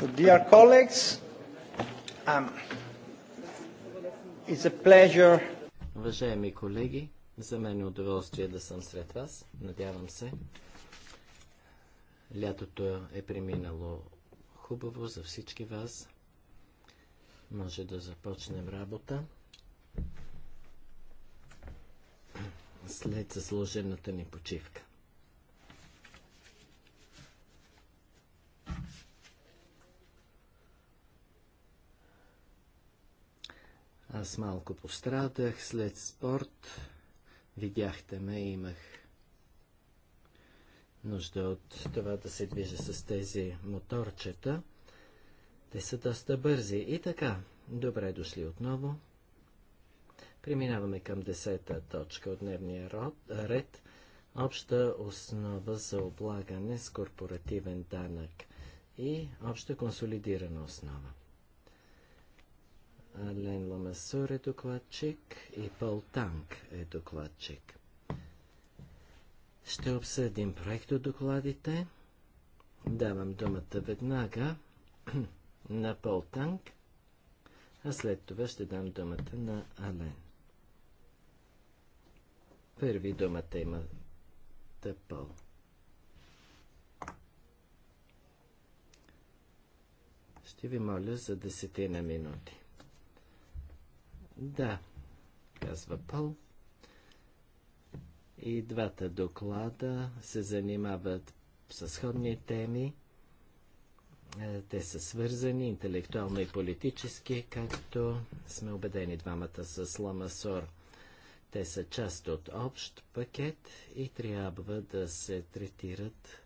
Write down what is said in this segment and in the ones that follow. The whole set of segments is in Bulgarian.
So, dear colleagues, um, it's a pleasure. Уважаеми колеги, за мен е удоволствие да съм сред вас. Надявам се. Лятото е преминало хубаво за всички вас. Може да започнем работа. След заслужената ни почивка. Аз малко пострадах след спорт. Видяхте ме, имах нужда от това да се движа с тези моторчета. Те са доста бързи. И така, добре дошли отново. Преминаваме към десета точка от дневния род, ред. Обща основа за облагане с корпоративен данък и обща консолидирана основа. Ален Ламасур е докладчик и Пол Танк е докладчик. Ще обсъдим проект от докладите. Давам думата веднага на Пол Танк, а след това ще дам думата на Ален. Първи думата има Пол. Ще ви моля за десетина минути. Да, казва Пъл. И двата доклада се занимават с сходни теми. Е, те са свързани интелектуално и политически, както сме убедени двамата с Ламасор. Те са част от общ пакет и трябва да се третират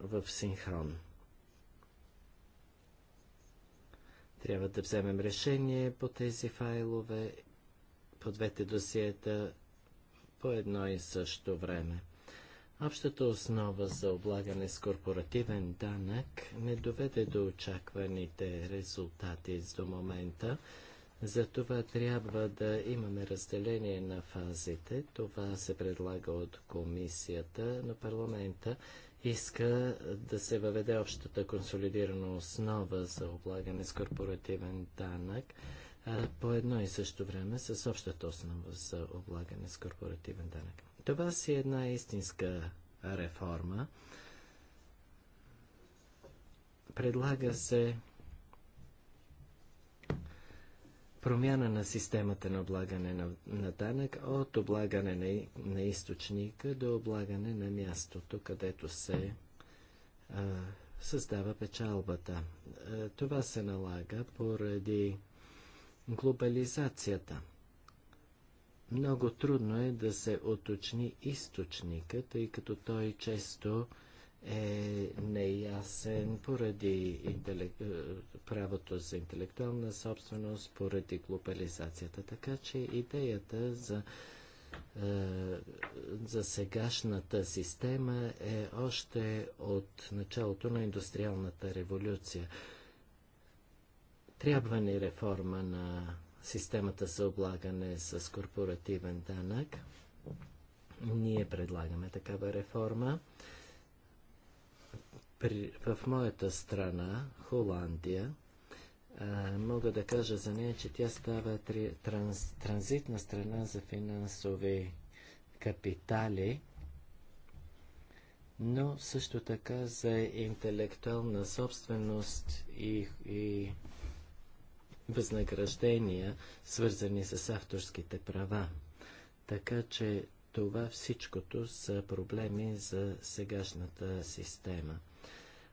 в синхрон. Трябва да вземем решение по тези файлове, по двете досиета, по едно и също време. Общата основа за облагане с корпоративен данък не доведе до очакваните резултати до момента. Затова трябва да имаме разделение на фазите. Това се предлага от комисията, на парламента иска да се въведе общата консолидирана основа за облагане с корпоративен данък по едно и също време с общата основа за облагане с корпоративен данък. Това си е една истинска реформа. Предлага се промяна на системата на облагане на, на данък от облагане на, на източника до облагане на мястото, където се а, създава печалбата. А, това се налага поради глобализацията. Много трудно е да се оточни източника, тъй като той често е неясен поради интелек... Е, правото за интелектуална собственост, поради глобализацията. Така че идеята за, е, за сегашната система е още от началото на индустриалната революция. Трябва ни реформа на системата за облагане с корпоративен данък. Ние предлагаме такава реформа. При, в моята страна, Холандия, а, мога да кажа за нея, че тя става три, транз, транзитна страна за финансови капитали, но също така за интелектуална собственост и, и възнаграждения, свързани с авторските права. Така че това всичкото са проблеми за сегашната система.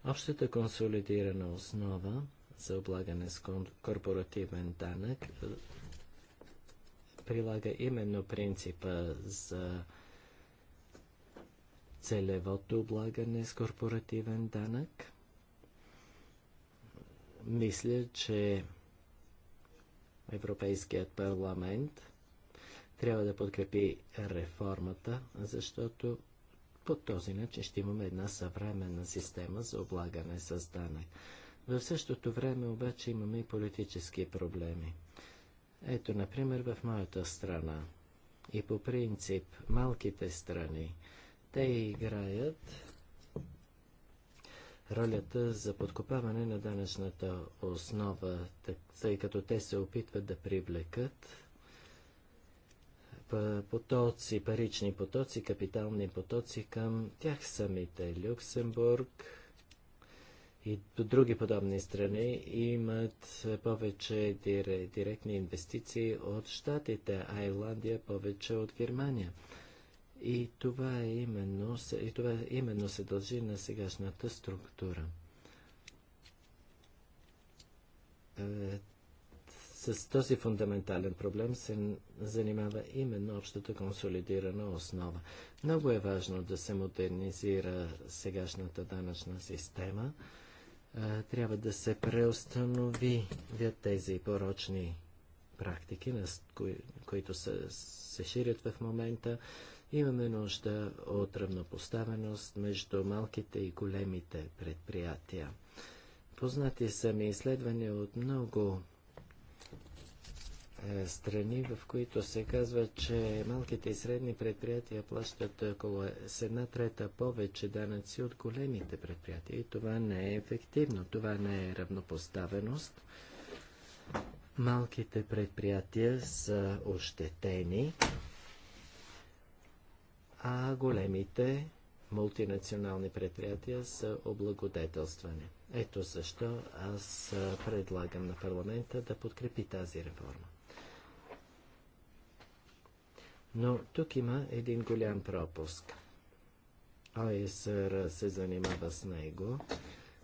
Общата консолидирана основа за облагане с корпоративен данък е, прилага именно принципа за целевото облагане с корпоративен данък. Мисля, че Европейският парламент трябва да подкрепи реформата, защото по този начин ще имаме една съвременна система за облагане с данък. В същото време обаче имаме и политически проблеми. Ето, например, в моята страна и по принцип малките страни, те играят ролята за подкопаване на данъчната основа, тъй като те се опитват да привлекат потоци, парични потоци, капитални потоци към тях самите. Люксембург и други подобни страни имат повече директни инвестиции от Штатите, а Ирландия повече от Германия. И това, е именно, и това именно се дължи на сегашната структура е, с този фундаментален проблем се занимава именно общата консолидирана основа. Много е важно да се модернизира сегашната данъчна система. Трябва да се преустанови тези порочни практики, които се, се ширят в момента. Имаме нужда от равнопоставеност между малките и големите предприятия. Познати са ми изследвания от много е, страни, в които се казва, че малките и средни предприятия плащат около с една трета повече данъци от големите предприятия. И това не е ефективно, това не е равнопоставеност. Малките предприятия са ощетени, а големите мултинационални предприятия са облагодетелствани. Ето защо аз предлагам на парламента да подкрепи тази реформа. Но тук има един голям пропуск. ОСР се занимава с него.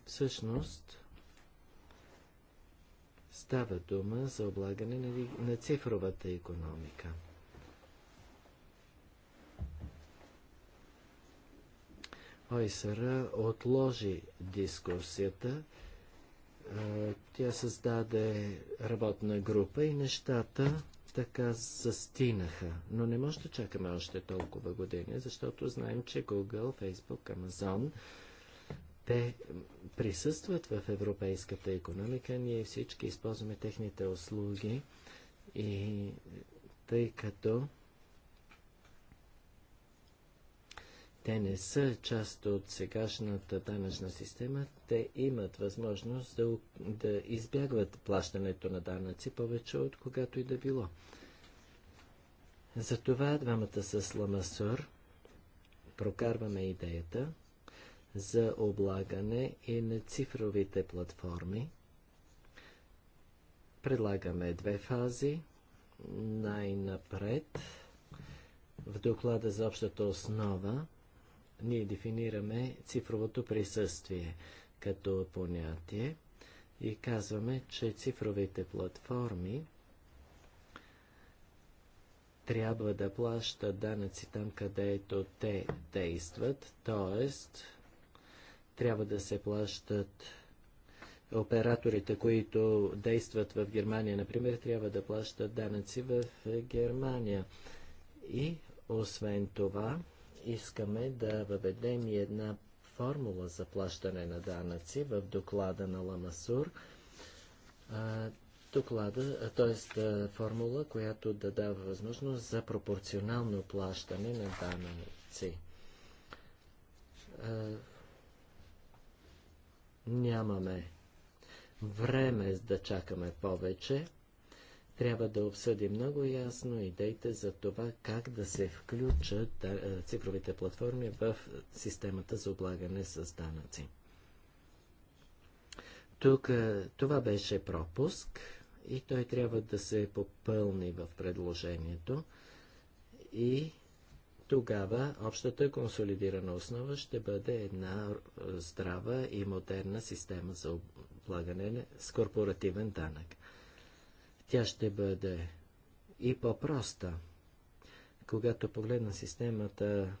Всъщност, става дума за облагане на, на цифровата економика. ОСР отложи дискусията. Тя създаде работна група и нещата така застинаха. Но не може да чакаме още толкова години, защото знаем, че Google, Facebook, Amazon, те присъстват в европейската економика. Ние всички използваме техните услуги и тъй като те не са част от сегашната данъчна система, те имат възможност да, да избягват плащането на данъци повече от когато и да било. Затова двамата с Ламасор прокарваме идеята за облагане и на цифровите платформи. Предлагаме две фази. Най-напред в доклада за общата основа ние дефинираме цифровото присъствие като понятие и казваме, че цифровите платформи трябва да плащат данъци там, където те действат, т.е. трябва да се плащат операторите, които действат в Германия, например, трябва да плащат данъци в Германия. И освен това, искаме да въведем и една формула за плащане на данъци в доклада на Ламасур. доклада, т.е. формула, която да дава възможност за пропорционално плащане на данъци. нямаме време да чакаме повече. Трябва да обсъди много ясно идеите за това как да се включат цифровите платформи в системата за облагане с данъци. Тук това беше пропуск и той трябва да се попълни в предложението и тогава общата консолидирана основа ще бъде една здрава и модерна система за облагане с корпоративен данък. Тя ще бъде и по-проста. Когато погледна системата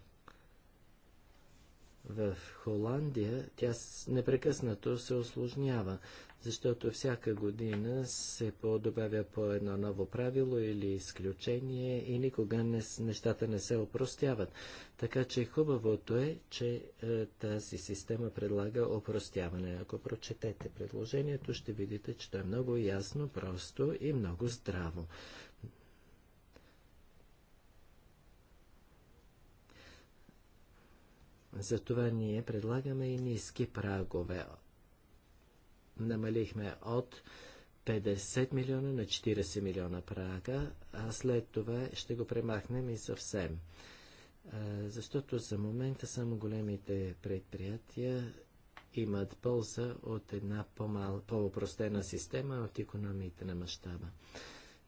в Холандия тя непрекъснато се осложнява, защото всяка година се подобавя по едно ново правило или изключение и никога не, нещата не се опростяват. Така че хубавото е, че е, тази система предлага опростяване. Ако прочетете предложението, ще видите, че то е много ясно, просто и много здраво. Затова ние предлагаме и ниски прагове. Намалихме от 50 милиона на 40 милиона прага, а след това ще го премахнем и съвсем. Защото за момента само големите предприятия имат полза от една по-опростена по система от економиите на мащаба.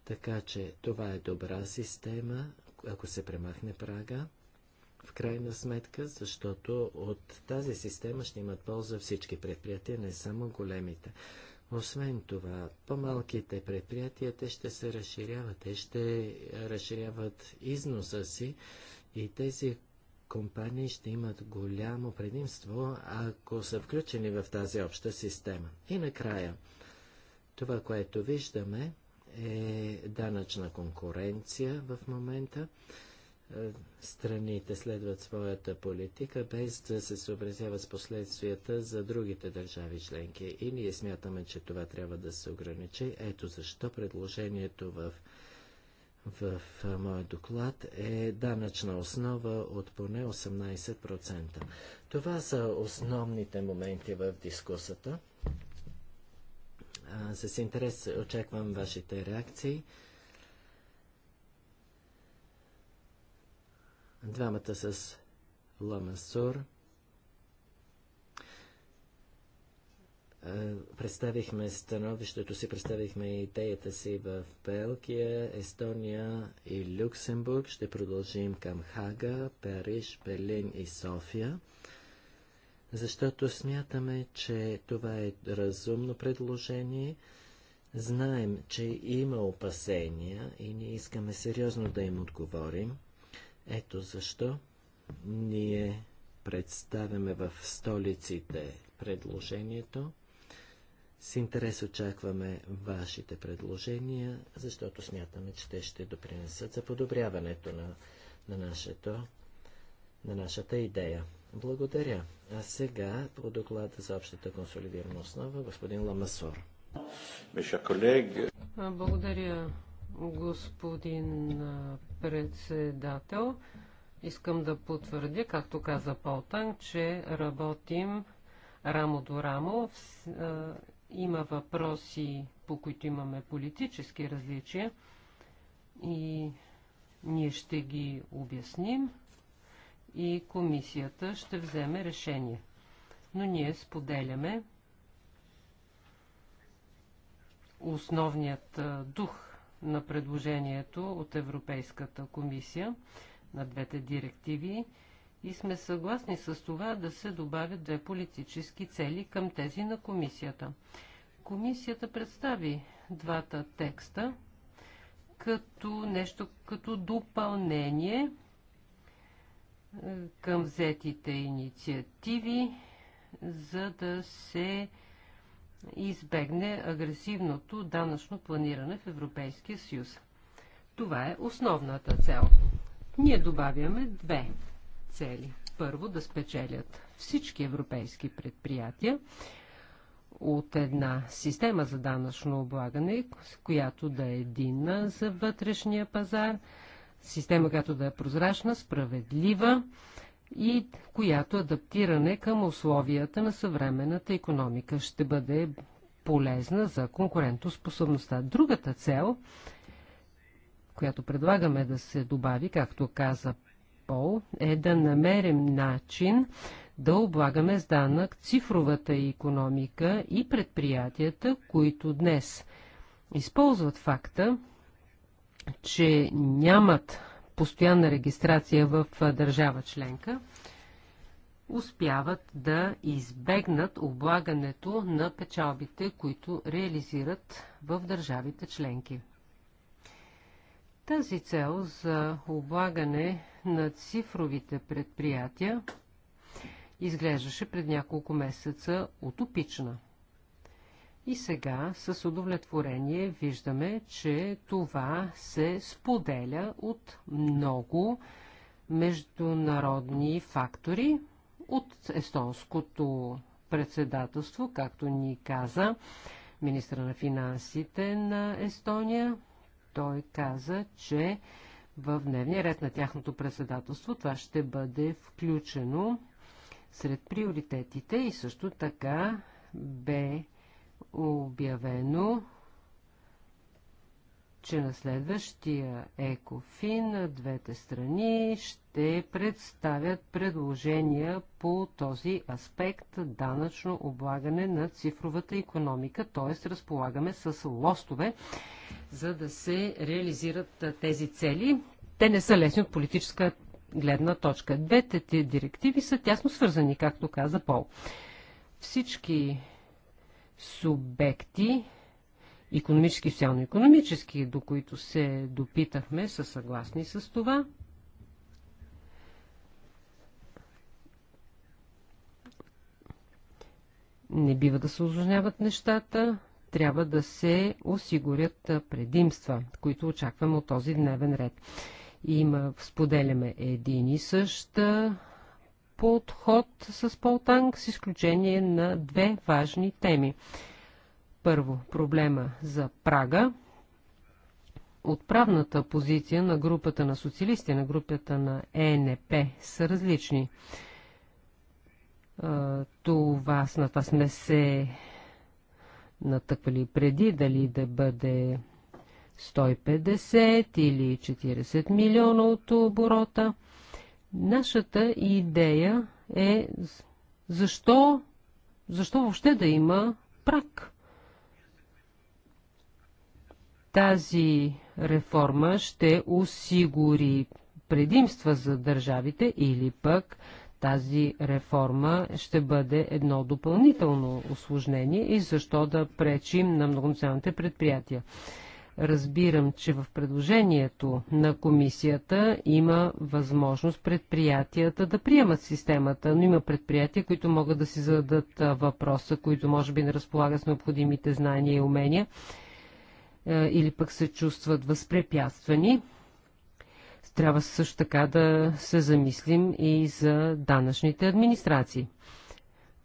Така че това е добра система, ако се премахне прага в крайна сметка, защото от тази система ще имат полза всички предприятия, не само големите. Освен това, по-малките предприятия те ще се разширяват, те ще разширяват износа си и тези компании ще имат голямо предимство, ако са включени в тази обща система. И накрая, това, което виждаме, е данъчна конкуренция в момента. Е, страните следват своята политика, без да се съобразяват с последствията за другите държави членки. И ние смятаме, че това трябва да се ограничи. Ето защо предложението в, в моят доклад е данъчна основа от поне 18%. Това са основните моменти в дискусата. с интерес очаквам вашите реакции. двамата с Ламасур. Е, представихме становището си, представихме идеята си в Белгия, Естония и Люксембург. Ще продължим към Хага, Париж, Берлин и София, защото смятаме, че това е разумно предложение. Знаем, че има опасения и ние искаме сериозно да им отговорим. Ето защо ние представяме в столиците предложението. С интерес очакваме вашите предложения, защото смятаме, че те ще допринесат за подобряването на, на, нашето, на нашата идея. Благодаря. А сега по доклада за общата консолидирана основа господин Ламасор. Благодаря, господин председател. Искам да потвърдя, както каза Полтан, че работим рамо до рамо. Има въпроси, по които имаме политически различия и ние ще ги обясним и комисията ще вземе решение. Но ние споделяме основният дух на предложението от Европейската комисия на двете директиви и сме съгласни с това да се добавят две политически цели към тези на комисията. Комисията представи двата текста като нещо като допълнение е, към взетите инициативи, за да се и избегне агресивното данъчно планиране в Европейския съюз. Това е основната цел. Ние добавяме две цели. Първо, да спечелят всички европейски предприятия от една система за данъчно облагане, която да е единна за вътрешния пазар, система, която да е прозрачна, справедлива, и която адаптиране към условията на съвременната економика ще бъде полезна за конкурентоспособността. Другата цел, която предлагаме да се добави, както каза Пол, е да намерим начин да облагаме с данък цифровата економика и предприятията, които днес използват факта, че нямат постоянна регистрация в държава членка, успяват да избегнат облагането на печалбите, които реализират в държавите членки. Тази цел за облагане на цифровите предприятия изглеждаше пред няколко месеца утопична – и сега с удовлетворение виждаме, че това се споделя от много международни фактори от естонското председателство, както ни каза министра на финансите на Естония. Той каза, че в дневния ред на тяхното председателство това ще бъде включено сред приоритетите и също така бе обявено, че на следващия екофин на двете страни ще представят предложения по този аспект данъчно облагане на цифровата економика, т.е. разполагаме с лостове, за да се реализират тези цели. Те не са лесни от политическа гледна точка. Двете директиви са тясно свързани, както каза Пол. Всички субекти, економически и социално-економически, до които се допитахме, са съгласни с това. Не бива да се осложняват нещата, трябва да се осигурят предимства, които очакваме от този дневен ред. Има, споделяме един и същ подход с Полтанг, с изключение на две важни теми. Първо, проблема за Прага. Отправната позиция на групата на социалисти, на групата на ЕНП са различни. Това, на това сме се натъквали преди, дали да бъде 150 или 40 милиона от оборота. Нашата идея е защо, защо въобще да има прак. Тази реформа ще осигури предимства за държавите или пък тази реформа ще бъде едно допълнително осложнение и защо да пречим на многонационалните предприятия. Разбирам, че в предложението на комисията има възможност предприятията да приемат системата, но има предприятия, които могат да си зададат въпроса, които може би не разполагат с необходимите знания и умения или пък се чувстват възпрепятствани. Трябва също така да се замислим и за данъчните администрации.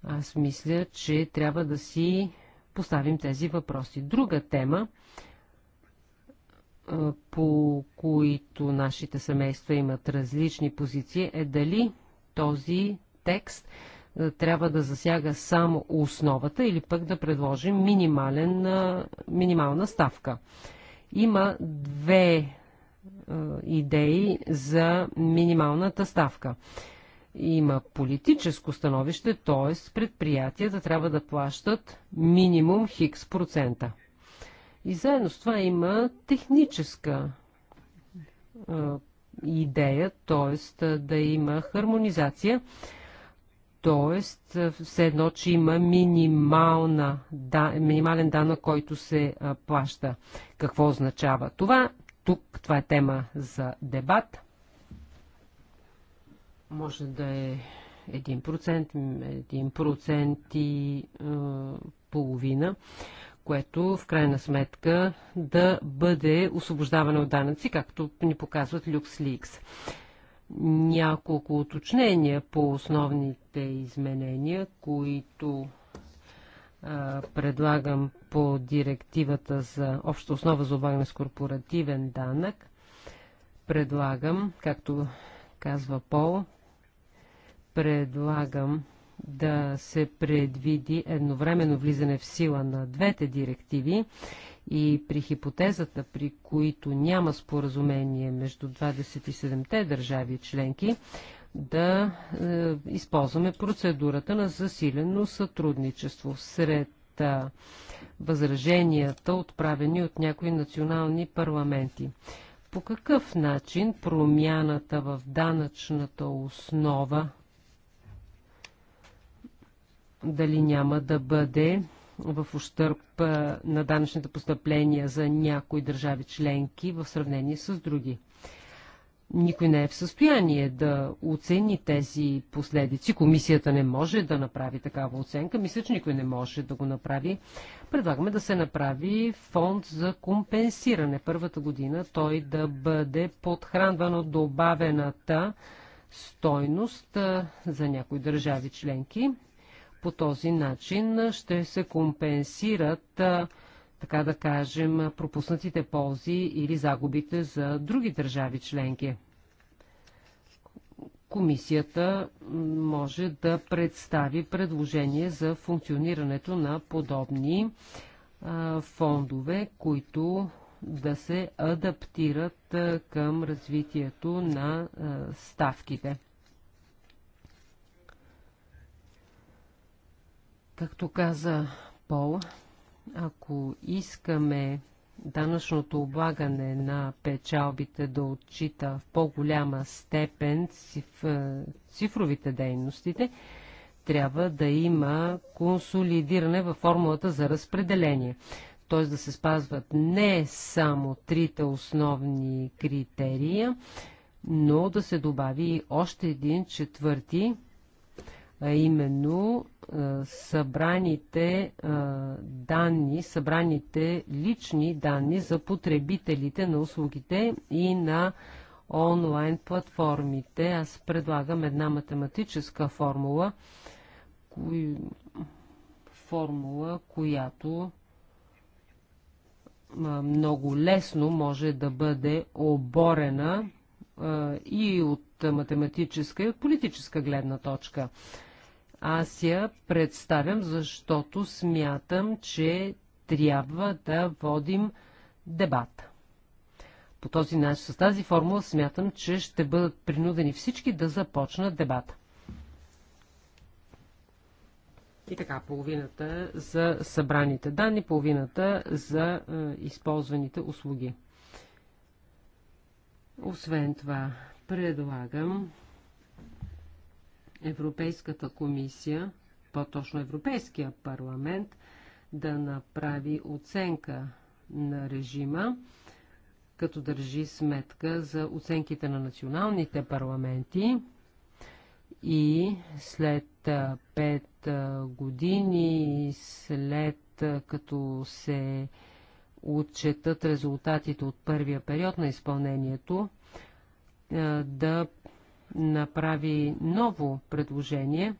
Аз мисля, че трябва да си поставим тези въпроси. Друга тема, по които нашите семейства имат различни позиции, е дали този текст трябва да засяга само основата или пък да предложим минимален, минимална ставка. Има две идеи за минималната ставка. Има политическо становище, т.е. предприятията трябва да плащат минимум хикс процента. И заедно с това има техническа идея, т.е. да има хармонизация, т.е. все едно, че има минимална, да, минимален данък, който се плаща. Какво означава това? Тук това е тема за дебат. Може да е 1%, 1% и е, половина което в крайна сметка да бъде освобождаване от данъци, както ни показват LuxLeaks. Няколко уточнения по основните изменения, които а, предлагам по директивата за обща основа за облагане с корпоративен данък. Предлагам, както казва Пол, предлагам да се предвиди едновременно влизане в сила на двете директиви и при хипотезата, при които няма споразумение между 27-те държави членки, да е, използваме процедурата на засилено сътрудничество сред възраженията, отправени от някои национални парламенти. По какъв начин промяната в данъчната основа дали няма да бъде в ущърп на данъчните постъпления за някои държави членки в сравнение с други. Никой не е в състояние да оцени тези последици. Комисията не може да направи такава оценка. Мисля, че никой не може да го направи. Предлагаме да се направи фонд за компенсиране първата година. Той да бъде подхранван от добавената стойност за някои държави членки по този начин ще се компенсират, така да кажем, пропуснатите ползи или загубите за други държави членки. Комисията може да представи предложение за функционирането на подобни фондове, които да се адаптират към развитието на ставките. Както каза Пол, ако искаме данъчното облагане на печалбите да отчита в по-голяма степен циф... Е, цифровите дейностите, трябва да има консолидиране във формулата за разпределение. Т.е. да се спазват не само трите основни критерия, но да се добави още един четвърти, а именно е, събраните е, данни, събраните лични данни за потребителите на услугите и на онлайн платформите. Аз предлагам една математическа формула, кои... формула, която е, много лесно може да бъде оборена и от математическа и от политическа гледна точка. Аз я представям, защото смятам, че трябва да водим дебат. По този начин, с тази формула смятам, че ще бъдат принудени всички да започнат дебат. И така, половината за събраните данни, половината за е, използваните услуги. Освен това, предлагам Европейската комисия, по-точно Европейския парламент, да направи оценка на режима, като държи сметка за оценките на националните парламенти и след 5 години, след като се отчетат резултатите от първия период на изпълнението, да направи ново предложение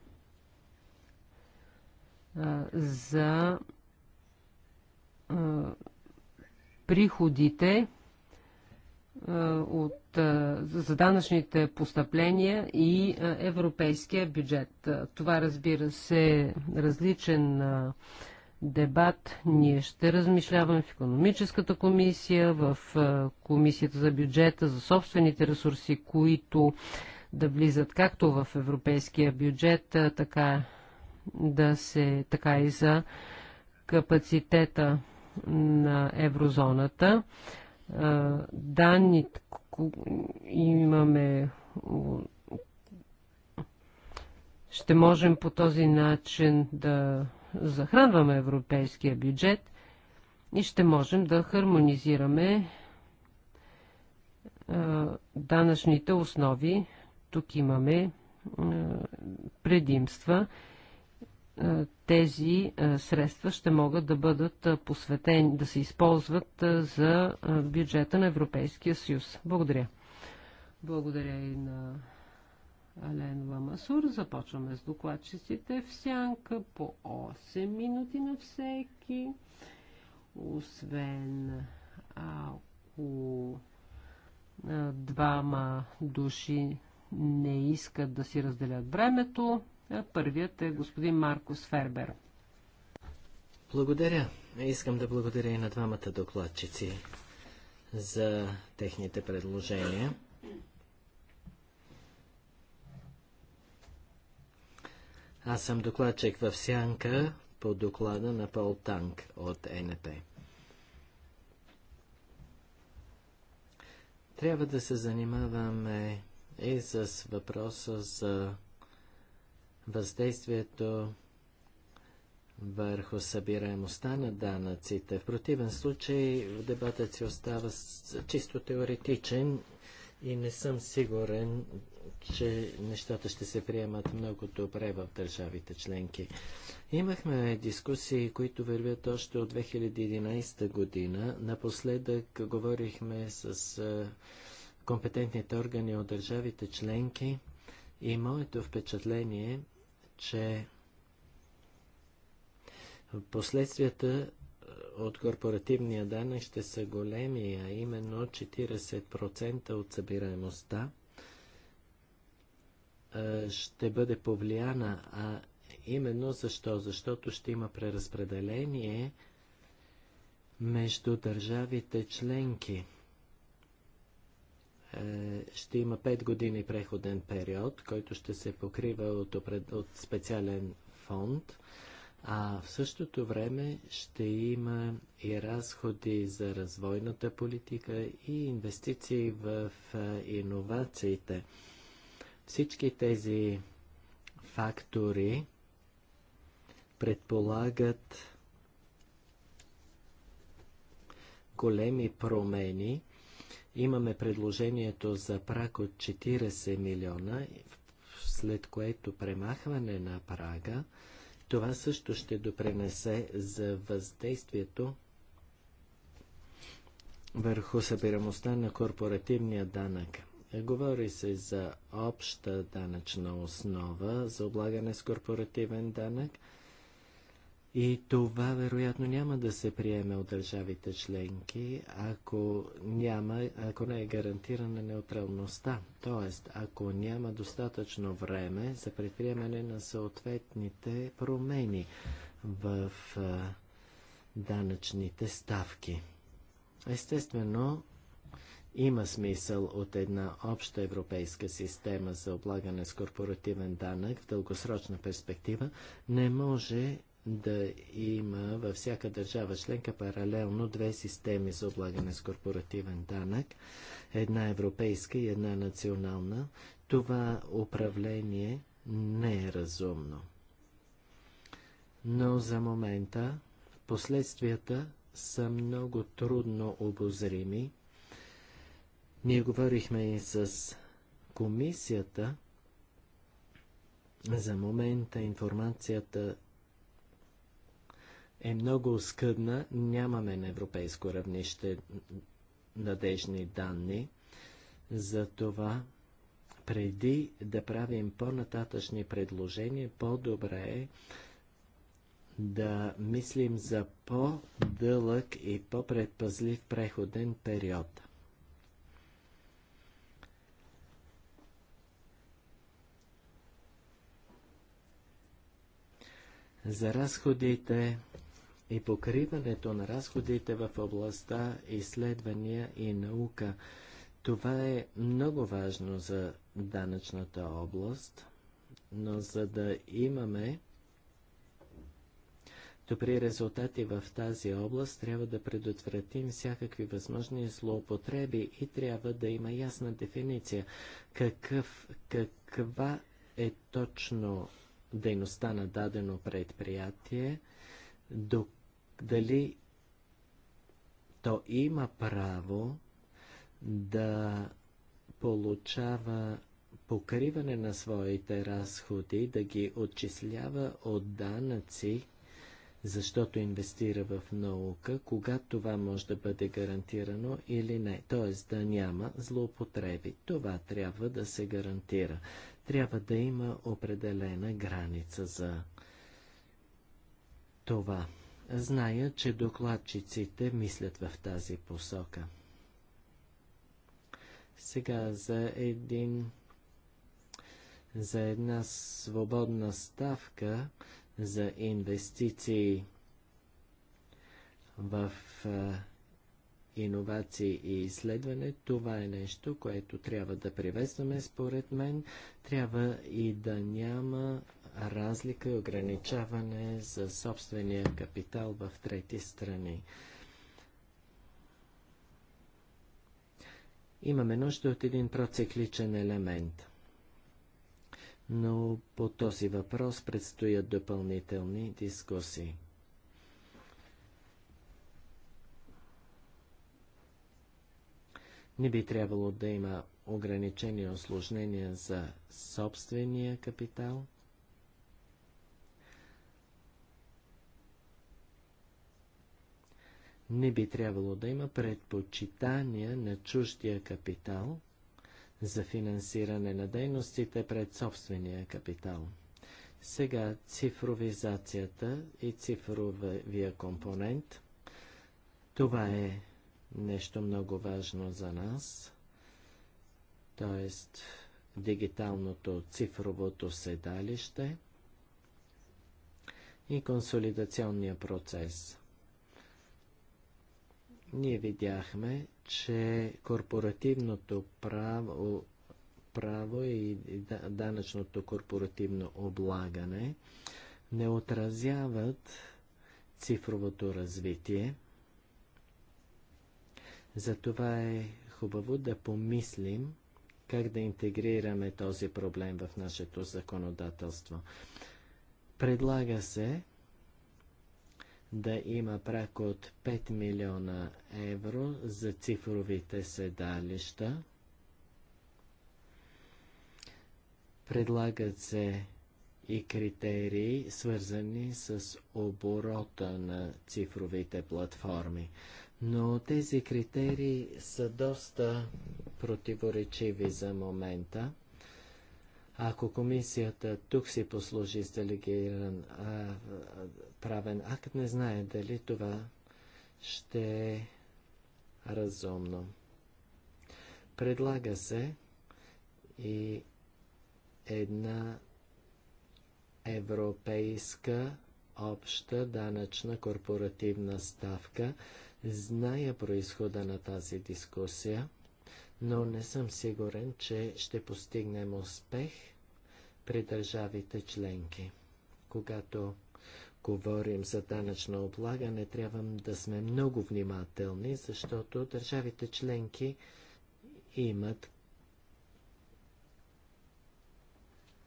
за приходите от, за данъчните постъпления и европейския бюджет. Това разбира се е различен дебат. Ние ще размишляваме в економическата комисия, в комисията за бюджета, за собствените ресурси, които да влизат както в европейския бюджет, така, да се, така и за капацитета на еврозоната. Данни имаме ще можем по този начин да захранваме европейския бюджет и ще можем да хармонизираме данъчните основи тук имаме е, предимства. Е, тези е, средства ще могат да бъдат посветени, да се използват за бюджета на Европейския съюз. Благодаря. Благодаря и на Ален Ламасур. Започваме с докладчиците в сянка по 8 минути на всеки. Освен ако двама души не искат да си разделят времето. Е, първият е господин Маркус Фербер. Благодаря. Искам да благодаря и на двамата докладчици за техните предложения. Аз съм докладчик в Сянка по доклада на Пол Танк от НП. Трябва да се занимаваме е с въпроса за въздействието върху събираемостта на данъците. В противен случай дебатът си остава чисто теоретичен и не съм сигурен, че нещата ще се приемат много добре в държавите членки. Имахме дискусии, които вървят още от 2011 година. Напоследък говорихме с компетентните органи от държавите членки и моето впечатление, че последствията е, от корпоративния данък ще са големи, а именно 40% от събираемостта е, ще бъде повлияна. А именно защо? Защото ще има преразпределение между държавите членки. Е, ще има 5 години преходен период, който ще се покрива от, от специален фонд, а в същото време ще има и разходи за развойната политика и инвестиции в е, иновациите. Всички тези фактори предполагат големи промени – Имаме предложението за прак от 40 милиона, след което премахване на прага, това също ще допренесе за въздействието върху събираемостта на корпоративния данък. Говори се за обща данъчна основа за облагане с корпоративен данък – и това вероятно няма да се приеме от държавите членки, ако, няма, ако не е гарантирана неутралността. Тоест, ако няма достатъчно време за предприемане на съответните промени в а, данъчните ставки. Естествено, има смисъл от една обща европейска система за облагане с корпоративен данък в дългосрочна перспектива. Не може да има във всяка държава членка паралелно две системи за облагане с корпоративен данък. Една европейска и една национална. Това управление не е разумно. Но за момента последствията са много трудно обозрими. Ние говорихме и с комисията. За момента информацията е много оскъдна. Нямаме на европейско равнище надежни данни. За това преди да правим по-нататъчни предложения, по-добре е да мислим за по-дълъг и по-предпазлив преходен период. За разходите и покриването на разходите в областта изследвания и наука. Това е много важно за данъчната област, но за да имаме добри резултати в тази област, трябва да предотвратим всякакви възможни злоупотреби и трябва да има ясна дефиниция какъв, каква е точно дейността на дадено предприятие, до дали то има право да получава покриване на своите разходи, да ги отчислява от данъци, защото инвестира в наука, кога това може да бъде гарантирано или не, т.е. да няма злоупотреби. Това трябва да се гарантира. Трябва да има определена граница за това. Зная, че докладчиците мислят в тази посока. Сега за един за една свободна ставка за инвестиции в иновации и изследване, това е нещо, което трябва да приветстваме. Според мен трябва и да няма разлика и ограничаване за собствения капитал в трети страни. Имаме нужда от един процикличен елемент. Но по този въпрос предстоят допълнителни дискусии. Не би трябвало да има ограничени осложнения за собствения капитал – не би трябвало да има предпочитания на чуждия капитал за финансиране на дейностите пред собствения капитал. Сега цифровизацията и цифровия компонент. Това е нещо много важно за нас, т.е. дигиталното цифровото седалище и консолидационния процес – ние видяхме, че корпоративното право, право и данъчното корпоративно облагане не отразяват цифровото развитие. Затова е хубаво да помислим как да интегрираме този проблем в нашето законодателство. Предлага се да има прак от 5 милиона евро за цифровите седалища. Предлагат се и критерии, свързани с оборота на цифровите платформи. Но тези критерии са доста противоречиви за момента. Ако комисията тук си послужи с делегиран а, правен акт, не знае дали това ще е разумно. Предлага се и една европейска обща данъчна корпоративна ставка. Зная происхода на тази дискусия но не съм сигурен, че ще постигнем успех при държавите членки. Когато говорим за данъчно облагане, трябва да сме много внимателни, защото държавите членки имат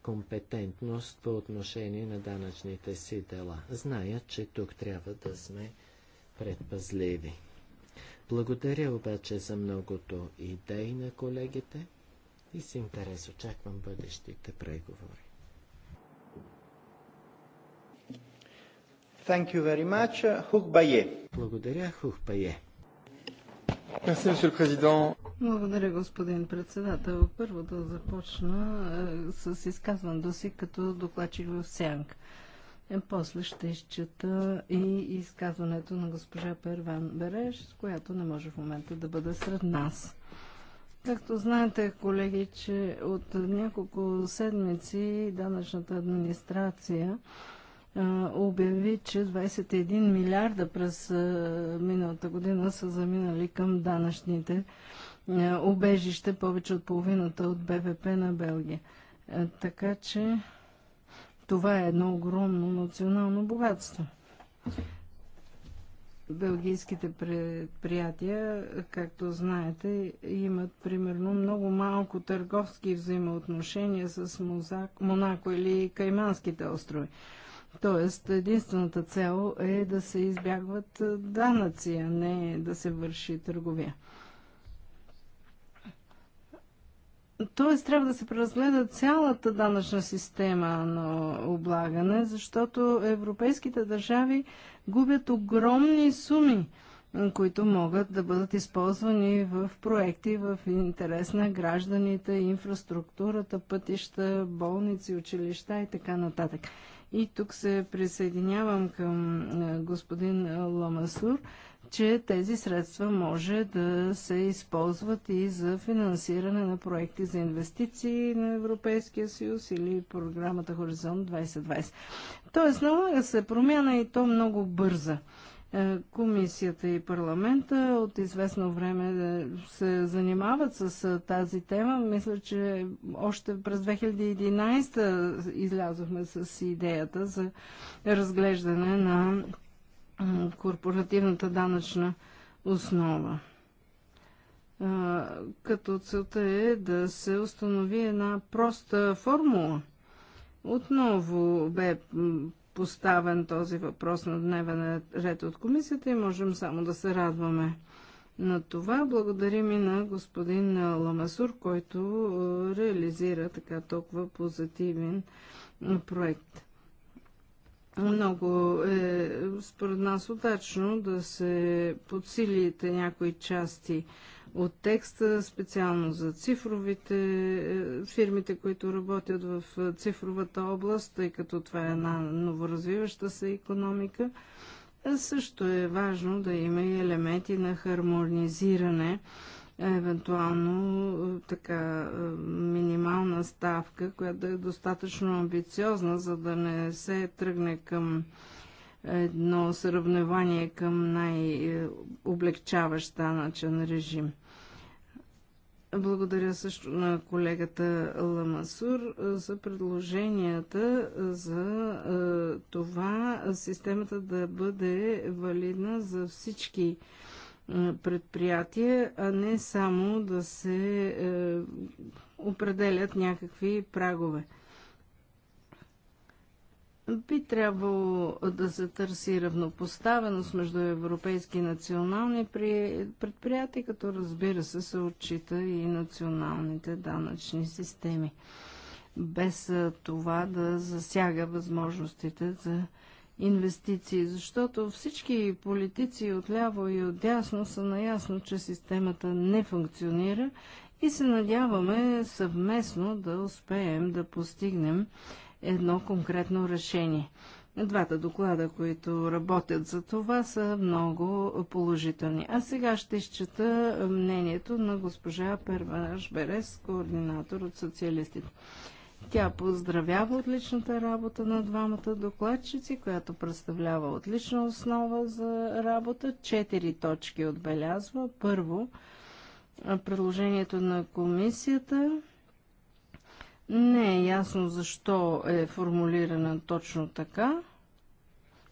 компетентност по отношение на данъчните си дела. Зная, че тук трябва да сме предпазливи. Благодаря обаче за многото идеи на колегите и с интерес очаквам бъдещите преговори. Thank you very much. Хухбае. Благодаря, Хухбае. Благодаря, господин председател. Първо да започна с е, с изказването си като докладчик в Сянка. Е, после ще изчета и изказването на госпожа Перван Береш, която не може в момента да бъде сред нас. Както знаете, колеги, че от няколко седмици данъчната администрация а, обяви, че 21 милиарда през а, миналата година са заминали към данъчните а, убежище, повече от половината от БВП на Белгия. Е, така че това е едно огромно национално богатство. Белгийските предприятия, както знаете, имат примерно много малко търговски взаимоотношения с Музак, Монако или Кайманските острови. Тоест, единствената цел е да се избягват данъци, а не да се върши търговия. Тоест трябва да се преразгледа цялата данъчна система на облагане, защото европейските държави губят огромни суми, които могат да бъдат използвани в проекти в интерес на гражданите, инфраструктурата, пътища, болници, училища и така нататък. И тук се присъединявам към е, господин Ломасур че тези средства може да се използват и за финансиране на проекти за инвестиции на Европейския съюз или програмата Хоризонт 2020. Тоест, налага се промяна и то много бърза. Е, комисията и парламента от известно време се занимават с е, тази тема. Мисля, че още през 2011 излязохме с идеята за разглеждане на корпоративната данъчна основа. Като целта е да се установи една проста формула. Отново бе поставен този въпрос на дневен ред от комисията и можем само да се радваме на това. Благодарим и на господин Ламасур, който реализира така толкова позитивен проект много е според нас удачно да се подсилите някои части от текста, специално за цифровите е, фирмите, които работят в цифровата област, тъй като това е една новоразвиваща се економика. Е, също е важно да има и елементи на хармонизиране евентуално е, така е, минимална ставка, която е достатъчно амбициозна, за да не се тръгне към едно сравнение към най-облегчаващ данъчен режим. Благодаря също на колегата Ламасур е, за предложенията за това системата да бъде валидна за всички е, предприятия, а не само да се е, определят някакви прагове. Би трябвало да се търси равнопоставеност между европейски и национални предприятия, като разбира се се отчита и националните данъчни системи, без е, това да засяга възможностите за инвестиции, защото всички политици отляво и отдясно са наясно, че системата не функционира и се надяваме съвместно да успеем да постигнем едно конкретно решение. Двата доклада, които работят за това, са много положителни. А сега ще изчета мнението на госпожа Перваш Берес, координатор от социалистите. Тя поздравява отличната работа на двамата докладчици, която представлява отлична основа за работа. Четири точки отбелязва. Първо, предложението на комисията не е ясно защо е формулирана точно така.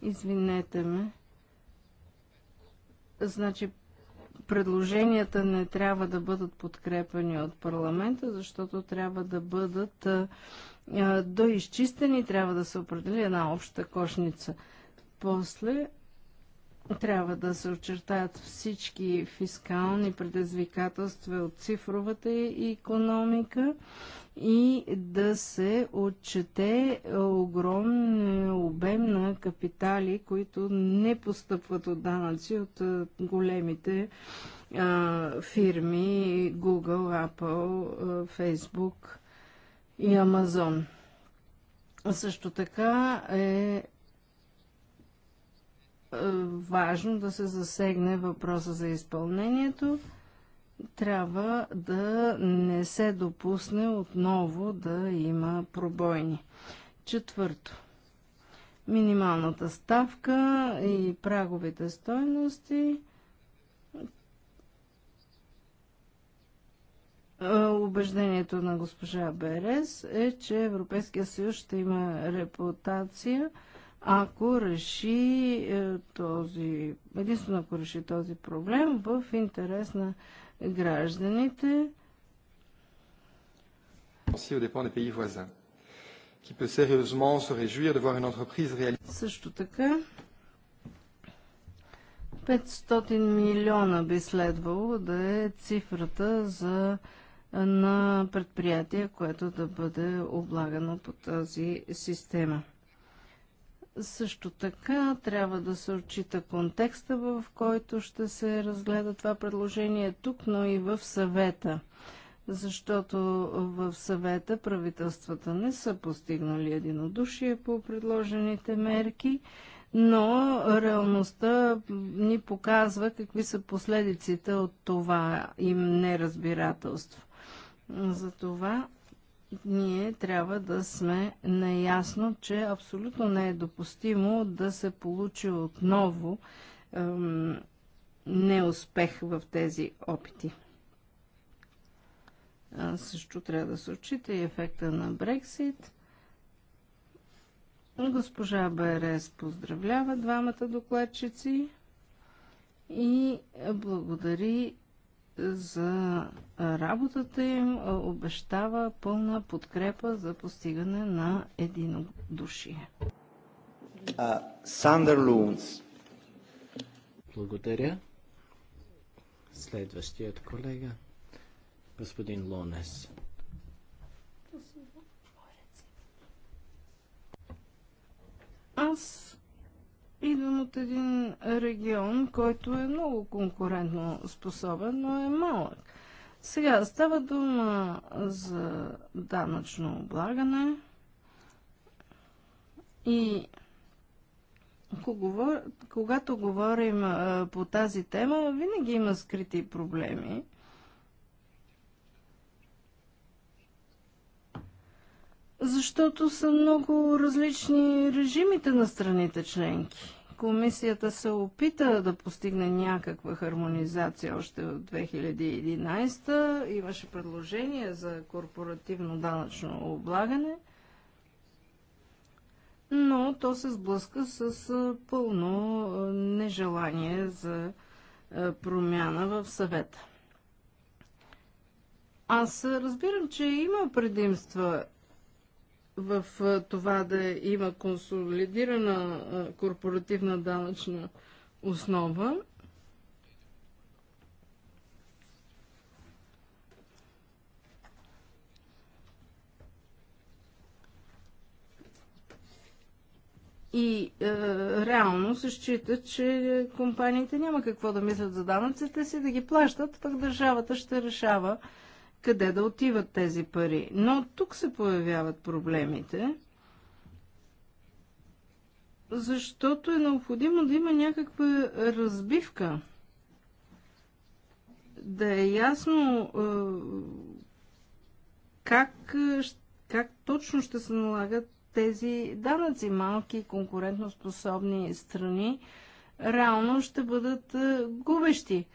Извинете ме. Значи предложенията не трябва да бъдат подкрепени от парламента, защото трябва да бъдат доизчистени, трябва да се определи една обща кошница. После трябва да се очертаят всички фискални предизвикателства от цифровата економика и да се отчете огромен обем на капитали, които не постъпват от данъци от големите а, фирми Google, Apple, Facebook и Amazon. Също така е е, важно да се засегне въпроса за изпълнението. Трябва да не се допусне отново да има пробойни. Четвърто. Минималната ставка и праговите стойности. Е, убеждението на госпожа Берес е, че Европейския съюз ще има репутация – ако реши е, този, единствено ако реши този проблем в интерес на гражданите. Също така, 500 милиона би следвало да е цифрата за е, на предприятие, което да бъде облагано по тази система. Също така трябва да се отчита контекста, в който ще се разгледа това предложение тук, но и в съвета. Защото в съвета правителствата не са постигнали единодушие по предложените мерки, но реалността ни показва какви са последиците от това им неразбирателство. Затова ние трябва да сме наясно, че абсолютно не е допустимо да се получи отново ем, неуспех в тези опити. А също трябва да се отчита и ефекта на Брексит. Госпожа Берес поздравлява двамата докладчици и благодари за работата им, обещава пълна подкрепа за постигане на единодушие. Сандър Лунс. Благодаря. Следващият колега, господин Лонес. Аз Идвам от един регион, който е много конкурентно способен, но е малък. Сега става дума за данъчно облагане и когато говорим по тази тема, винаги има скрити проблеми. защото са много различни режимите на страните членки. Комисията се опита да постигне някаква хармонизация още от 2011. Имаше предложение за корпоративно данъчно облагане, но то се сблъска с пълно нежелание за промяна в съвета. Аз разбирам, че има предимства в това да има консолидирана корпоративна данъчна основа. И е, реално се счита, че компаниите няма какво да мислят за данъците си, да ги плащат, пък държавата ще решава къде да отиват тези пари. Но тук се появяват проблемите, защото е необходимо да има някаква разбивка. Да е ясно е, как, как точно ще се налагат тези данъци. Малки конкурентоспособни страни реално ще бъдат е, губещи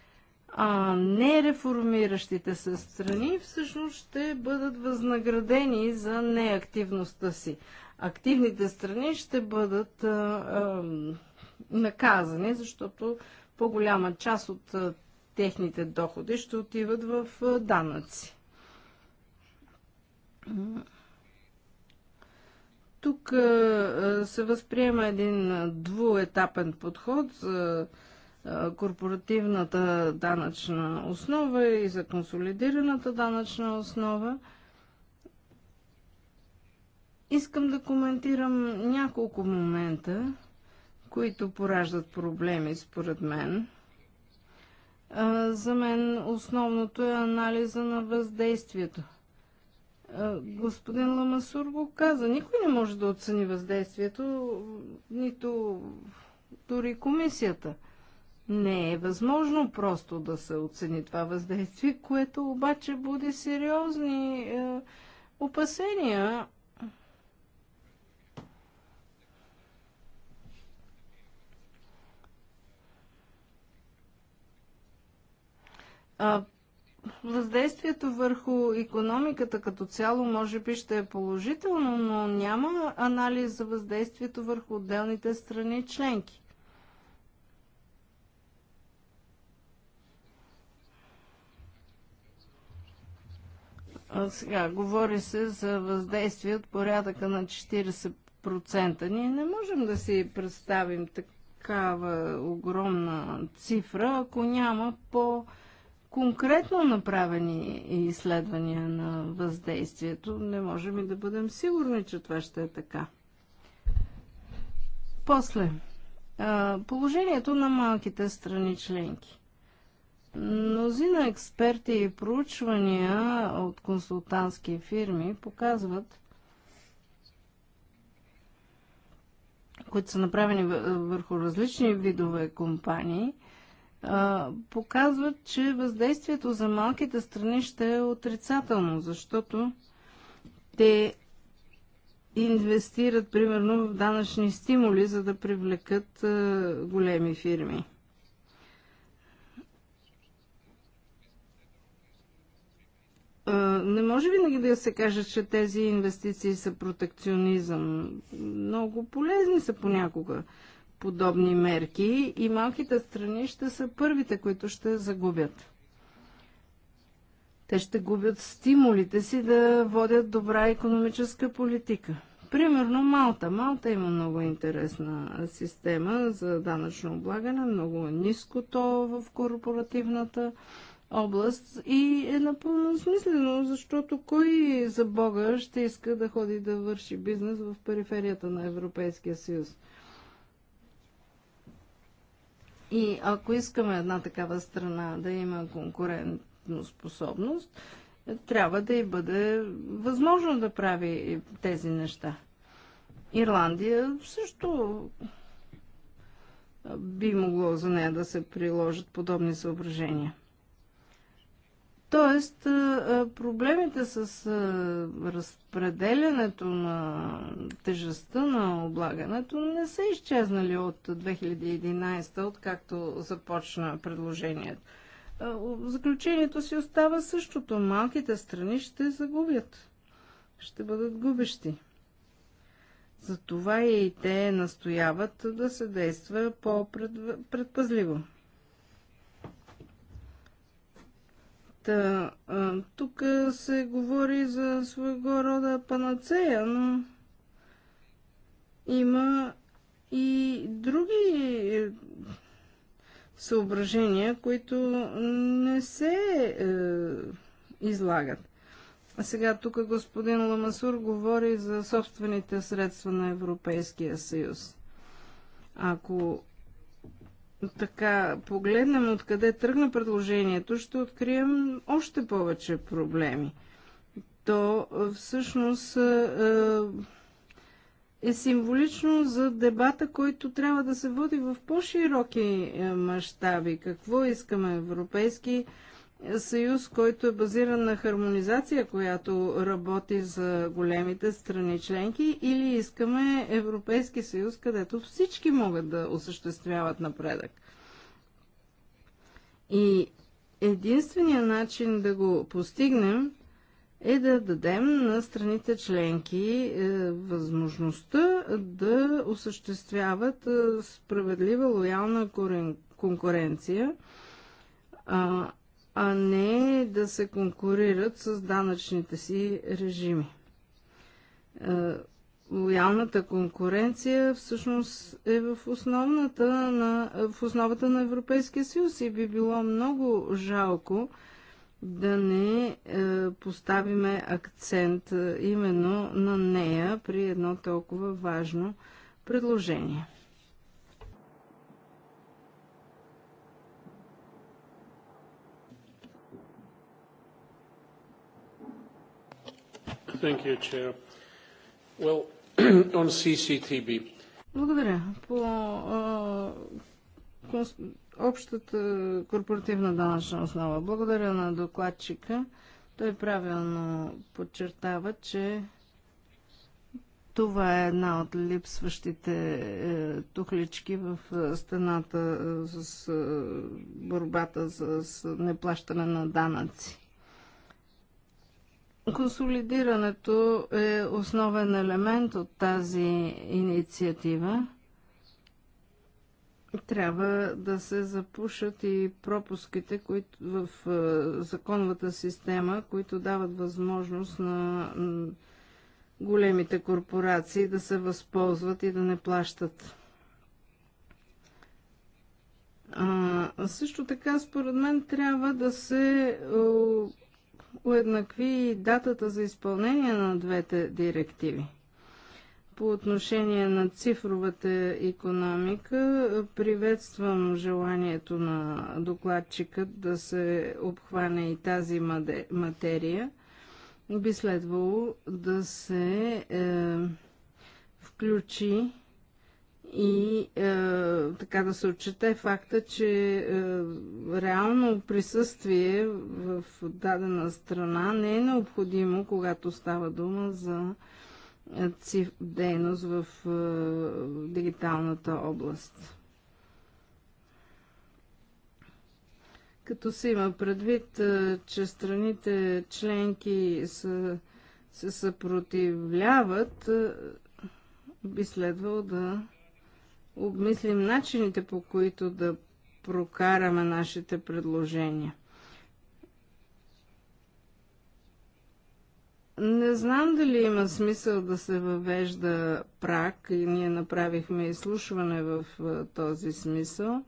а нереформиращите се страни всъщност ще бъдат възнаградени за неактивността си. Активните страни ще бъдат а, а, наказани, защото по-голяма част от а, техните доходи ще отиват в а, данъци. Тук а, се възприема един двуетапен подход за а, корпоративната данъчна основа и за консолидираната данъчна основа. Искам да коментирам няколко момента, които пораждат проблеми според мен. За мен основното е анализа на въздействието. Господин Ламасур го каза. Никой не може да оцени въздействието, нито дори комисията. Не е възможно просто да се оцени това въздействие, което обаче буди сериозни е, опасения. А, въздействието върху економиката като цяло може би ще е положително, но няма анализ за въздействието върху отделните страни членки. Сега, говори се за въздействие от порядъка на 40%. Ние не можем да си представим такава огромна цифра, ако няма по конкретно направени изследвания на въздействието. Не можем и да бъдем сигурни, че това ще е така. После. Положението на малките страни членки. Мнозина експерти и проучвания от консултантски фирми показват, които са направени върху различни видове компании, показват, че въздействието за малките страни ще е отрицателно, защото те инвестират, примерно, в данъчни стимули, за да привлекат големи фирми. не може винаги да се каже, че тези инвестиции са протекционизъм. Много полезни са понякога подобни мерки и малките страни ще са първите, които ще загубят. Те ще губят стимулите си да водят добра економическа политика. Примерно Малта. Малта има много интересна система за данъчно облагане, много е ниско то в корпоративната област и е напълно смислено, защото кой за Бога ще иска да ходи да върши бизнес в периферията на Европейския съюз? И ако искаме една такава страна да има конкурентно способност, трябва да й бъде възможно да прави тези неща. Ирландия също би могло за нея да се приложат подобни съображения. Тоест, проблемите с разпределянето на тежестта на облагането не са изчезнали от 2011, откакто започна предложението. Заключението си остава същото. Малките страни ще загубят. Ще бъдат губещи. Затова и те настояват да се действа по-предпазливо. -пред Та, а, тук се говори за своего рода панацея, но има и други е, съображения, които не се е, излагат. А сега тук господин Ламасур говори за собствените средства на Европейския съюз. Ако така погледнем откъде тръгна предложението, ще открием още повече проблеми. То е, всъщност е, е символично за дебата, който трябва да се води в по-широки е, мащаби. Какво искаме? Европейски съюз, който е базиран на хармонизация, която работи за големите страни членки, или искаме Европейски съюз, където всички могат да осъществяват напредък. И единствения начин да го постигнем е да дадем на страните членки е, възможността да осъществяват е, справедлива, лоялна конкуренция а не да се конкурират с данъчните си режими. Е, лоялната конкуренция всъщност е в, основната на, в основата на Европейския съюз и би било много жалко да не е, поставиме акцент е, именно на нея при едно толкова важно предложение. Thank you, Chair. Well, on CCTB. Благодаря. По а, общата корпоративна данъчна основа. Благодаря на докладчика. Той правилно подчертава, че това е една от липсващите е, тухлички в е, стената е, с е, борбата с неплащане на данъци. Консолидирането е основен елемент от тази инициатива. Трябва да се запушат и пропуските които в законовата система, които дават възможност на големите корпорации да се възползват и да не плащат. А, също така, според мен, трябва да се уеднакви датата за изпълнение на двете директиви. По отношение на цифровата економика, приветствам желанието на докладчикът да се обхване и тази материя. Би следвало да се е, включи и е, така да се отчете факта, че е, реално присъствие в дадена страна не е необходимо, когато става дума за е, циф, дейност в е, дигиталната област. Като се има предвид, е, че страните членки са, се съпротивляват, е, би следвало да обмислим начините по които да прокараме нашите предложения. Не знам дали има смисъл да се въвежда прак. И ние направихме изслушване в този смисъл,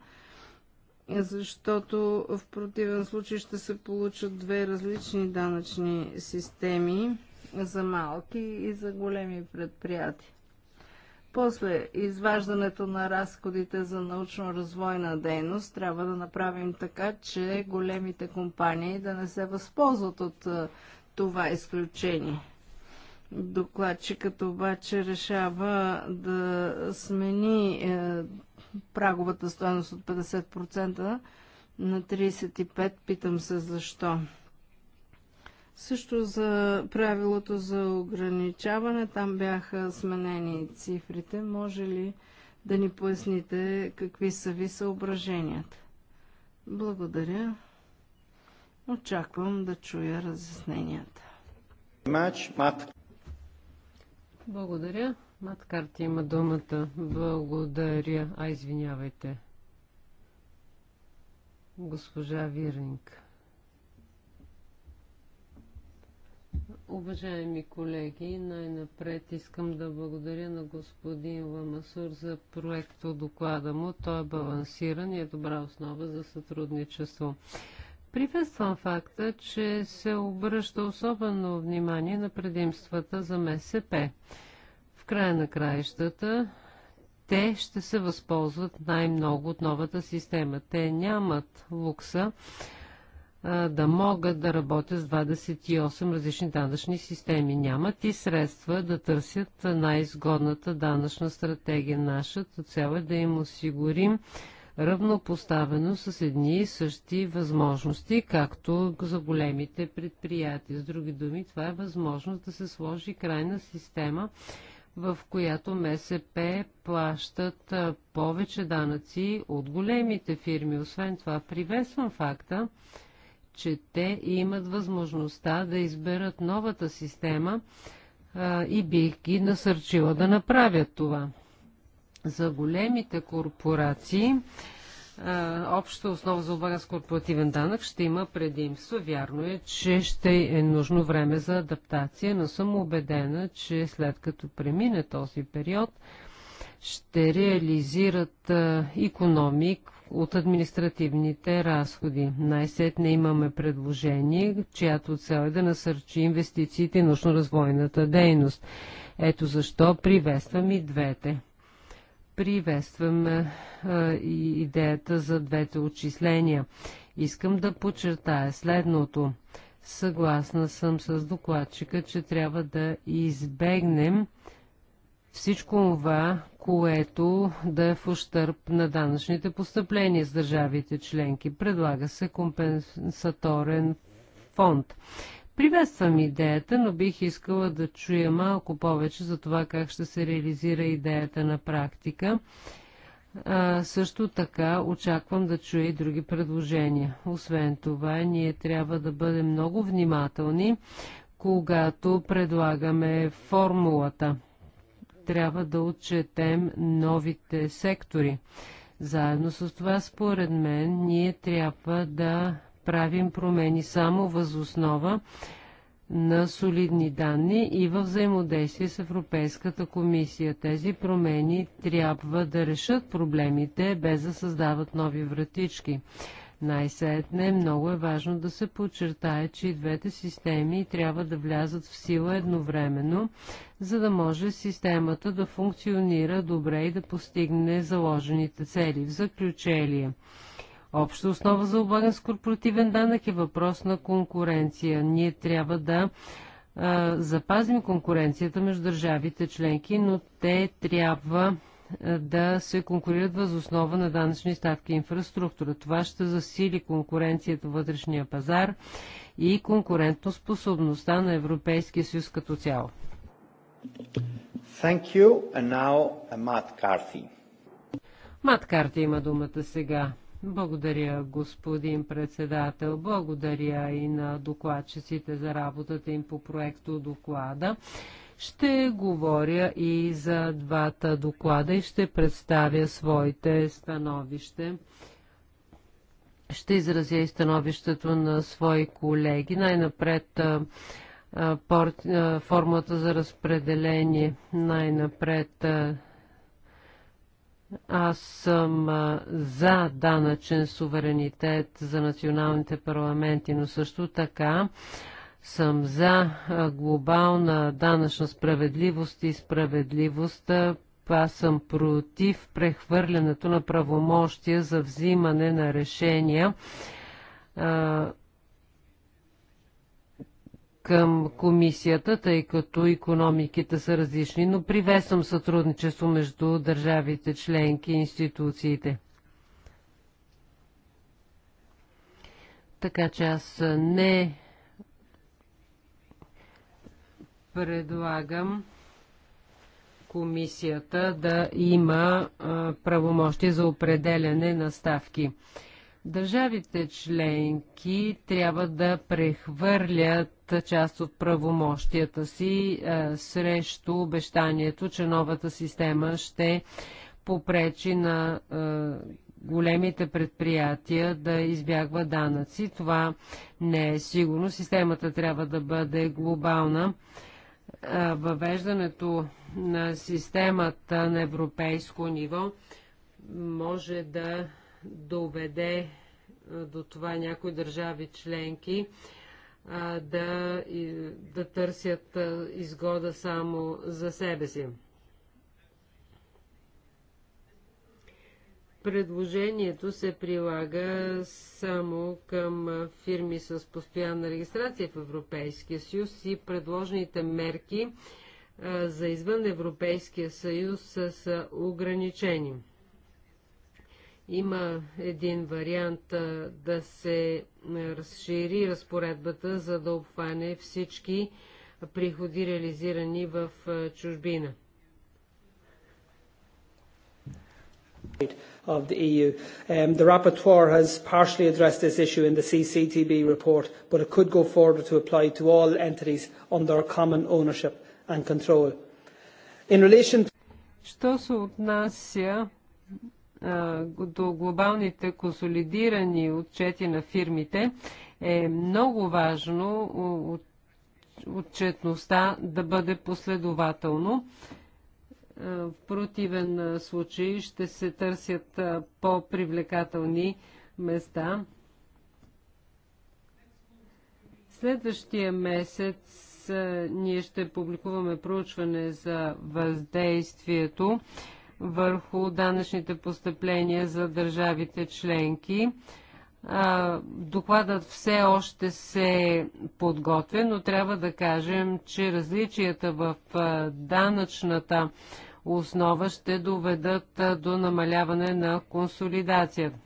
защото в противен случай ще се получат две различни данъчни системи за малки и за големи предприятия. После изваждането на разходите за научно-развойна дейност трябва да направим така, че големите компании да не се възползват от това изключение. Докладчикът обаче решава да смени е, праговата стоеност от 50% на 35%. Питам се защо. Също за правилото за ограничаване, там бяха сменени цифрите. Може ли да ни поясните какви са ви съображенията? Благодаря. Очаквам да чуя разясненията. Благодаря. Маткарта има думата. Благодаря. А, извинявайте. Госпожа Виринг. Уважаеми колеги, най-напред искам да благодаря на господин Ламасур за проекто доклада му. Той е балансиран и е добра основа за сътрудничество. Приветствам факта, че се обръща особено внимание на предимствата за МСП. В края на краищата те ще се възползват най-много от новата система. Те нямат лукса да могат да работя с 28 различни данъчни системи. Нямат и средства да търсят най-изгодната данъчна стратегия. Нашата цел е да им осигурим равнопоставено с едни и същи възможности, както за големите предприятия. С други думи, това е възможност да се сложи крайна система, в която МСП плащат повече данъци от големите фирми. Освен това, приветствам факта, че те имат възможността да изберат новата система а, и бих ги насърчила да направят това. За големите корпорации обща основа за облага с корпоративен данък ще има предимство. Вярно е, че ще е нужно време за адаптация, но съм убедена, че след като премине този период, ще реализират економик, от административните разходи. Най-сетне имаме предложение, чиято цел е да насърчи инвестициите и научно-развойната дейност. Ето защо приветствам и двете. Приветствам а, е, е, и идеята за двете отчисления. Искам да подчертая следното. Съгласна съм с докладчика, че трябва да избегнем всичко това, което да е в ущърп на данъчните постъпления с държавите членки. Предлага се компенсаторен фонд. Приветствам идеята, но бих искала да чуя малко повече за това как ще се реализира идеята на практика. А, също така очаквам да чуя и други предложения. Освен това, ние трябва да бъдем много внимателни, когато предлагаме формулата трябва да отчетем новите сектори. Заедно с това, според мен, ние трябва да правим промени само възоснова на солидни данни и във взаимодействие с Европейската комисия. Тези промени трябва да решат проблемите, без да създават нови вратички. Най-сетне много е важно да се подчертае, че и двете системи трябва да влязат в сила едновременно, за да може системата да функционира добре и да постигне заложените цели. В заключение, обща основа за облаган с корпоративен данък е въпрос на конкуренция. Ние трябва да а, запазим конкуренцията между държавите членки, но те трябва да се конкурират въз основа на данъчни ставки и инфраструктура. Това ще засили конкуренцията вътрешния пазар и конкурентоспособността на Европейския съюз като цяло. Thank you. And now, uh, Matt Carthy. Мат Карти има думата сега. Благодаря, господин председател. Благодаря и на докладчиците за работата им по проекто доклада. Ще говоря и за двата доклада и ще представя своите становище. Ще изразя и становището на свои колеги. Най-напред формата за разпределение. Най-напред аз съм за данъчен суверенитет за националните парламенти, но също така съм за глобална данъчна справедливост и справедливост. Аз съм против прехвърлянето на правомощия за взимане на решения а, към комисията, тъй като економиките са различни, но приветствам сътрудничество между държавите, членки и институциите. Така че аз не Предлагам комисията да има правомощи за определяне на ставки. Държавите членки трябва да прехвърлят част от правомощията си а, срещу обещанието, че новата система ще попречи на а, големите предприятия да избягва данъци. Това не е сигурно. Системата трябва да бъде глобална. А, въвеждането на системата на европейско ниво може да доведе до това някои държави членки да, да търсят изгода само за себе си. Предложението се прилага само към фирми с постоянна регистрация в Европейския съюз и предложените мерки за извън Европейския съюз са, ограничени. Има един вариант да се разшири разпоредбата, за да обхване всички приходи реализирани в чужбина. of the EU. Um, the rapporteur has partially addressed this issue in the CCTB report, but it could go further to apply to all entities under common ownership and control. In relation to Що се отнася а, до глобалните консолидирани отчети на фирмите, е много важно отчетността да бъде последователно. Е, в противен е, случай ще се търсят е, по-привлекателни места. Следващия месец ние ще публикуваме проучване за въздействието върху данъчните постъпления за държавите членки. Докладът все още се подготвя, но трябва да кажем, че различията в данъчната основа ще доведат до намаляване на консолидацията.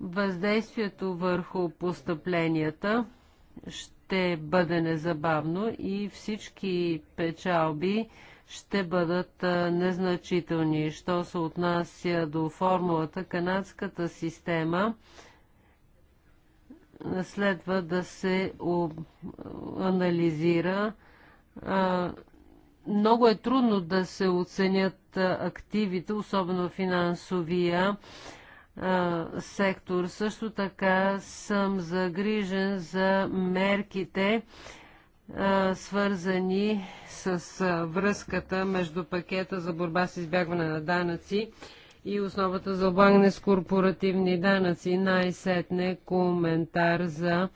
Въздействието върху постъпленията ще бъде незабавно и всички печалби ще бъдат незначителни. Що се отнася до формулата, канадската система следва да се анализира. Много е трудно да се оценят активите, особено финансовия сектор. Също така съм загрижен за мерките, свързани с връзката между пакета за борба с избягване на данъци и основата за облагане с корпоративни данъци. Най-сетне коментар за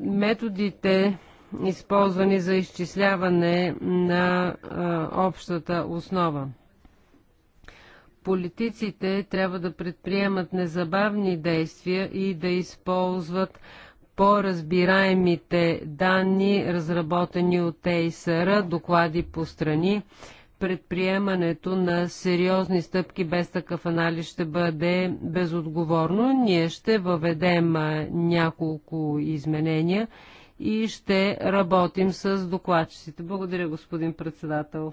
методите, използвани за изчисляване на общата основа. Политиците трябва да предприемат незабавни действия и да използват по-разбираемите данни, разработени от ЕИСР, доклади по страни. Предприемането на сериозни стъпки без такъв анализ ще бъде безотговорно. Ние ще въведем няколко изменения и ще работим с докладчиците. Благодаря, господин председател.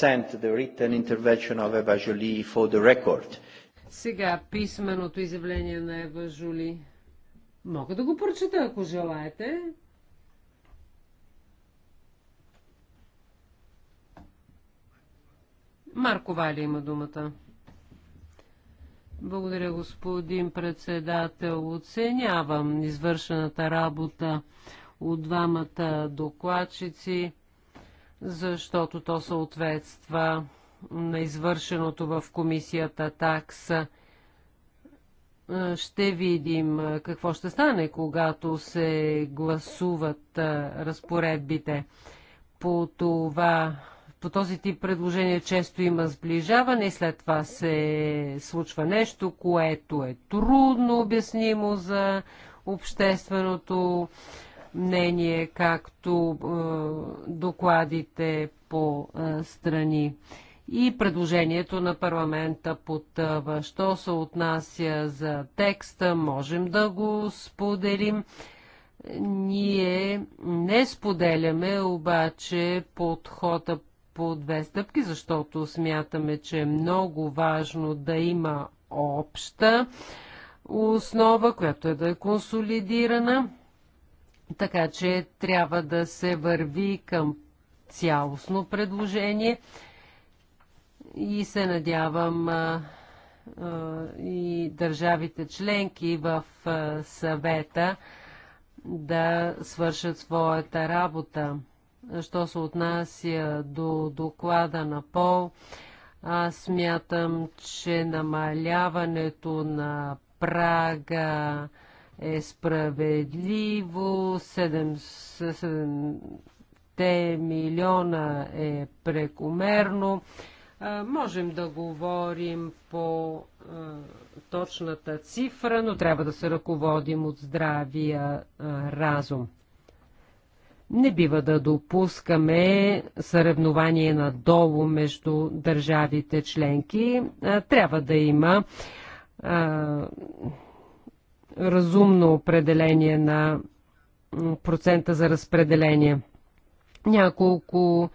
sent the written intervention of Eva Jolie for the record. Сега писменото изявление на Ева Жули. Мога да го прочета, ако желаете. Марко Вали има думата. Благодаря, господин председател. Оценявам извършената работа от двамата докладчици защото то съответства на извършеното в комисията такса. Ще видим какво ще стане, когато се гласуват разпоредбите. По, това, по този тип предложение често има сближаване и след това се случва нещо, което е трудно обяснимо за общественото мнение, както е, докладите по е, страни и предложението на парламента под що се отнася за текста, можем да го споделим. Ние не споделяме обаче подхода по две стъпки, защото смятаме, че е много важно да има обща основа, която е да е консолидирана така че трябва да се върви към цялостно предложение и се надявам а, а, и държавите членки в а, съвета да свършат своята работа. Що се отнася до доклада на Пол, аз смятам, че намаляването на прага е справедливо, 7, милиона е прекомерно. Можем да говорим по точната цифра, но трябва да се ръководим от здравия разум. Не бива да допускаме съревнование надолу между държавите членки. Трябва да има разумно определение на процента за разпределение. Няколко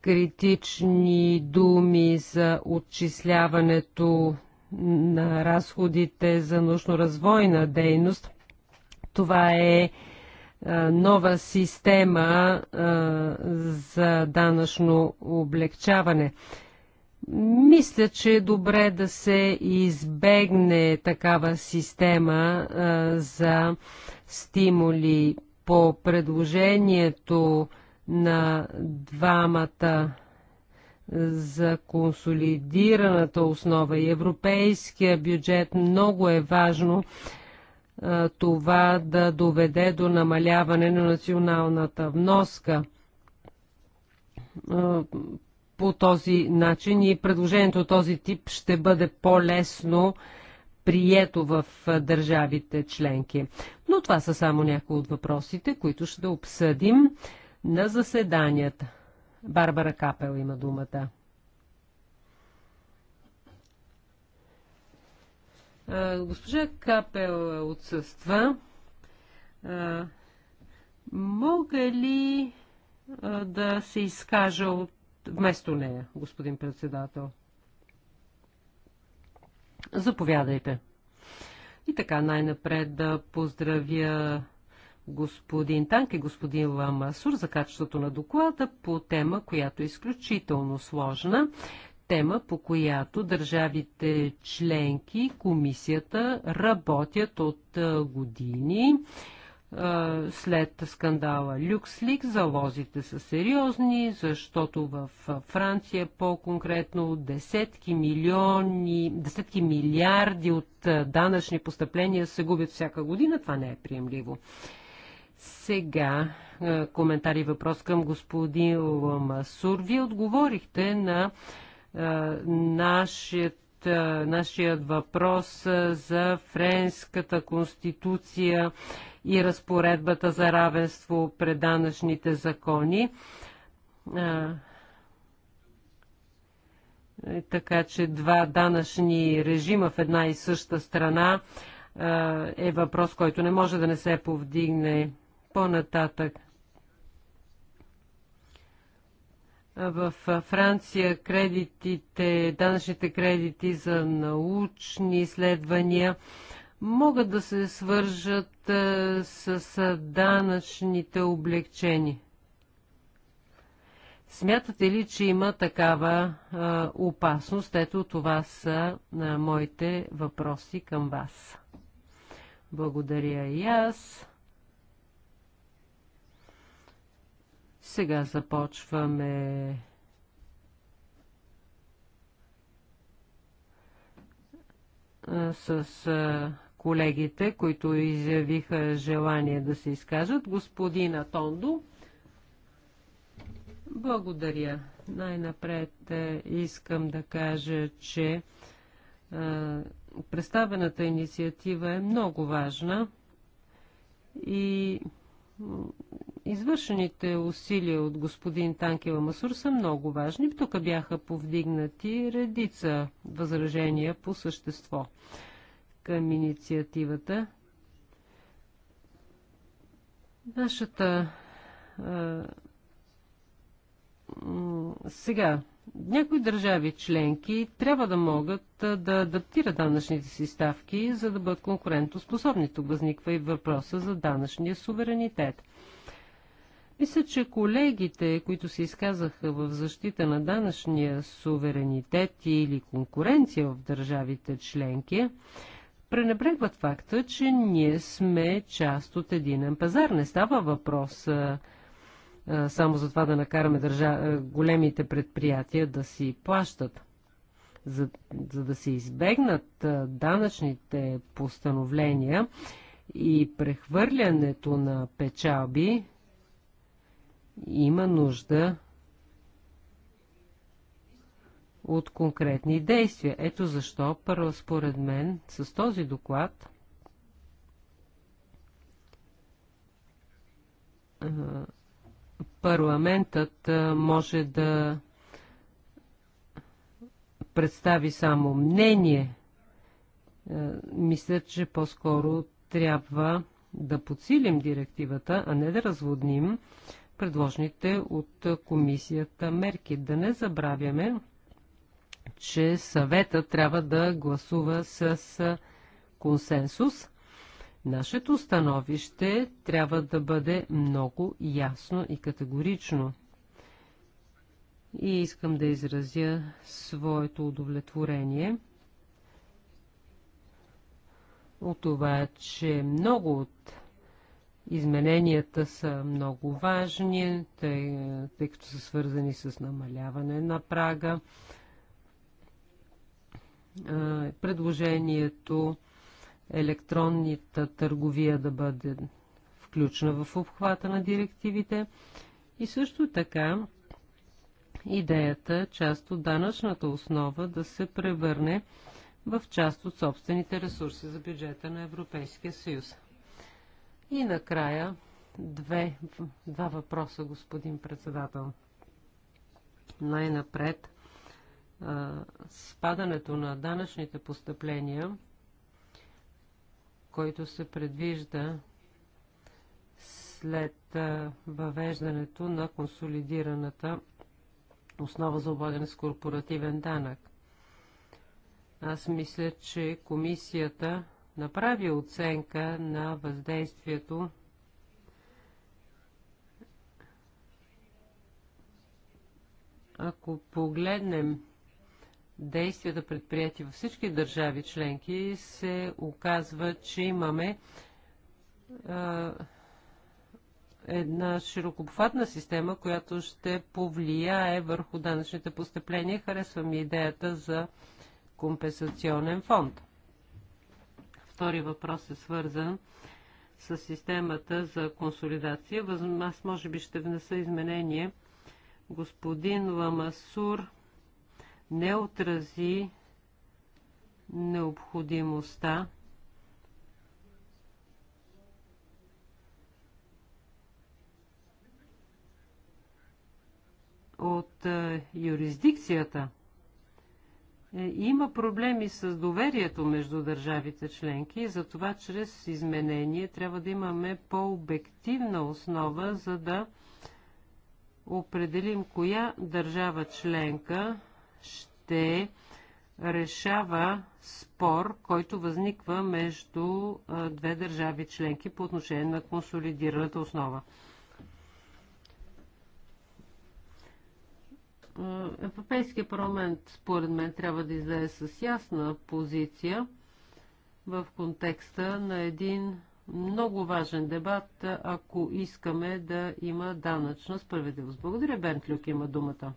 критични думи за отчисляването на разходите за нужно развойна дейност. Това е нова система за данъчно облегчаване. Мисля, че е добре да се избегне такава система а, за стимули по предложението на двамата за консолидираната основа и европейския бюджет много е важно а, това да доведе до намаляване на националната вноска по този начин и предложението от този тип ще бъде по-лесно прието в държавите членки. Но това са само някои от въпросите, които ще обсъдим на заседанията. Барбара Капел има думата. Госпожа Капел отсъства. Мога ли да се изкажа от вместо нея, господин председател. Заповядайте. И така най-напред да поздравя господин Танк и господин Ламасур за качеството на доклада по тема, която е изключително сложна. Тема, по която държавите членки, комисията работят от години след скандала Люкслик. Залозите са сериозни, защото в Франция по-конкретно десетки милиони, десетки милиарди от данъчни постъпления се губят всяка година. Това не е приемливо. Сега коментар и въпрос към господин Масур. Вие отговорихте на нашият нашият въпрос за френската конституция и разпоредбата за равенство пред данъчните закони. Е, така че два данъчни режима в една и съща страна е въпрос, който не може да не се повдигне по-нататък. В Франция кредитите, данъчните кредити за научни изследвания могат да се свържат а, е, с, данъчните облегчени. Смятате ли, че има такава а, е, опасност? Ето това са а, е, моите въпроси към вас. Благодаря и аз. Сега започваме с колегите, които изявиха желание да се изкажат. Господина Тондо. Благодаря. Най-напред е, искам да кажа, че е, представената инициатива е много важна и извършените усилия от господин Танкела Масур са много важни. Тук бяха повдигнати редица възражения по същество към инициативата. Нашата а, сега, някои държави членки трябва да могат да адаптират данъчните си ставки, за да бъдат конкурентоспособни. Тук възниква и въпроса за данъчния суверенитет. Мисля, че колегите, които се изказаха в защита на данъчния суверенитет или конкуренция в държавите членки, пренебрегват факта, че ние сме част от единен пазар. Не става въпрос а, а, само за това да накараме държа... големите предприятия да си плащат. За, за да се избегнат а, данъчните постановления и прехвърлянето на печалби, има нужда от конкретни действия. Ето защо, първо според мен, с този доклад парламентът може да представи само мнение. Мисля, че по-скоро трябва да подсилим директивата, а не да разводним предложните от комисията мерки. Да не забравяме, че съвета трябва да гласува с консенсус. Нашето становище трябва да бъде много ясно и категорично. И искам да изразя своето удовлетворение от това, че много от измененията са много важни, тъй, тъй като са свързани с намаляване на прага, е, предложението електронната търговия да бъде включена в обхвата на директивите и също така идеята част от данъчната основа да се превърне в част от собствените ресурси за бюджета на Европейския съюз. И накрая две, два въпроса, господин председател. Най-напред – спадането на данъчните постъпления, който се предвижда след въвеждането на консолидираната основа за облагане с корпоративен данък. Аз мисля, че комисията направи оценка на въздействието ако погледнем действията предприяти във всички държави членки, се оказва, че имаме а, една широкопфатна система, която ще повлияе върху данъчните постъпления. Харесвам идеята за компенсационен фонд. Втори въпрос е свързан с системата за консолидация. Аз може би ще внеса изменение. Господин Ламасур не отрази необходимостта от е, юрисдикцията. Е, има проблеми с доверието между държавите членки и затова чрез изменение трябва да имаме по-обективна основа, за да определим коя държава членка ще решава спор, който възниква между две държави членки по отношение на консолидираната основа. Европейския парламент, според мен, трябва да излезе с ясна позиция в контекста на един много важен дебат, ако искаме да има данъчна справедливост. Благодаря, Бернт Люк има думата.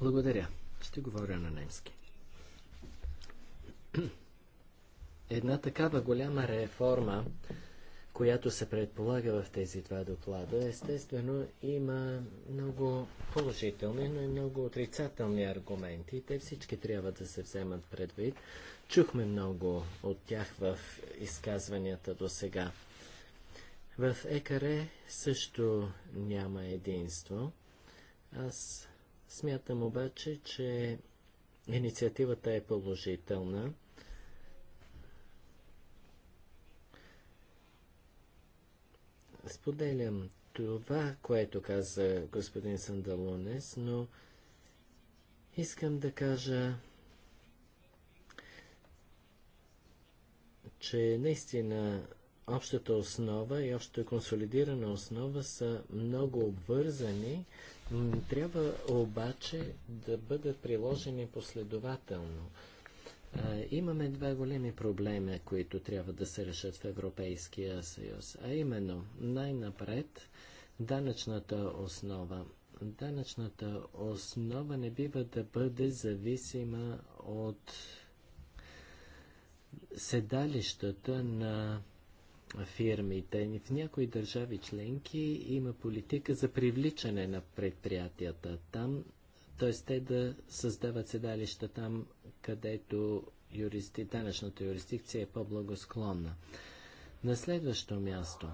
Благодаря. Ще говоря на немски. Една такава голяма реформа, която се предполага в тези два доклада, естествено има много положителни, но и много отрицателни аргументи. Те всички трябва да се вземат предвид. Чухме много от тях в изказванията до сега. В ЕКР също няма единство. Аз Смятам обаче, че инициативата е положителна. Споделям това, което каза господин Сандалонес, но искам да кажа, че наистина общата основа и общата консолидирана основа са много обвързани трябва обаче да бъдат приложени последователно. Имаме два големи проблеми, които трябва да се решат в Европейския съюз, а именно най-напред данъчната основа. Данъчната основа не бива да бъде зависима от седалищата на фирмите. В някои държави членки има политика за привличане на предприятията там, т.е. те да създават седалища там, където юристи, данъчната юрисдикция е по-благосклонна. На следващо място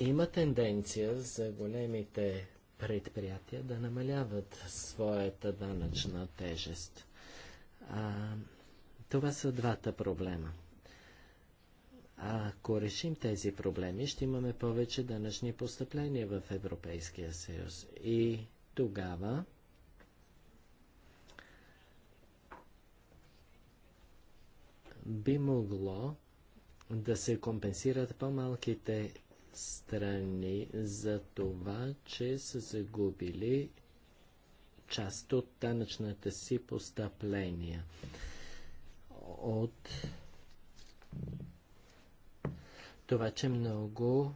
има тенденция за големите предприятия да намаляват своята данъчна тежест. А, това са двата проблема. Ако решим тези проблеми, ще имаме повече данъчни постъпления в Европейския съюз. И тогава би могло да се компенсират по-малките страни за това, че са загубили част от данъчната си постъпления от това, че много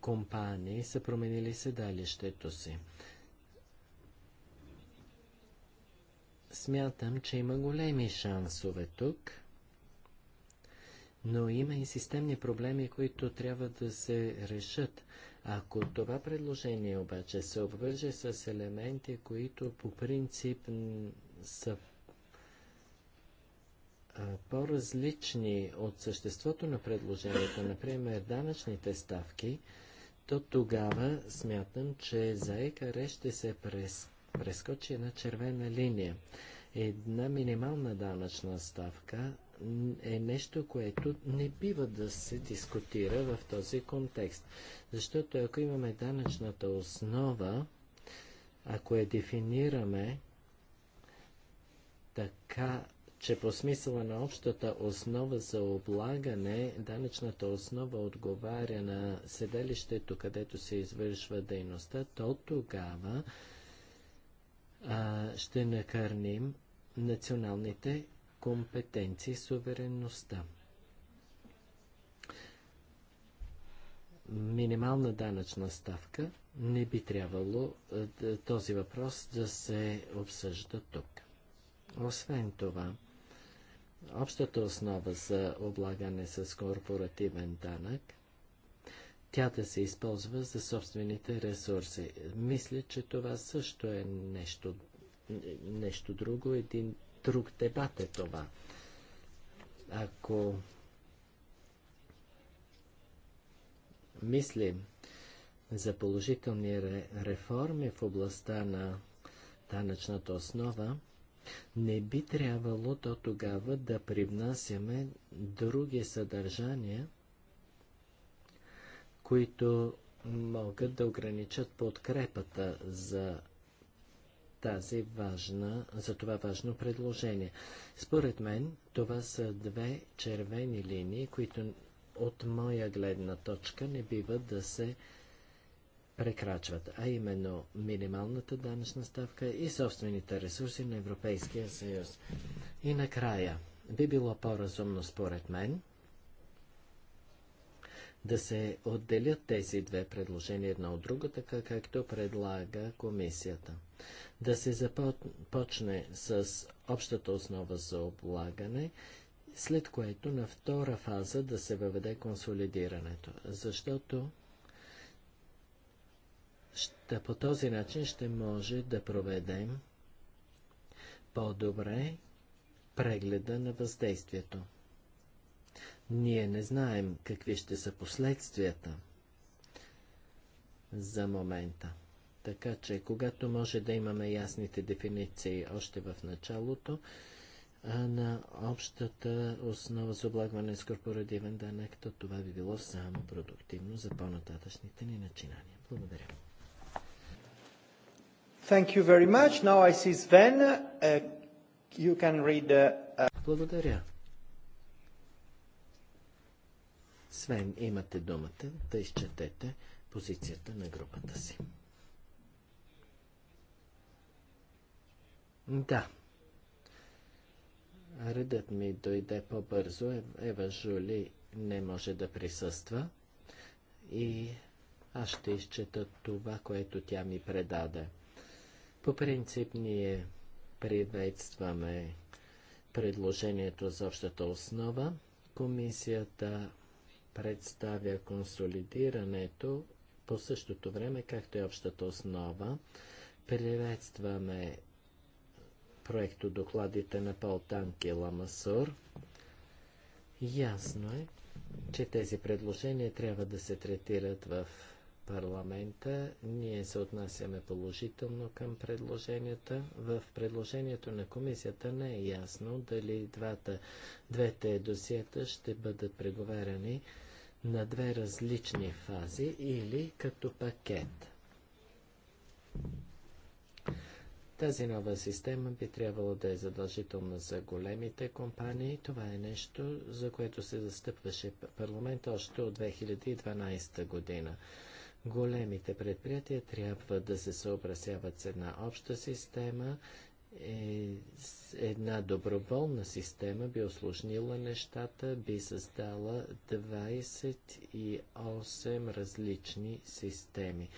компании са променили седалището си. Смятам, че има големи шансове тук, но има и системни проблеми, които трябва да се решат. Ако това предложение обаче се обвърже с елементи, които по принцип са по-различни от съществото на предложението, например данъчните ставки, то тогава смятам, че за ЕКР ще се прес, прескочи една червена линия. Една минимална данъчна ставка е нещо, което не бива да се дискутира в този контекст. Защото ако имаме данъчната основа, ако я дефинираме така, че по смисъла на общата основа за облагане, данъчната основа отговаря на седалището, където се извършва дейността, то тогава а, ще накърним националните компетенции, суверенността. Минимална данъчна ставка не би трябвало този въпрос да се обсъжда тук. Освен това, общата основа за облагане с корпоративен данък, тя да се използва за собствените ресурси. Мисля, че това също е нещо, нещо друго, един друг дебат е това. Ако мислим за положителни реформи в областта на данъчната основа, не би трябвало до тогава да привнасяме други съдържания, които могат да ограничат подкрепата за тази важна, за това важно предложение. Според мен, това са две червени линии, които от моя гледна точка не бива да се прекрачват, а именно минималната данъчна ставка и собствените ресурси на Европейския съюз. И накрая, би било по-разумно според мен да се отделят тези две предложения едно от друго, така както предлага комисията. Да се започне с общата основа за облагане, след което на втора фаза да се въведе консолидирането, защото ще, по този начин ще може да проведем по-добре прегледа на въздействието. Ние не знаем какви ще са последствията за момента. Така че, когато може да имаме ясните дефиниции още в началото на общата основа за облагване с корпоративен данък, то това би било само продуктивно за по-нататъчните ни начинания. Благодаря. Thank you very much. Now I see Sven. Uh, you can read the... Uh, uh, Благодаря. Свен, имате думата да изчетете позицията на групата си. Да. Редът ми дойде по-бързо. Е, Ева Жули не може да присъства и аз ще изчета това, което тя ми предаде. По принцип ние приветстваме предложението за общата основа. Комисията представя консолидирането по същото време, както и общата основа. Приветстваме проекто докладите на Пол Танки Ламасур. Ясно е, че тези предложения трябва да се третират в парламента. Ние се отнасяме положително към предложенията. В предложението на комисията не е ясно дали двата, двете досиета ще бъдат преговаряни на две различни фази или като пакет. Тази нова система би трябвало да е задължителна за големите компании. Това е нещо, за което се застъпваше парламент още от 2012 година. Големите предприятия трябва да се съобразяват с една обща система. Е, една доброволна система би осложнила нещата, би създала 28 различни системи.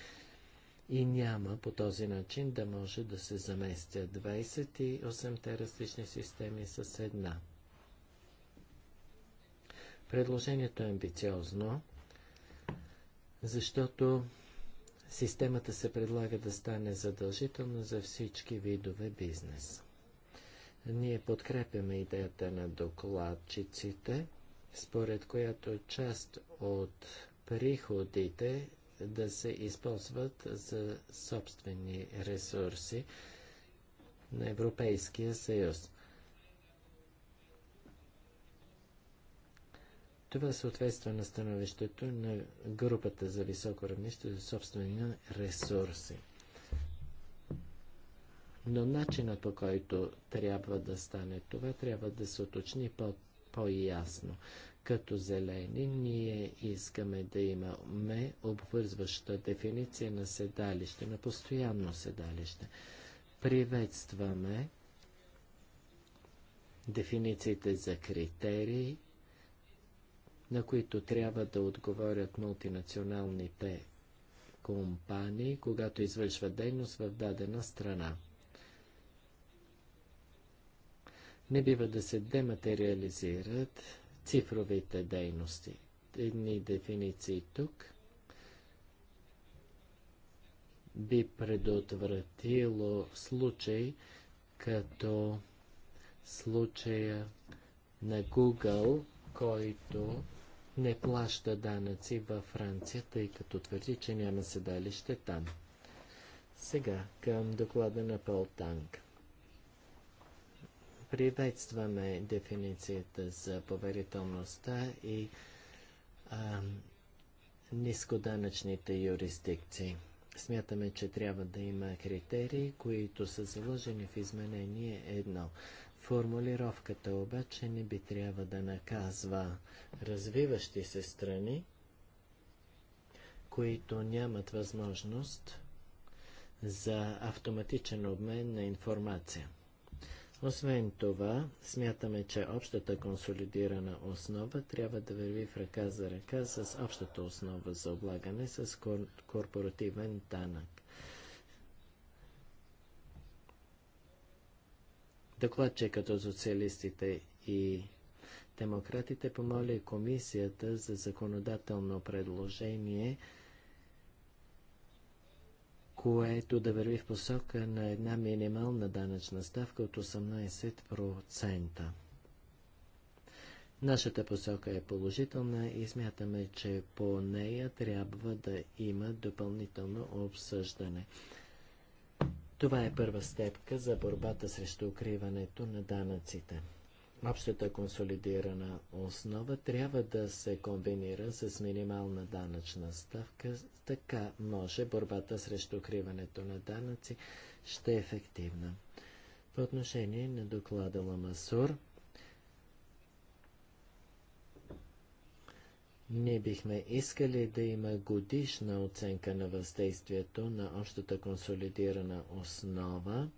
И няма по този начин да може да се заместят 28-те различни системи с една. Предложението е амбициозно защото системата се предлага да стане задължителна за всички видове бизнес. Ние подкрепяме идеята на докладчиците, според която част от приходите да се използват за собствени ресурси на Европейския съюз. Това съответства на становището на групата за високо равнище за собствени ресурси. Но начинът по който трябва да стане това, трябва да се уточни по- по-ясно. Като зелени ние искаме да имаме обвързваща дефиниция на седалище, на постоянно седалище. Приветстваме дефинициите за критерии на които трябва да отговорят мултинационалните компании, когато извършват дейност в дадена страна. Не бива да се дематериализират цифровите дейности. Едни дефиниции тук би предотвратило случай като случая на Google, който не плаща данъци във Франция, тъй като твърди, че няма седалище там. Сега към доклада на Пол Танк. Приветстваме дефиницията за поверителността и а, нискоданъчните юрисдикции. Смятаме, че трябва да има критерии, които са заложени в изменение едно. Формулировката обаче не би трябва да наказва развиващи се страни, които нямат възможност за автоматичен обмен на информация. Освен това, смятаме, че общата консолидирана основа трябва да върви в ръка за ръка с общата основа за облагане с корпоративен данък. Докладчикът от социалистите и демократите помоли комисията за законодателно предложение, което да върви в посока на една минимална данъчна ставка от 18%. Нашата посока е положителна и смятаме, че по нея трябва да има допълнително обсъждане. Това е първа степка за борбата срещу укриването на данъците. Общата консолидирана основа трябва да се комбинира с минимална данъчна ставка, така може борбата срещу укриването на данъци ще е ефективна. По отношение на доклада Ламасур, Ние бихме искали да има годишна оценка на въздействието на общата консолидирана основа.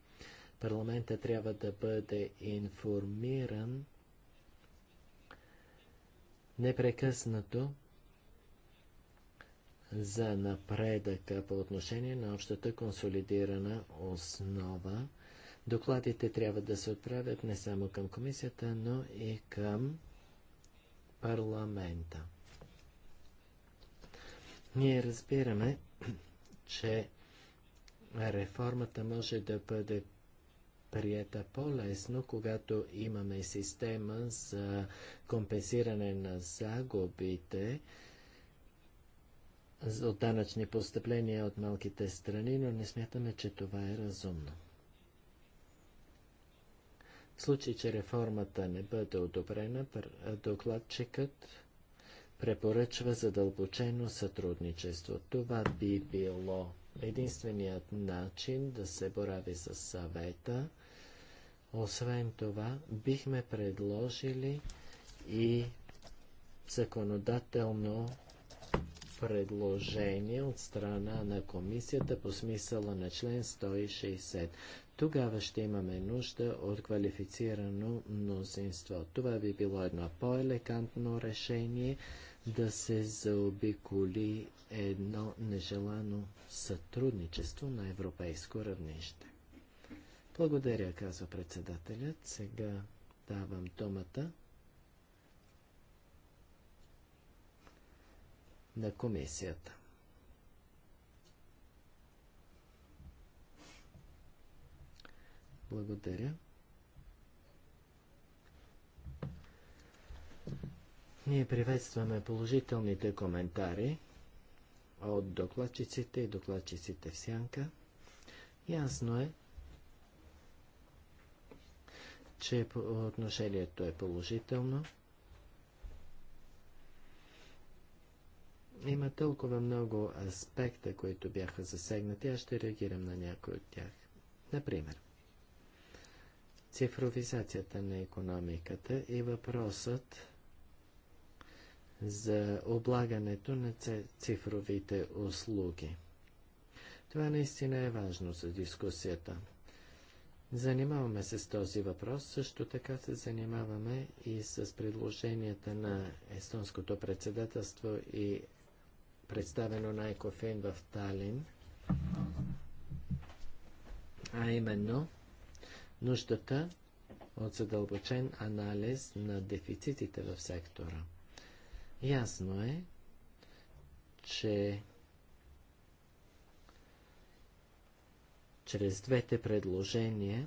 Парламента трябва да бъде информиран непрекъснато за напредъка по отношение на общата консолидирана основа. Докладите трябва да се отправят не само към комисията, но и към парламента. Ние разбираме, че реформата може да бъде прията по-лесно, когато имаме система за компенсиране на загубите от данъчни постъпления от малките страни, но не смятаме, че това е разумно. В случай, че реформата не бъде одобрена, докладчикът препоръчва задълбочено сътрудничество. Това би било единственият начин да се борави с съвета. Освен това, бихме предложили и законодателно предложение от страна на комисията по смисъла на член 160 тогава ще имаме нужда от квалифицирано мнозинство. Това би било едно по-елегантно решение да се заобиколи едно нежелано сътрудничество на европейско равнище. Благодаря, казва председателят. Сега давам думата на комисията. Благодаря. Ние приветстваме положителните коментари от докладчиците и докладчиците в сянка. Ясно е, че отношението е положително. Има толкова много аспекта, които бяха засегнати, аз ще реагирам на някой от тях. Например, цифровизацията на економиката и въпросът за облагането на цифровите услуги. Това наистина е важно за дискусията. Занимаваме се с този въпрос, също така се занимаваме и с предложенията на естонското председателство и представено на Екофин в Талин, а именно – нуждата от задълбочен анализ на дефицитите в сектора. Ясно е, че чрез двете предложения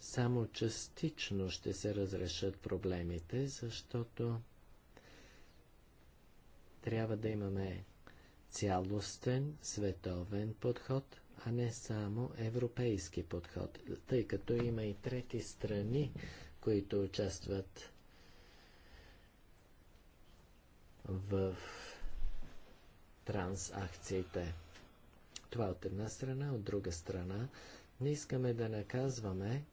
само частично ще се разрешат проблемите, защото трябва да имаме цялостен световен подход – а не само европейски подход, тъй като има и трети страни, които участват в трансакциите. Това от една страна, от друга страна не искаме да наказваме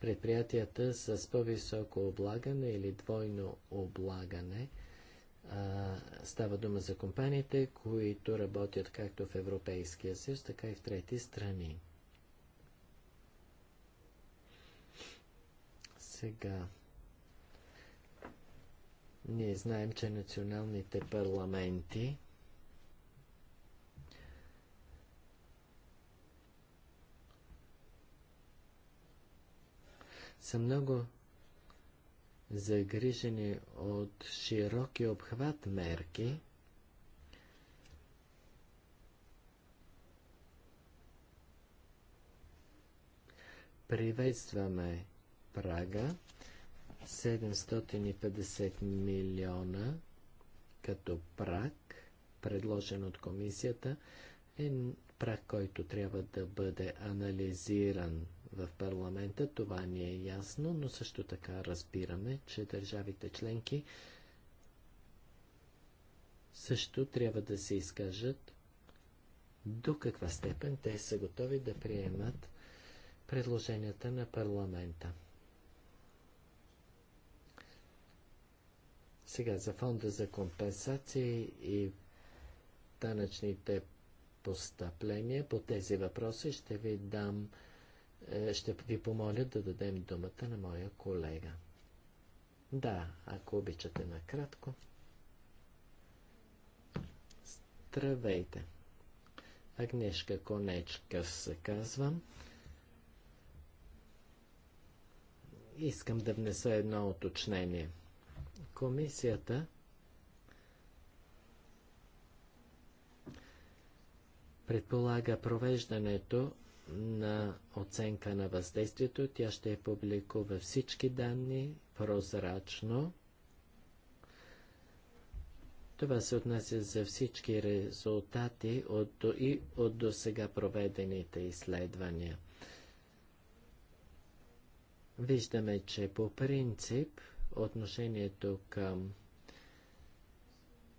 предприятията с по-високо облагане или двойно облагане – става дума за компаниите, които работят както в Европейския съюз, така и в трети страни. Сега. Ние знаем, че националните парламенти са много загрижени от широки обхват мерки, приветстваме прага 750 милиона като праг, предложен от комисията, е праг, който трябва да бъде анализиран в парламента, това ни е ясно, но също така разбираме, че държавите членки също трябва да се изкажат до каква степен те са готови да приемат предложенията на парламента. Сега за фонда за компенсации и данъчните постъпления по тези въпроси ще ви дам е, ще ви помоля да дадем думата на моя колега. Да, ако обичате накратко. Здравейте! Агнешка Конечка се казвам. Искам да внеса едно уточнение. Комисията предполага провеждането на оценка на въздействието. Тя ще публикува всички данни прозрачно. Това се отнася за всички резултати от, и от до сега проведените изследвания. Виждаме, че по принцип отношението към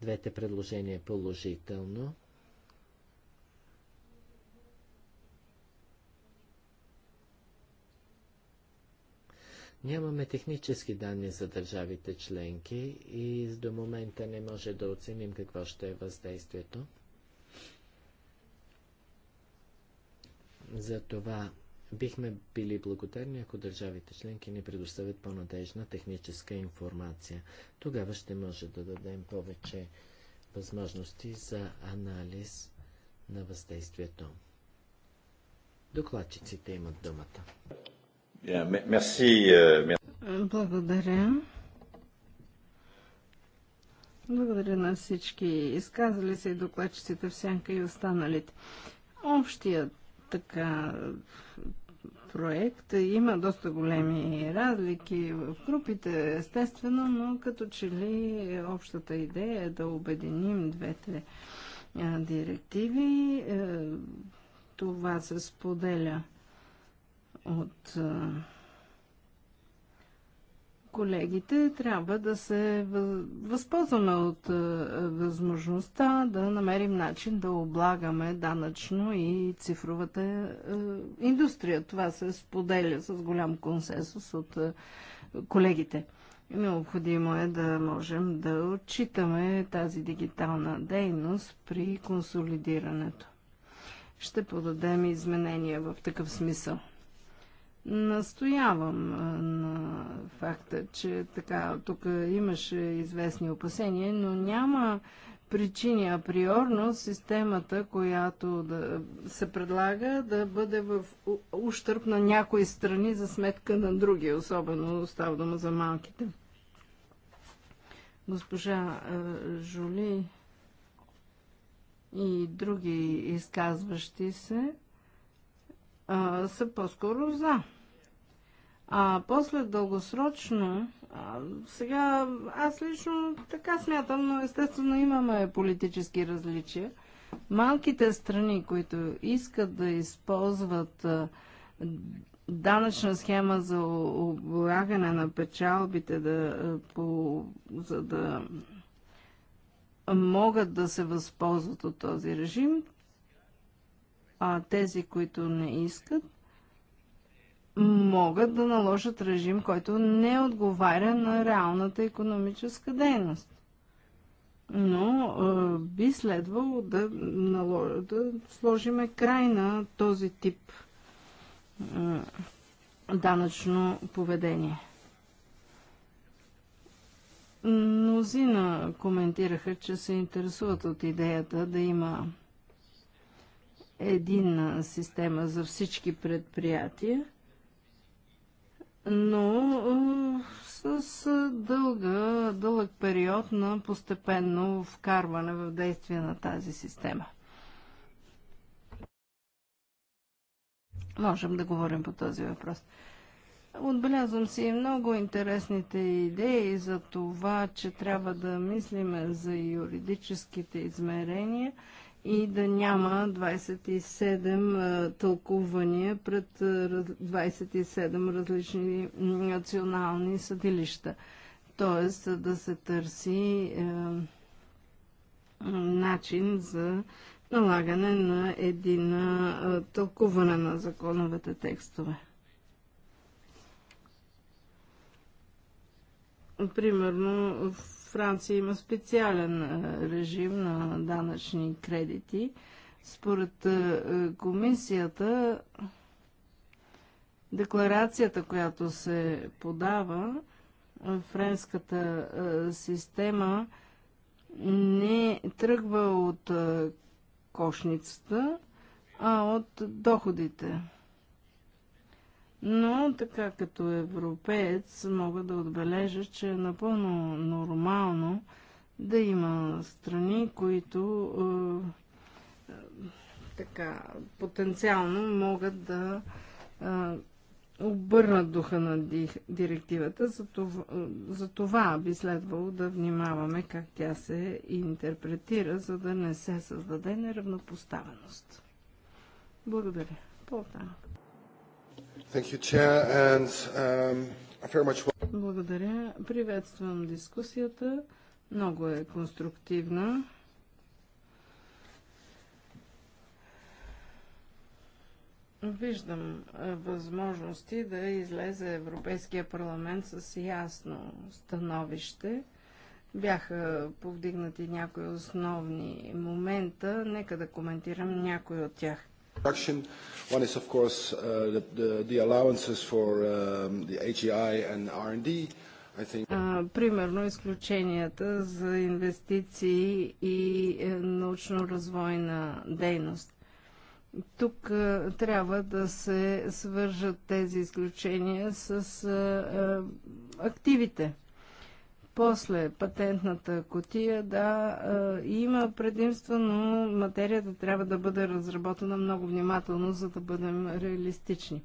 двете предложения е положително. Нямаме технически данни за държавите членки и до момента не може да оценим какво ще е въздействието. Затова бихме били благодарни, ако държавите членки ни предоставят по-надежна техническа информация. Тогава ще може да дадем повече възможности за анализ на въздействието. Докладчиците имат думата. Euh, Благодаря. Благодаря на всички изказали се и докладчиците в сянка и останалите. Общия така проект има доста големи разлики в групите, естествено, но като че ли общата идея е да обединим двете директиви, е, това се споделя от колегите, трябва да се възползваме от възможността да намерим начин да облагаме данъчно и цифровата индустрия. Това се споделя с голям консенсус от колегите. Необходимо е да можем да отчитаме тази дигитална дейност при консолидирането. Ще подадем изменения в такъв смисъл настоявам на факта, че така, тук имаше известни опасения, но няма причини априорно системата, която да се предлага да бъде в ущърп на някои страни за сметка на други, особено става дума за малките. Госпожа Жули и други изказващи се са по-скоро за. А после дългосрочно, а, сега аз лично така смятам, но естествено имаме политически различия. Малките страни, които искат да използват а, данъчна схема за облагане на печалбите, да, по, за да могат да се възползват от този режим, а тези, които не искат, могат да наложат режим, който не отговаря на реалната економическа дейност. Но е, би следвало да, налож... да сложиме край на този тип е, данъчно поведение. Мнозина коментираха, че се интересуват от идеята да има единна система за всички предприятия, но с дълга, дълъг период на постепенно вкарване в действие на тази система. Можем да говорим по този въпрос. Отбелязвам си и много интересните идеи за това, че трябва да мислиме за юридическите измерения и да няма 27 тълкувания пред 27 различни национални съдилища. Тоест да се търси е, начин за налагане на един тълкуване на законовете текстове. Примерно в Франция има специален е, режим на данъчни кредити. Според е, е, комисията, декларацията, която се подава, френската система не тръгва от кошницата, а от доходите. Но така като европеец мога да отбележа, че е напълно нормално да има страни, които е, е, така потенциално могат да е, обърнат духа на директивата. За това, за това би следвало да внимаваме как тя се интерпретира, за да не се създаде неравнопоставеност. Благодаря. По-танък. Um, Благодаря. Приветствам дискусията. Много е конструктивна. Виждам възможности да излезе Европейския парламент с ясно становище. Бяха повдигнати някои основни момента. Нека да коментирам някои от тях production. One is, of course, uh, the, allowances for um, the AGI and R&D. А, примерно изключенията за инвестиции и е, научно-развойна дейност. Тук е, трябва да се свържат тези изключения с е, активите. После патентната котия, да, има предимство, но материята трябва да бъде разработена много внимателно, за да бъдем реалистични.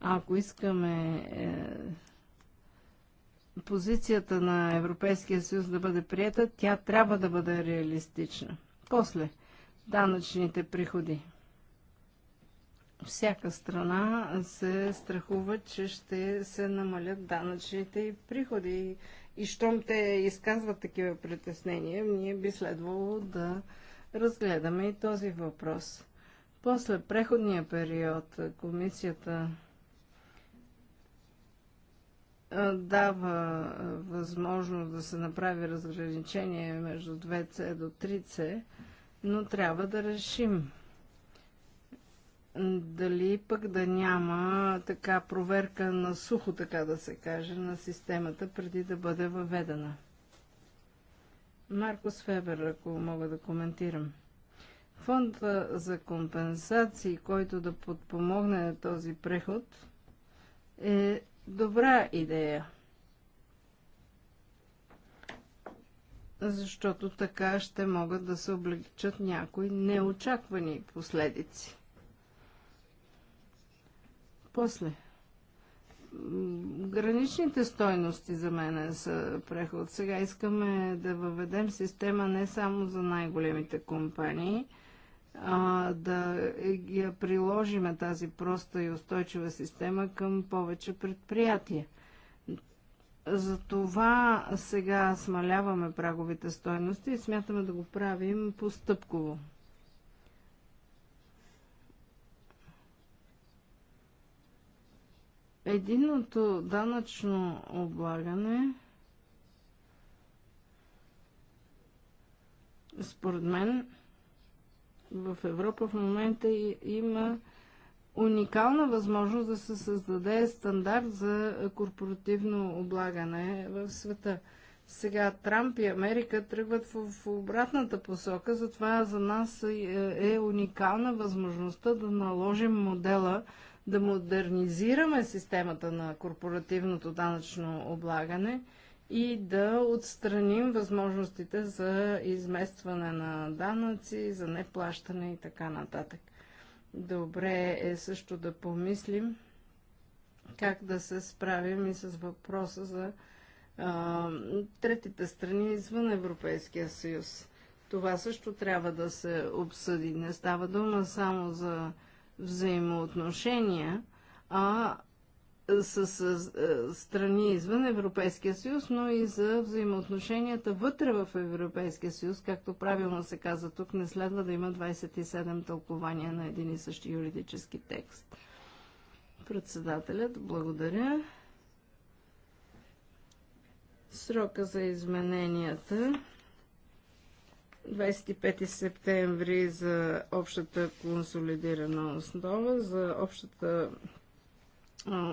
А ако искаме е, позицията на Европейския съюз да бъде приета, тя трябва да бъде реалистична. После, данъчните приходи. Всяка страна се страхува, че ще се намалят данъчните приходи и щом те изказват такива притеснения, ние би следвало да разгледаме и този въпрос. После преходния период комисията дава възможност да се направи разграничение между 2C до 3C, но трябва да решим дали пък да няма така проверка на сухо, така да се каже, на системата преди да бъде въведена. Маркос Фебер, ако мога да коментирам. Фонд за компенсации, който да подпомогне този преход, е добра идея. Защото така ще могат да се облегчат някои неочаквани последици. После. Граничните стойности за мен са преход. Сега искаме да въведем система не само за най-големите компании, а, да я приложиме тази проста и устойчива система към повече предприятия. Затова сега смаляваме праговите стойности и смятаме да го правим постъпково. Единното данъчно облагане според мен в Европа в момента има уникална възможност да се създаде стандарт за корпоративно облагане в света. Сега Трамп и Америка тръгват в обратната посока, затова за нас е, е уникална възможността да наложим модела да модернизираме системата на корпоративното данъчно облагане и да отстраним възможностите за изместване на данъци, за неплащане и така нататък. Добре е също да помислим как да се справим и с въпроса за а, третите страни извън Европейския съюз. Това също трябва да се обсъди. Не става дума само за взаимоотношения, а с, с страни извън Европейския съюз, но и за взаимоотношенията вътре в Европейския съюз, както правилно се каза тук, не следва да има 27 тълкования на един и същи юридически текст. Председателят, благодаря. Срока за измененията 25 септември за общата консолидирана основа, за общата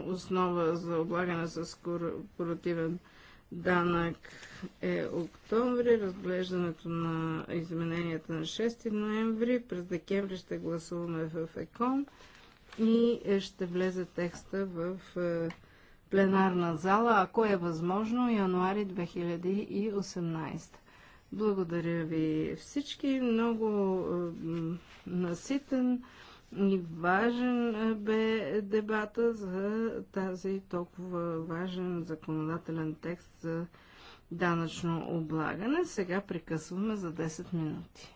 основа за облагане с корпоративен данък е октомври, разглеждането на измененията на 6 ноември, през декември ще гласуваме в ЕКОН и е, ще влезе текста в е, пленарна зала, ако е възможно, януари 2018. Благодаря ви всички. Много наситен и важен бе дебата за тази толкова важен законодателен текст за данъчно облагане. Сега прекъсваме за 10 минути.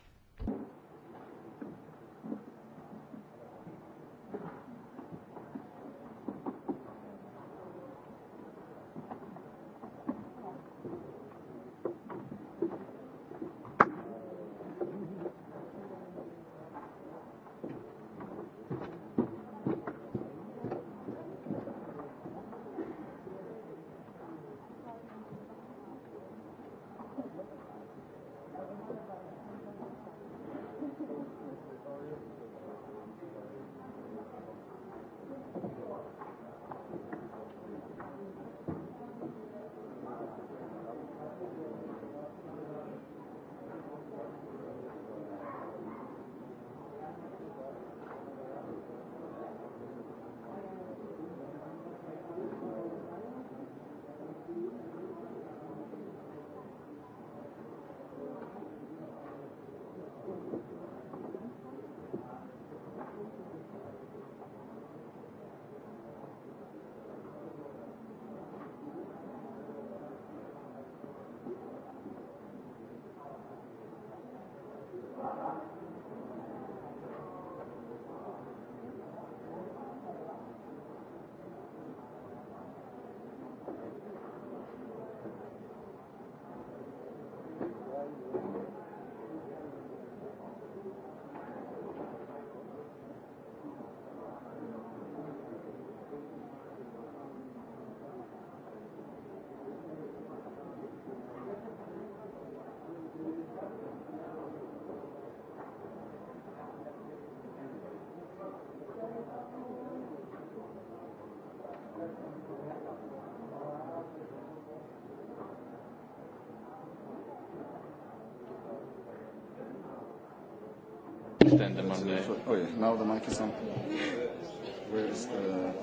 Oh yeah, now the mic is on. Where is the...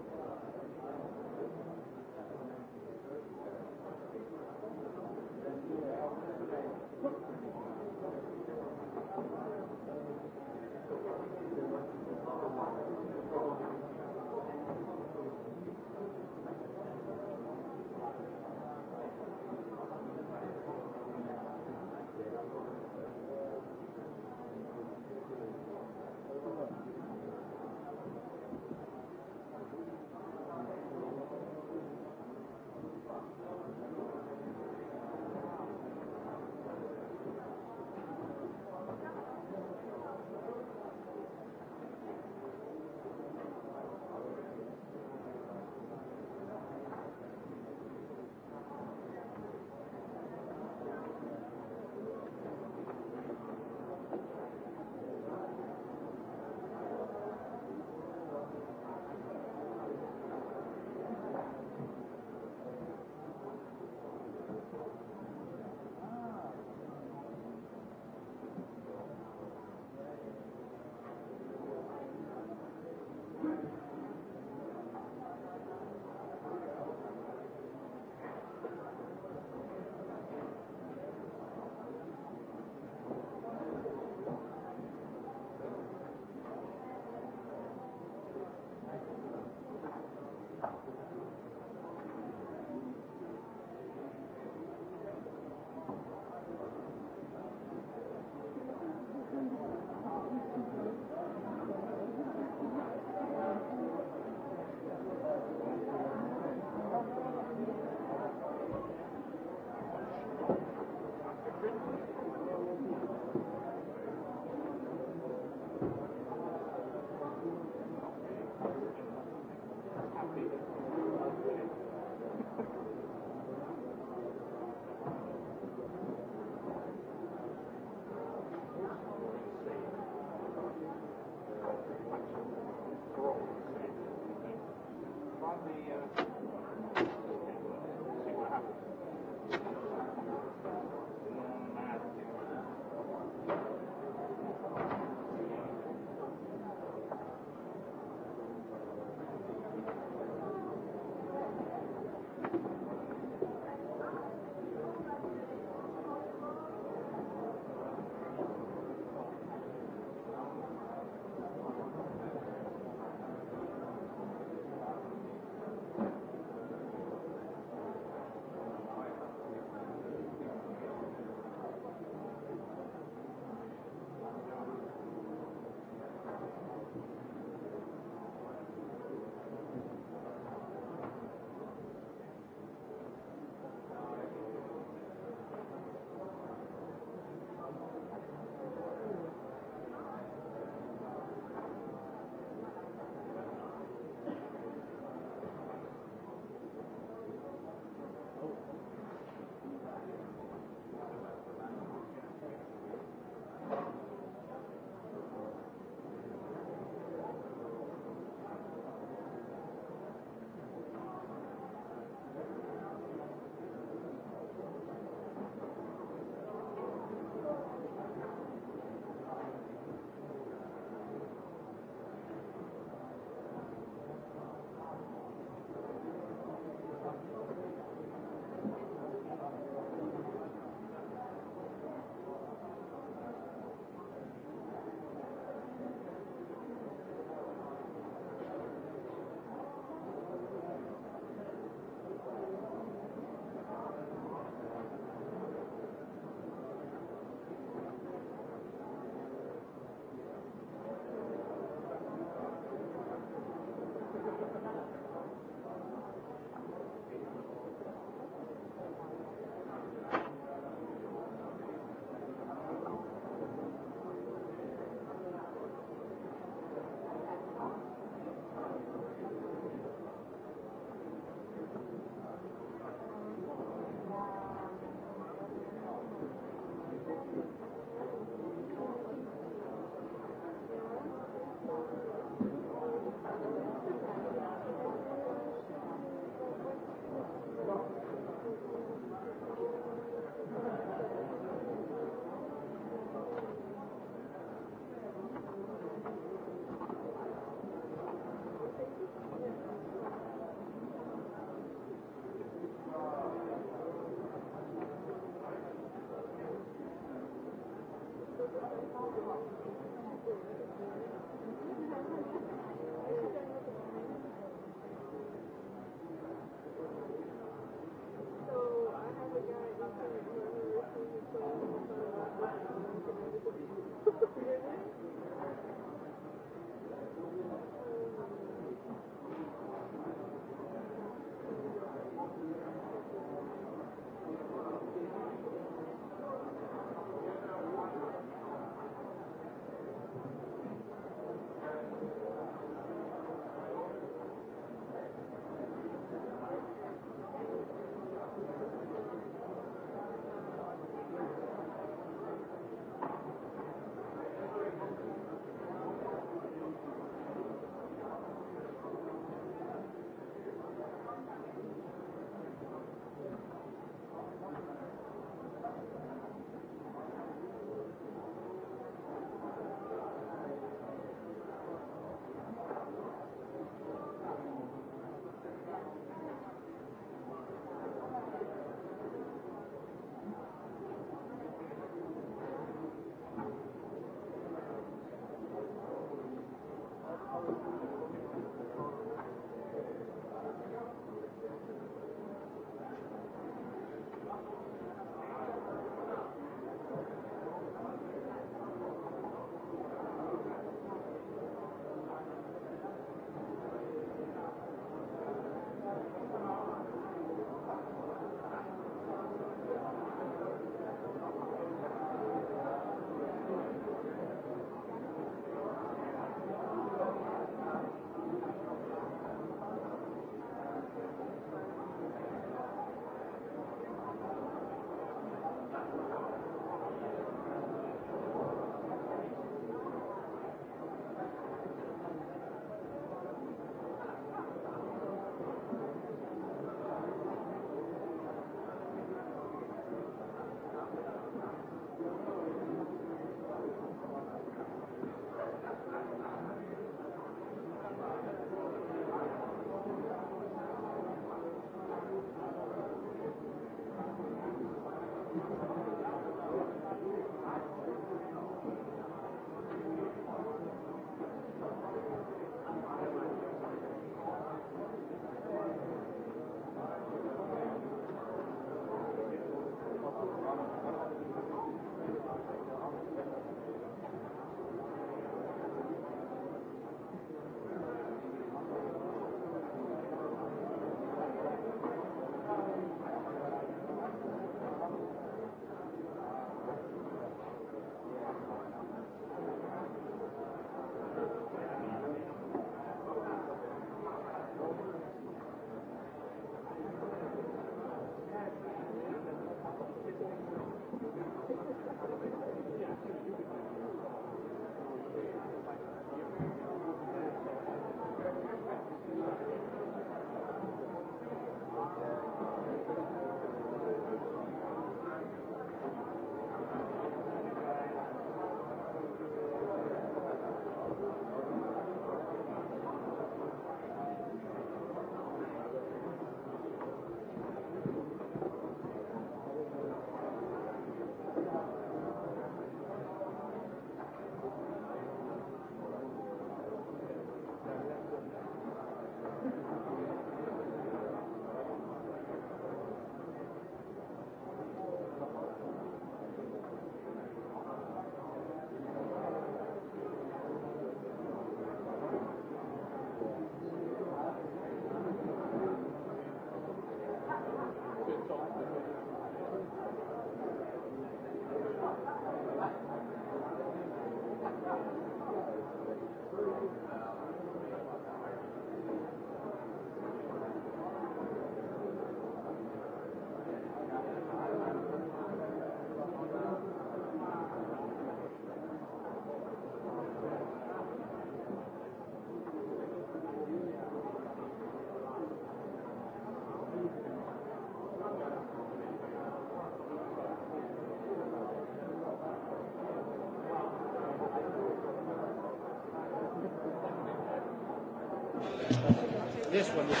This one is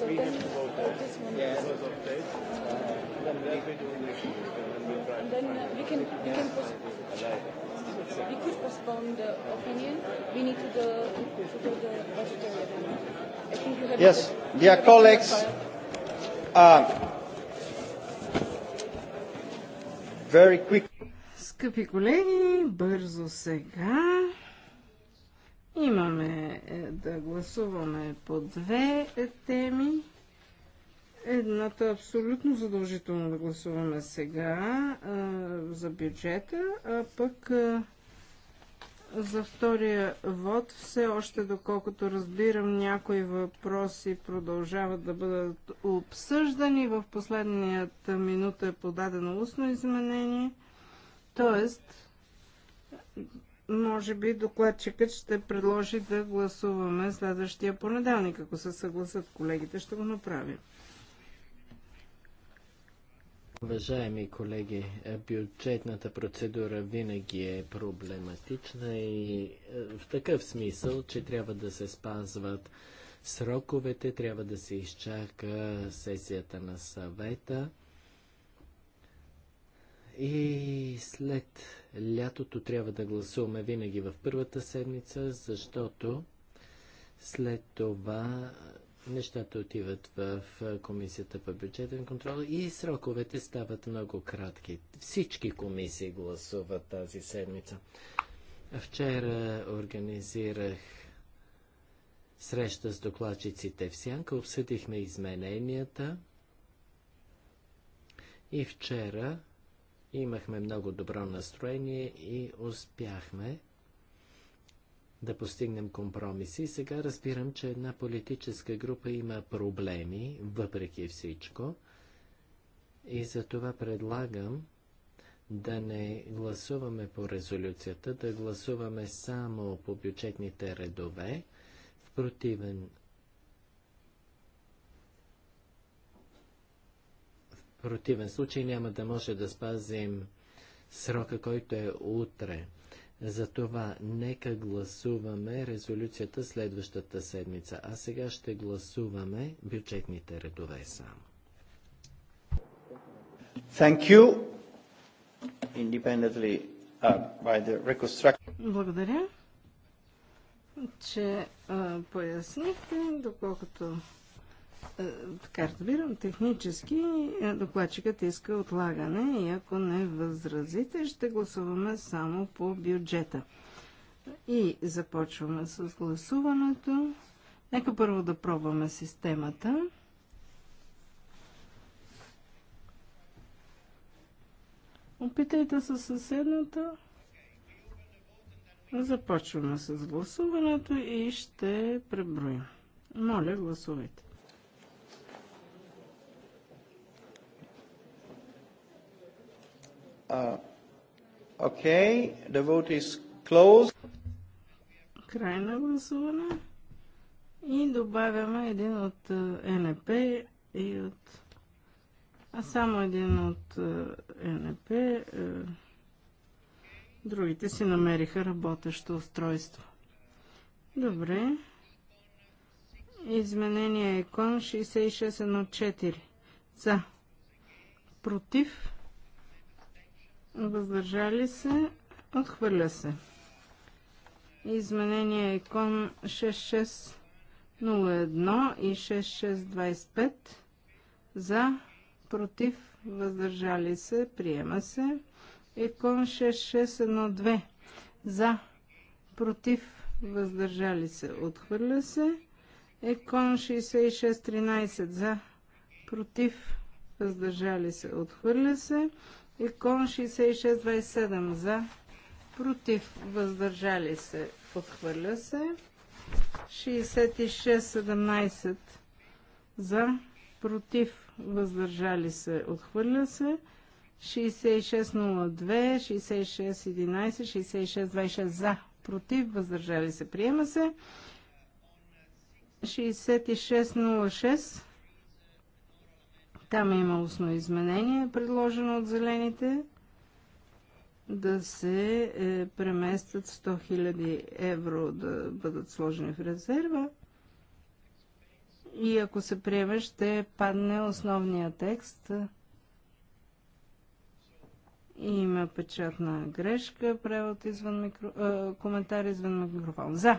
we to vote on. This one Yeah, it was update. Uh, then we do next year. And then uh, we can we can postpone. We could postpone the opinion. We need to do the budgetary Yes, dear colleagues. Uh, very quick. Скъпи колеги, бързо сега гласуваме по две теми. Едната е абсолютно задължително да гласуваме сега а, за бюджета, а пък а, за втория вод все още, доколкото разбирам, някои въпроси продължават да бъдат обсъждани. В последнията минута е подадено устно изменение. Тоест, може би докладчикът ще предложи да гласуваме следващия понеделник. Ако се съгласат колегите, ще го направим. Уважаеми колеги, бюджетната процедура винаги е проблематична и е, в такъв смисъл, че трябва да се спазват сроковете, трябва да се изчака сесията на съвета и след лятото трябва да гласуваме винаги в първата седмица, защото след това нещата отиват в комисията по бюджетен контрол и сроковете стават много кратки. Всички комисии гласуват тази седмица. Вчера организирах среща с докладчиците в Сянка, обсъдихме измененията и вчера Имахме много добро настроение и успяхме да постигнем компромиси. Сега разбирам, че една политическа група има проблеми, въпреки всичко. И за това предлагам да не гласуваме по резолюцията, да гласуваме само по бюджетните редове. В противен противен случай няма да може да спазим срока, който е утре. Затова нека гласуваме резолюцията следващата седмица, а сега ще гласуваме бюджетните редове само. Thank you. Independently uh, by the reconstruction. Благодаря, че uh, пояснихте, доколкото е, така разбирам, технически е, докладчикът иска отлагане и ако не възразите, ще гласуваме само по бюджета. И започваме с гласуването. Нека първо да пробваме системата. Опитайте се съседната. Започваме с гласуването и ще преброим. Моля, гласувайте. Uh, okay, the vote is closed. Край на гласуване. И добавяме един от е, НП и от... А само един от е, НП. Е, другите си намериха работещо устройство. Добре. Изменение ЕКОН 6614. За. Против въздържали се, отхвърля се. Изменение икон е 6601 и 6625 за, против, въздържали се, приема се. Икон 6612 за, против, въздържали се, отхвърля се. Екон 6613 за, против, въздържали се, отхвърля се. Икон 6627 за, против, въздържали се, подхвърля се. 6617 за, против, въздържали се, отхвърля се. 6602, 6611, 6626 за, против, въздържали се, приема се. 6606 там е има устно изменение, предложено от зелените, да се е, преместят 100 000 евро да бъдат сложени в резерва. И ако се приеме, ще падне основния текст. И има печатна грешка, превод извън микро... Е, коментар извън микрофон. За,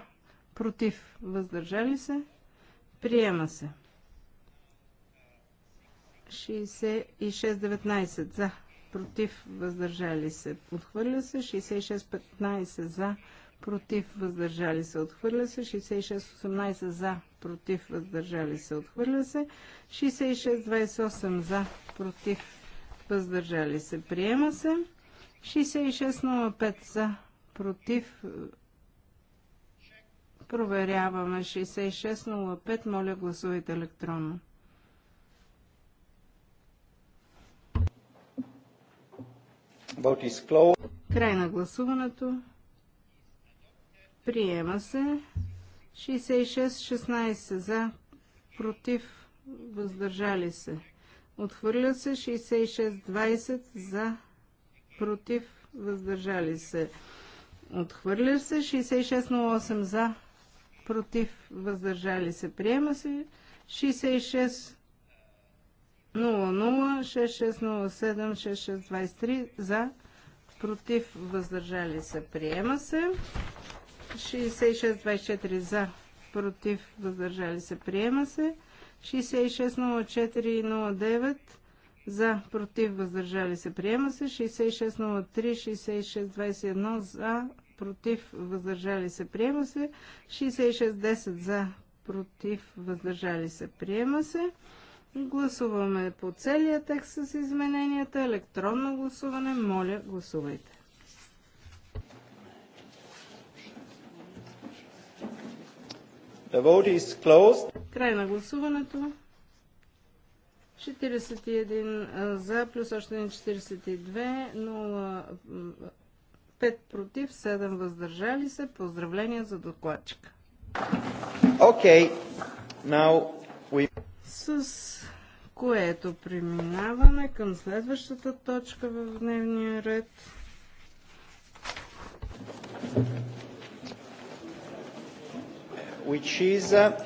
против, въздържали се, приема се. 66-19 за, против, въздържали се, отхвърля се. 66-15 за, против, въздържали се, отхвърля се. 66-18 за, против, въздържали се, отхвърля се. 66-28 за, против, въздържали се, приема се. 66-05 за, против, проверяваме. 66-05, моля гласувайте електронно. Край на гласуването. Приема се. 66-16 за, против, въздържали се. Отхвърля се 66-20 за, против, въздържали се. Отхвърля се 66-08 за, против, въздържали се. Приема се 66 0066076623 за, против, въздържали се, приема се. 6624 за, против, въздържали се, приема се. 660409 за, против, въздържали се, приема се. 6603, 6621 за, против, въздържали се, приема се. 6610 за, против, въздържали се, приема се. Гласуваме по целия текст с измененията. Електронно гласуване. Моля, гласувайте. The vote is closed. Край на гласуването. 41 за, плюс още 42, 0, 5 против, 7 въздържали се. Поздравления за докладчика. Okay. Now we... С което преминаваме към следващата точка в дневния ред. Which is uh,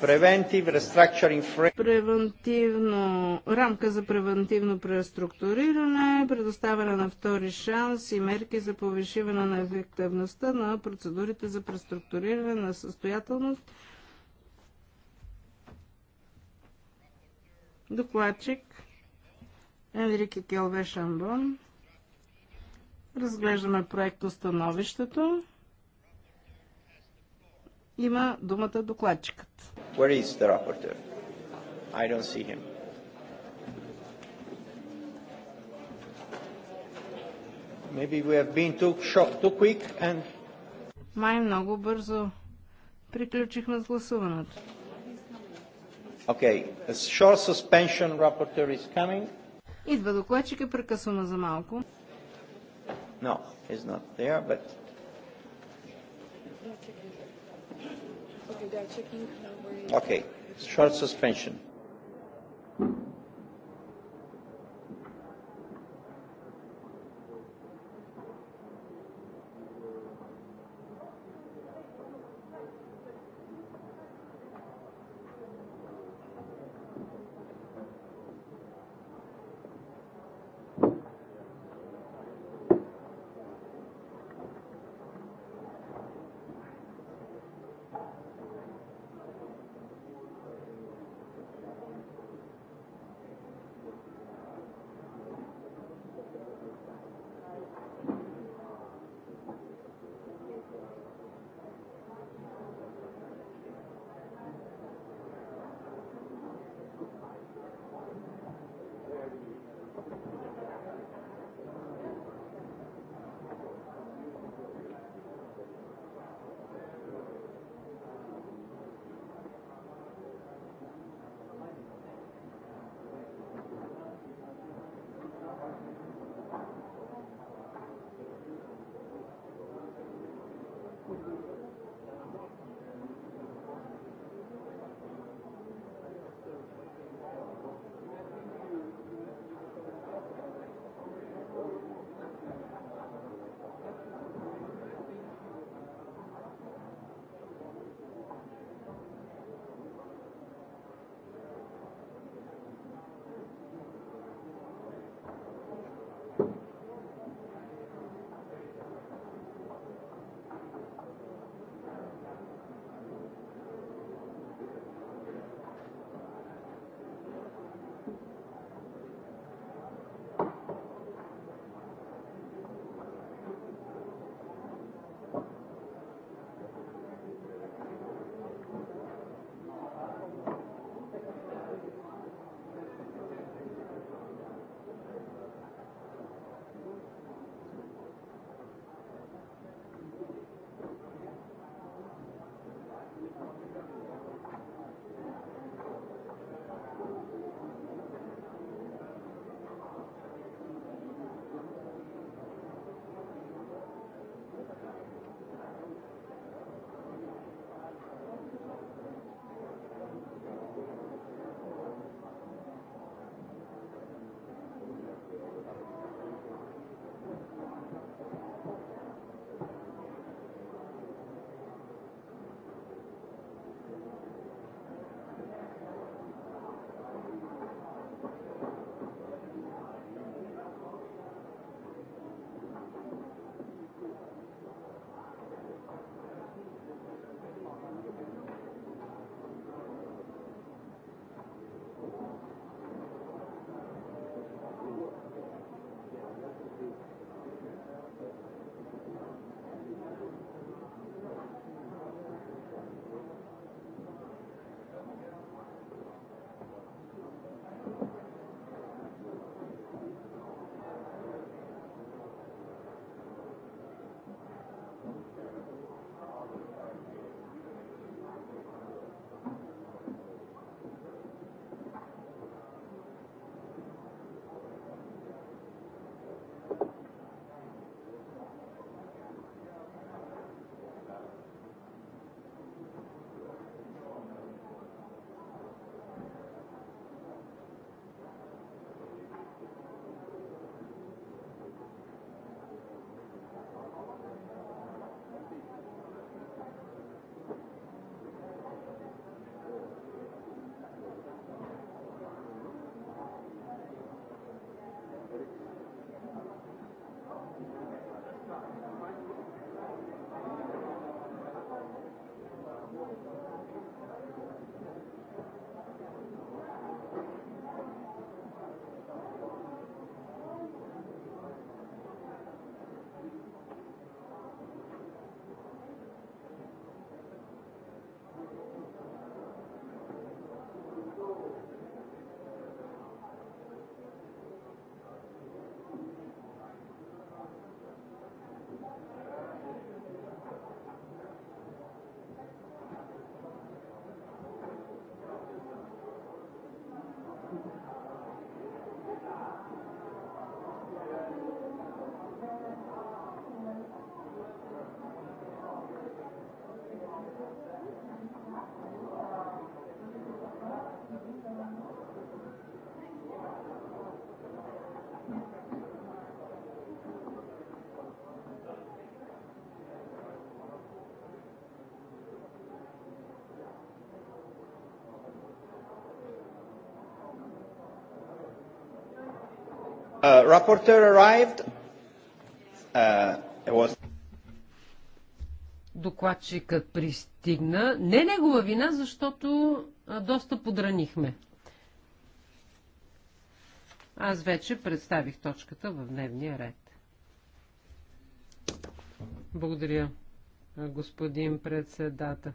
preventive restructuring превентивно, рамка за превентивно преструктуриране, предоставяне на втори шанс и мерки за повишиване на ефективността на процедурите за преструктуриране на състоятелност Докладчик Енрике Келве Шамбон. Разглеждаме проекто становището. Има думата докладчикът. Where is the rapporteur? I don't see him. Maybe we have been too shocked too quick and... Май много бързо приключихме с гласуването. Okay, a short suspension, rapporteur is coming. Идва докладчик е прекъсвана за малко. No, he's not there, but... Okay, short suspension. Uh, rapporteur arrived. Uh, it was... Докладчикът пристигна. Не негова вина, защото а, доста подранихме. Аз вече представих точката в дневния ред. Благодаря, господин председател.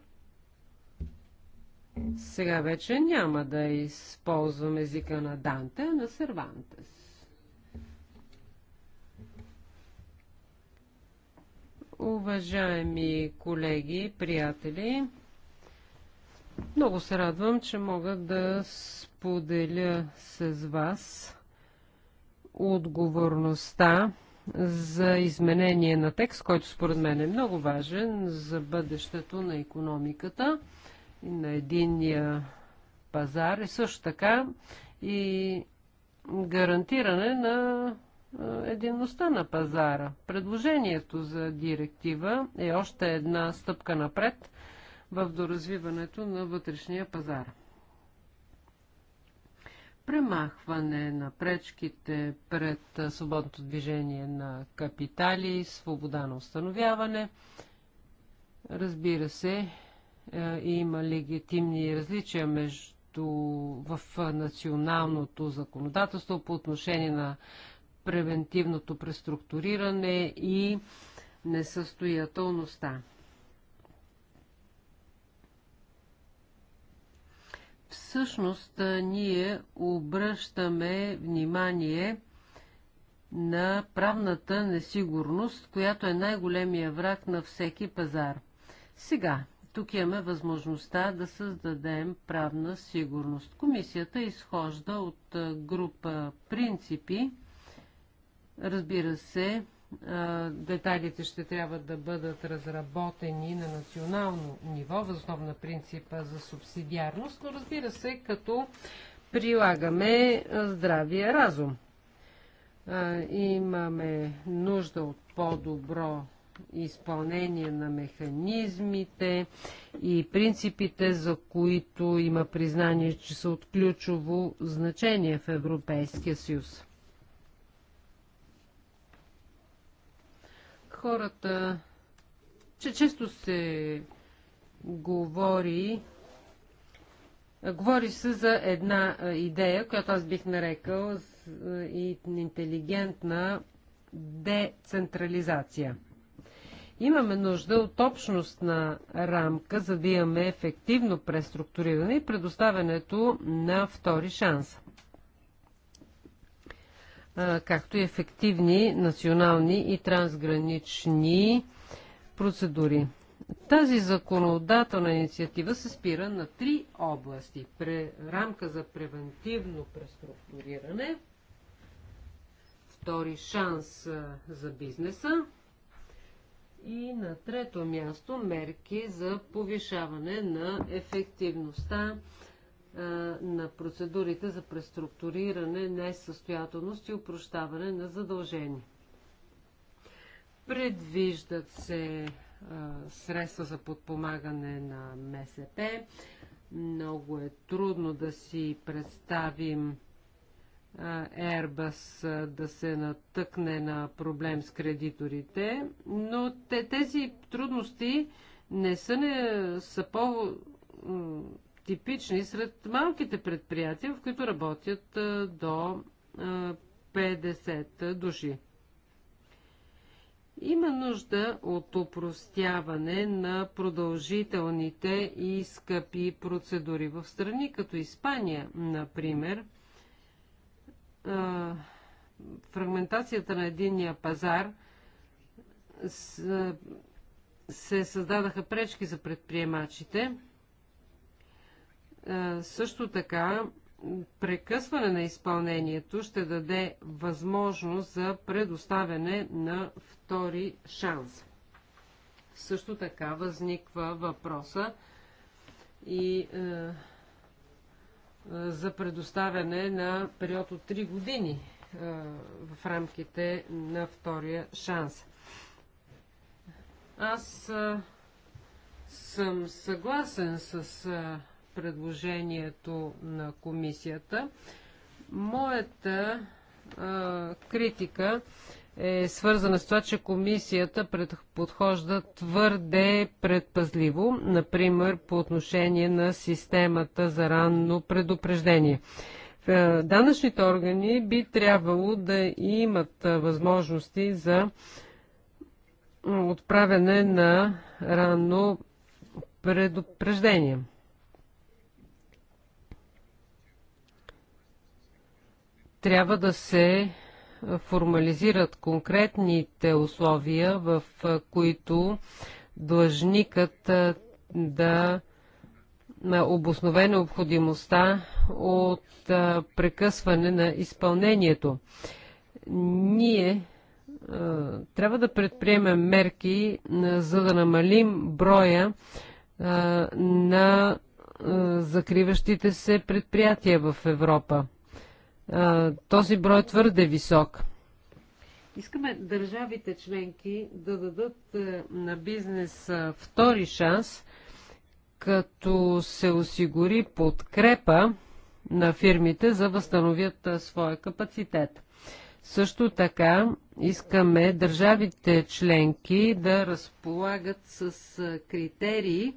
Сега вече няма да използвам езика на Данте, а на Сервантес. Уважаеми колеги, приятели, много се радвам, че мога да споделя с вас отговорността за изменение на текст, който според мен е много важен за бъдещето на економиката и на единния пазар и също така и гарантиране на единността на пазара. Предложението за директива е още една стъпка напред в доразвиването на вътрешния пазар. Премахване на пречките пред свободното движение на капитали, свобода на установяване. Разбира се, е, има легитимни различия между в националното законодателство по отношение на превентивното преструктуриране и несъстоятелността. Всъщност ние обръщаме внимание на правната несигурност, която е най-големия враг на всеки пазар. Сега, тук имаме възможността да създадем правна сигурност. Комисията изхожда от група принципи, Разбира се, детайлите ще трябва да бъдат разработени на национално ниво, възоснов на принципа за субсидиарност, но разбира се, като прилагаме здравия разум. Имаме нужда от по-добро изпълнение на механизмите и принципите, за които има признание, че са от ключово значение в Европейския съюз. хората, че често се говори Говори се за една идея, която аз бих нарекал и интелигентна децентрализация. Имаме нужда от общностна рамка, за да имаме ефективно преструктуриране и предоставянето на втори шанс както и ефективни национални и трансгранични процедури. Тази законодателна инициатива се спира на три области. Пре, рамка за превентивно преструктуриране, втори шанс за бизнеса и на трето място мерки за повишаване на ефективността на процедурите за преструктуриране, несъстоятелност и упрощаване на задължения. Предвиждат се а, средства за подпомагане на МСП. Много е трудно да си представим Airbus да се натъкне на проблем с кредиторите, но те, тези трудности не са, не, са по типични сред малките предприятия, в които работят до 50 души. Има нужда от упростяване на продължителните и скъпи процедури. В страни като Испания, например, фрагментацията на единния пазар се създадаха пречки за предприемачите – също така, прекъсване на изпълнението ще даде възможност за предоставяне на втори шанс. Също така възниква въпроса и е, за предоставяне на период от 3 години е, в рамките на втория шанс. Аз съм съгласен с предложението на комисията. Моята а, критика е свързана с това, че комисията пред, подхожда твърде предпазливо, например по отношение на системата за ранно предупреждение. Данъчните органи би трябвало да имат възможности за отправяне на ранно предупреждение. трябва да се формализират конкретните условия, в които длъжникът да обоснове необходимостта от прекъсване на изпълнението. Ние трябва да предприемем мерки, за да намалим броя на закриващите се предприятия в Европа този брой е твърде висок. Искаме държавите членки да дадат е, на бизнес е, втори шанс, като се осигури подкрепа на фирмите за възстановят е, своя капацитет. Също така искаме държавите членки да разполагат с критерии,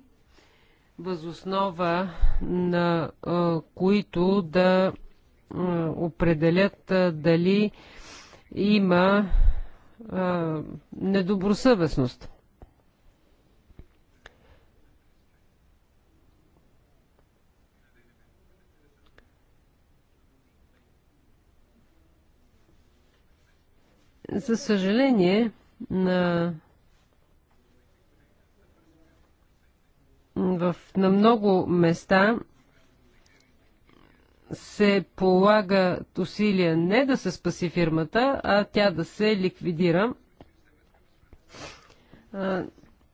възоснова на които да определят дали има недобросъвестност. За съжаление, на, в, на много места се полага усилия не да се спаси фирмата, а тя да се ликвидира.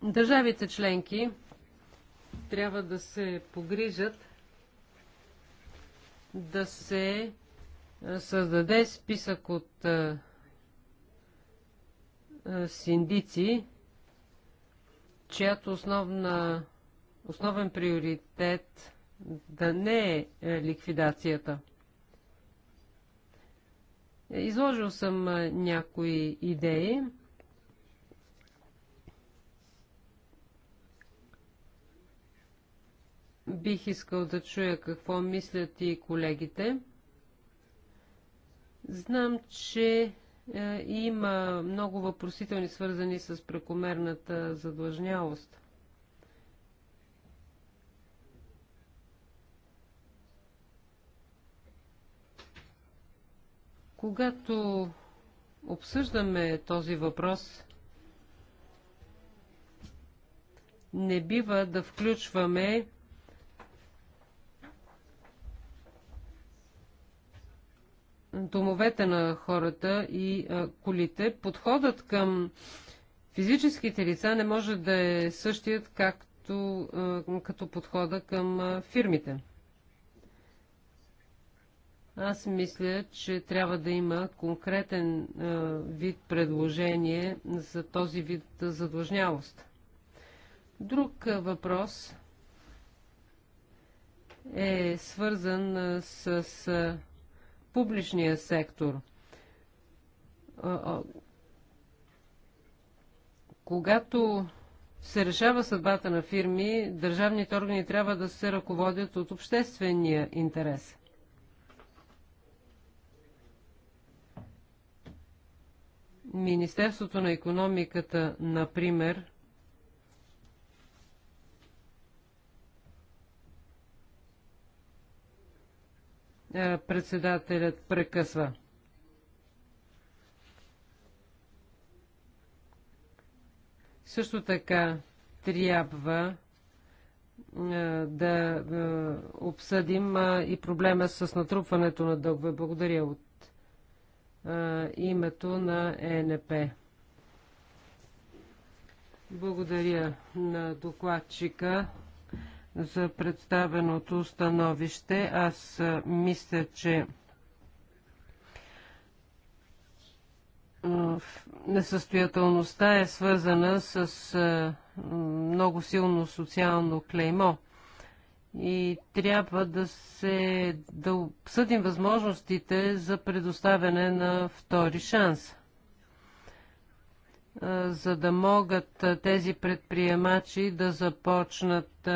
Държавите членки трябва да се погрижат да се създаде списък от синдици, чиято основна, основен приоритет да не е, е ликвидацията. Е, изложил съм е, някои идеи. Бих искал да чуя какво мислят и колегите. Знам, че има много въпросителни свързани с прекомерната задлъжнялост. Когато обсъждаме този въпрос, не бива да включваме домовете на хората и колите. Подходът към физическите лица не може да е същият както, като подхода към фирмите. Аз мисля, че трябва да има конкретен е, вид предложение за този вид задлъжнявост. Друг е, въпрос е свързан е, с, с публичния сектор. Когато се решава съдбата на фирми, държавните органи трябва да се ръководят от обществения интерес. Министерството на економиката, например, е, председателят прекъсва. Също така трябва е, да е, обсъдим и проблема с натрупването на дългове. Благодаря от името на ЕНП. Благодаря на докладчика за представеното становище. Аз мисля, че несъстоятелността е свързана с много силно социално клеймо и трябва да се да обсъдим възможностите за предоставяне на втори шанс. За да могат тези предприемачи да започнат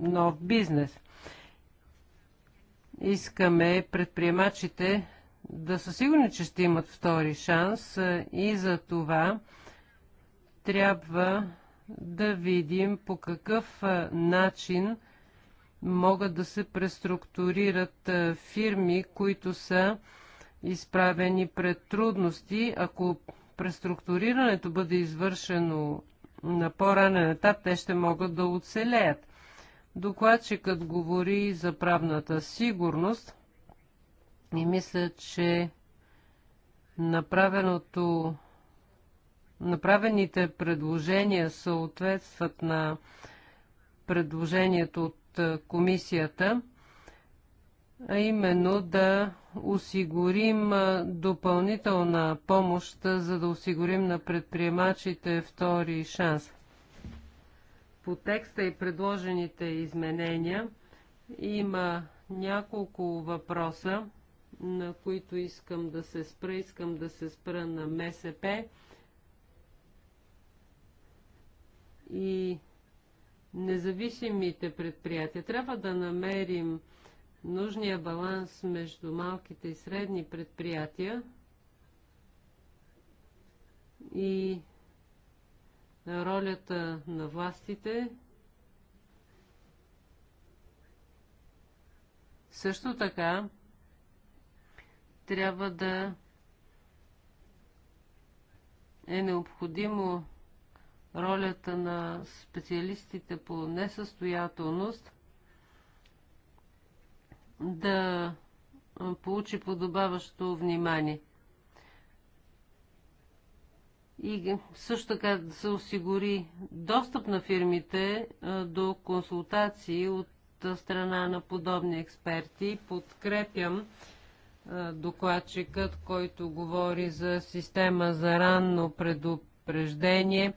нов бизнес. Искаме предприемачите да са сигурни, че ще имат втори шанс и за това трябва да видим по какъв начин могат да се преструктурират фирми, които са изправени пред трудности. Ако преструктурирането бъде извършено на по-ранен етап, те ще могат да оцелеят. Докладчикът говори за правната сигурност и мисля, че направеното направените предложения съответстват на предложението от комисията, а именно да осигурим допълнителна помощ, за да осигурим на предприемачите втори шанс. По текста и предложените изменения има няколко въпроса, на които искам да се спра. Искам да се спра на МСП и независимите предприятия. Трябва да намерим нужния баланс между малките и средни предприятия и ролята на властите. Също така трябва да е необходимо ролята на специалистите по несъстоятелност да получи подобаващо внимание. И също така да се осигури достъп на фирмите до консултации от страна на подобни експерти. Подкрепям докладчикът, който говори за система за ранно предупреждение,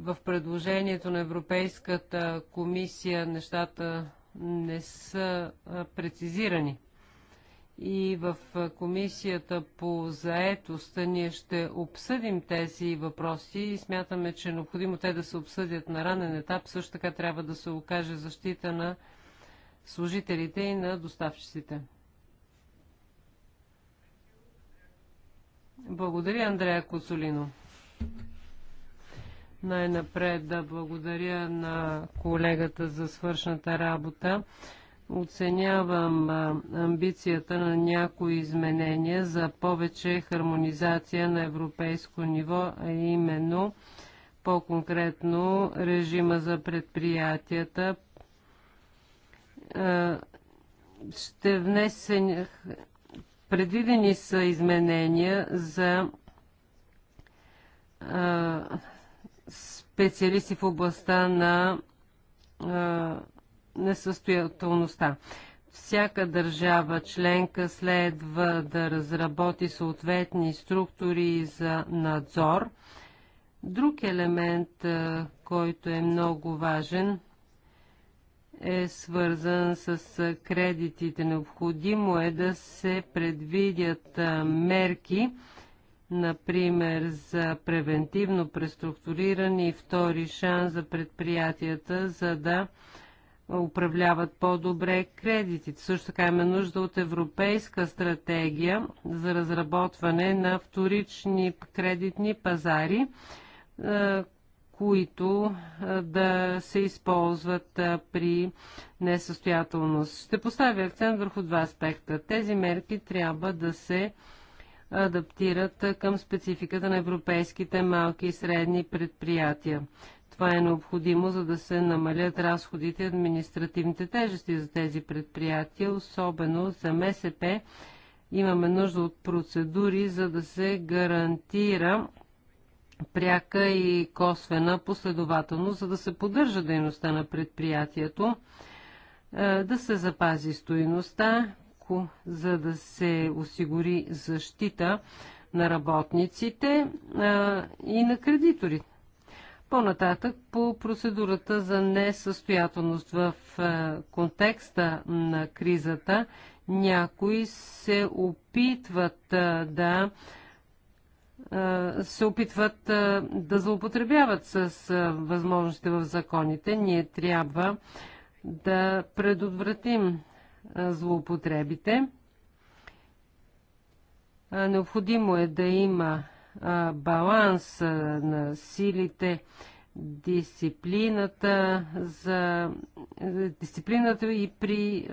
в предложението на Европейската комисия нещата не са прецизирани. И в комисията по заетост ние ще обсъдим тези въпроси и смятаме, че е необходимо те да се обсъдят на ранен етап. Също така трябва да се окаже защита на служителите и на доставчиците. Благодаря, Андрея Коцолино. Най-напред да благодаря на колегата за свършната работа. Оценявам амбицията на някои изменения за повече хармонизация на европейско ниво, а именно по-конкретно режима за предприятията. Ще внесе... Предвидени са изменения за специалисти в областта на несъстоятелността. Всяка държава членка следва да разработи съответни структури за надзор. Друг елемент, който е много важен, е свързан с кредитите. Необходимо е да се предвидят мерки, например за превентивно преструктуриране и втори шанс за предприятията, за да управляват по-добре кредитите. Също така има нужда от европейска стратегия за разработване на вторични кредитни пазари, е, които е, да се използват е, при несъстоятелност. Ще поставя акцент върху два аспекта. Тези мерки трябва да се адаптират към спецификата на европейските малки и средни предприятия. Това е необходимо, за да се намалят разходите и административните тежести за тези предприятия, особено за МСП. Имаме нужда от процедури, за да се гарантира пряка и косвена последователност, за да се поддържа дейността на предприятието, да се запази стоиността, всичко, за да се осигури защита на работниците и на кредиторите. По-нататък по процедурата за несъстоятелност в контекста на кризата, някои се опитват да се опитват да злоупотребяват с възможностите в законите. Ние трябва да предотвратим злоупотребите. Необходимо е да има баланс на силите, дисциплината, за, дисциплината и при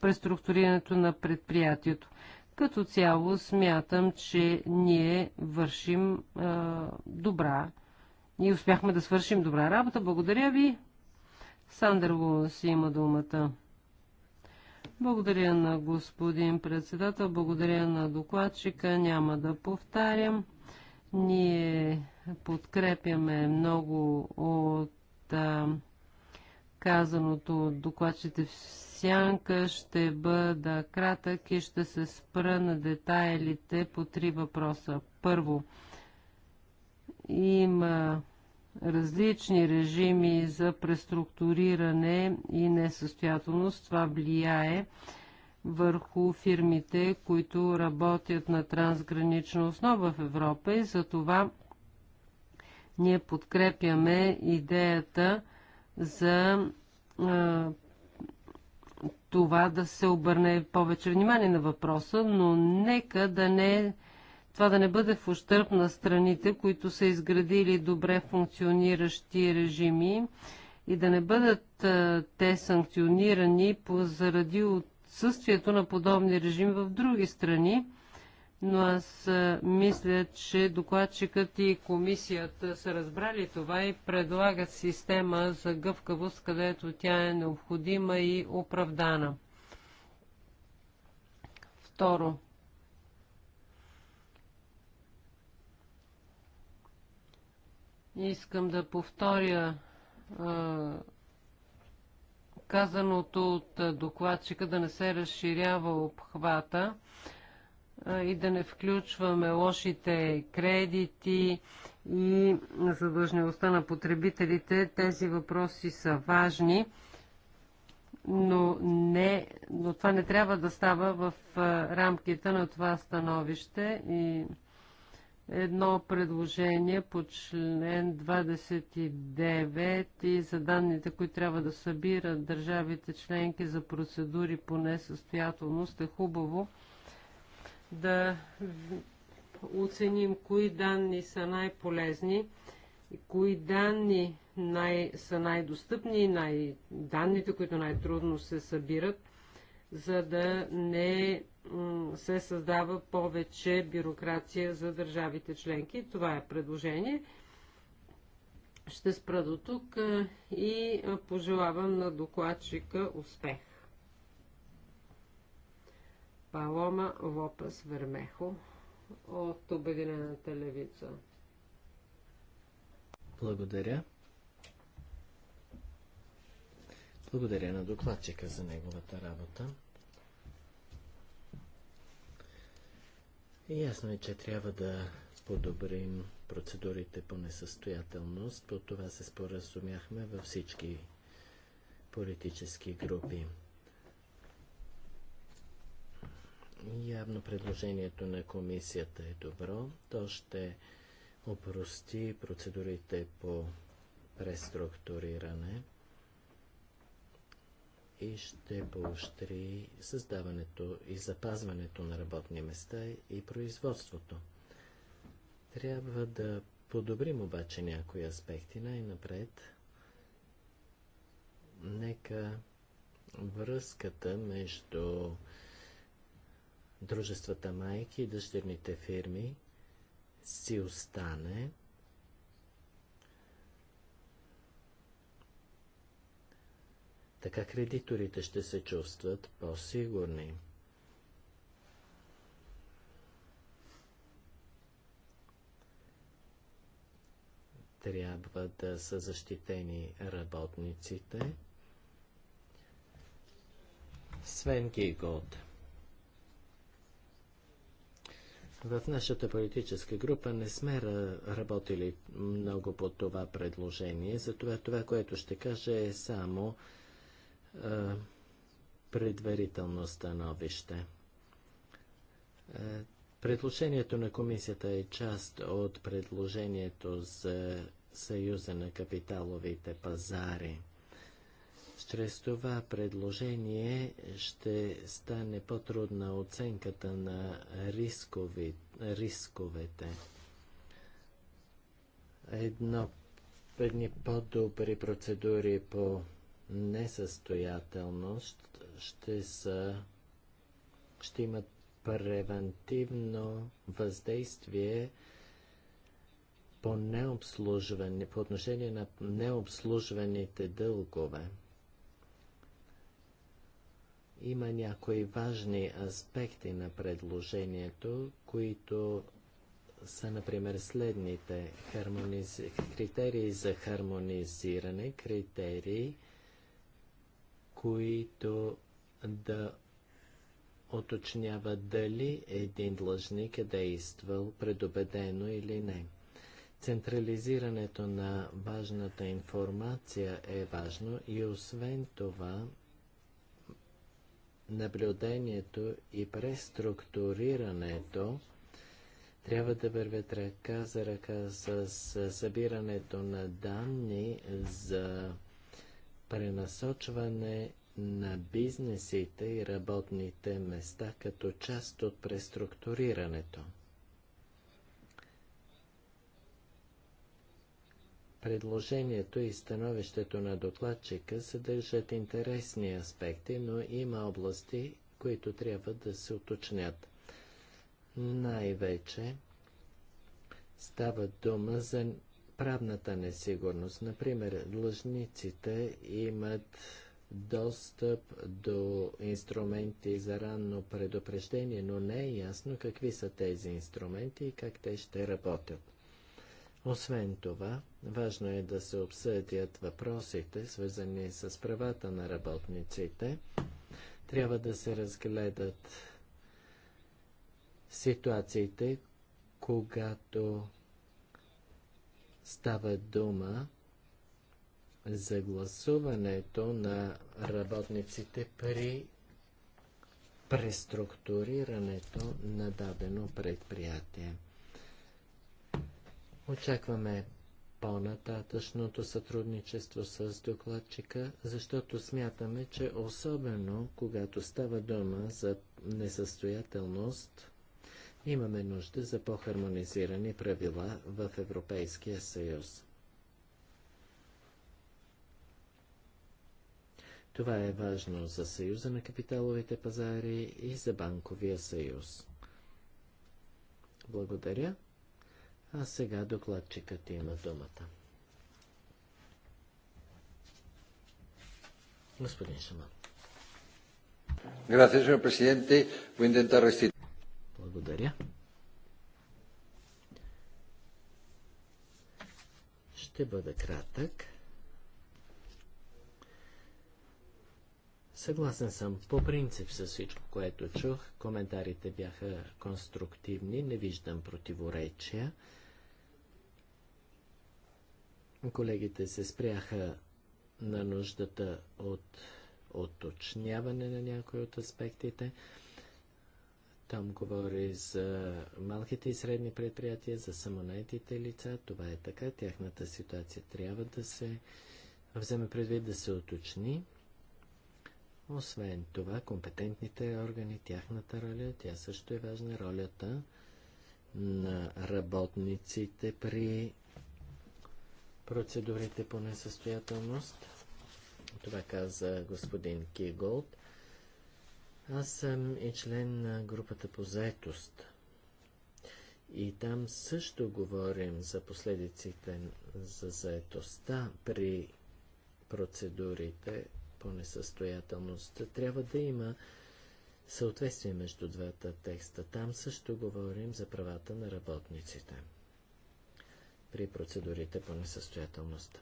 преструктурирането на предприятието. Като цяло смятам, че ние вършим а, добра. Ние успяхме да свършим добра работа. Благодаря ви. Сандърво, си има думата. Благодаря на господин председател, благодаря на докладчика, няма да повтарям. Ние подкрепяме много от а, казаното от докладчите в сянка. Ще бъда кратък и ще се спра на детайлите по три въпроса. Първо, има различни режими за преструктуриране и несъстоятелност. Това влияе върху фирмите, които работят на трансгранична основа в Европа и за това ние подкрепяме идеята за а, това да се обърне повече внимание на въпроса, но нека да не това да не бъде в ущърп на страните, които са изградили добре функциониращи режими и да не бъдат а, те санкционирани по, заради отсъствието на подобни режими в други страни. Но аз а, мисля, че докладчикът и комисията са разбрали това и предлагат система за гъвкавост, където тя е необходима и оправдана. Второ, Искам да повторя а, казаното от докладчика да не се разширява обхвата а, и да не включваме лошите кредити и задължеността на потребителите. Тези въпроси са важни, но, не, но това не трябва да става в а, рамките на това становище и едно предложение по член 29 и за данните, които трябва да събират държавите членки за процедури по несъстоятелност, е хубаво да оценим кои данни са най-полезни, кои данни най- са най-достъпни и най- данните, които най-трудно се събират, за да не се създава повече бюрокрация за държавите членки. Това е предложение. Ще спра до тук и пожелавам на докладчика успех. Палома Лопес Вермехо от Обединената левица. Благодаря. Благодаря на докладчика за неговата работа. Е, ясно е, че трябва да подобрим процедурите по несъстоятелност. По това се споразумяхме във всички политически групи. Явно предложението на комисията е добро. То ще опрости процедурите по преструктуриране и ще поощри създаването и запазването на работни места и производството. Трябва да подобрим обаче някои аспекти. Най-напред, нека връзката между дружествата майки и дъщерните фирми си остане – Така кредиторите ще се чувстват по-сигурни. Трябва да са защитени работниците. Свен Гигот. В нашата политическа група не сме работили много по това предложение, затова това, което ще кажа е само е, предварително становище. Е, предложението на комисията е част от предложението за Съюза на капиталовите пазари. Чрез това предложение ще стане по-трудна оценката на рискови, рисковете. Едно, едни по-добри процедури по несъстоятелност ще са ще имат превентивно въздействие по, необслужване, по отношение на необслужваните дългове. Има някои важни аспекти на предложението, които са, например, следните критерии за хармонизиране, критерии които да оточнява дали един длъжник е действал предубедено или не. Централизирането на важната информация е важно и освен това наблюдението и преструктурирането трябва да вървят ръка за ръка с събирането на данни за пренасочване на бизнесите и работните места като част от преструктурирането. Предложението и становището на докладчика съдържат интересни аспекти, но има области, които трябва да се уточнят. Най-вече става дума за правната несигурност. Например, длъжниците имат достъп до инструменти за ранно предупреждение, но не е ясно какви са тези инструменти и как те ще работят. Освен това, важно е да се обсъдят въпросите, свързани с правата на работниците. Трябва да се разгледат ситуациите, когато става дума за гласуването на работниците при преструктурирането на дадено предприятие. Очакваме по-нататъчното сътрудничество с докладчика, защото смятаме, че особено когато става дума за несъстоятелност, Имаме нужда за по-хармонизирани правила в Европейския съюз. Това е важно за Съюза на капиталовите пазари и за Банковия съюз. Благодаря. А сега докладчикът има думата. Господин Шаман. Gracias, señor presidente. Voy благодаря. Ще бъда кратък. Съгласен съм по принцип с всичко, което чух. Коментарите бяха конструктивни, не виждам противоречия. Колегите се спряха на нуждата от оточняване на някои от аспектите. Там говори за малките и средни предприятия, за самонаетите лица. Това е така. Тяхната ситуация трябва да се вземе предвид, да се уточни. Освен това, компетентните органи, тяхната роля, тя също е важна. Ролята на работниците при процедурите по несъстоятелност. Това каза господин Киголд. Аз съм и член на групата по заетост. И там също говорим за последиците за заетостта при процедурите по несъстоятелност. Трябва да има съответствие между двата текста. Там също говорим за правата на работниците при процедурите по несъстоятелност.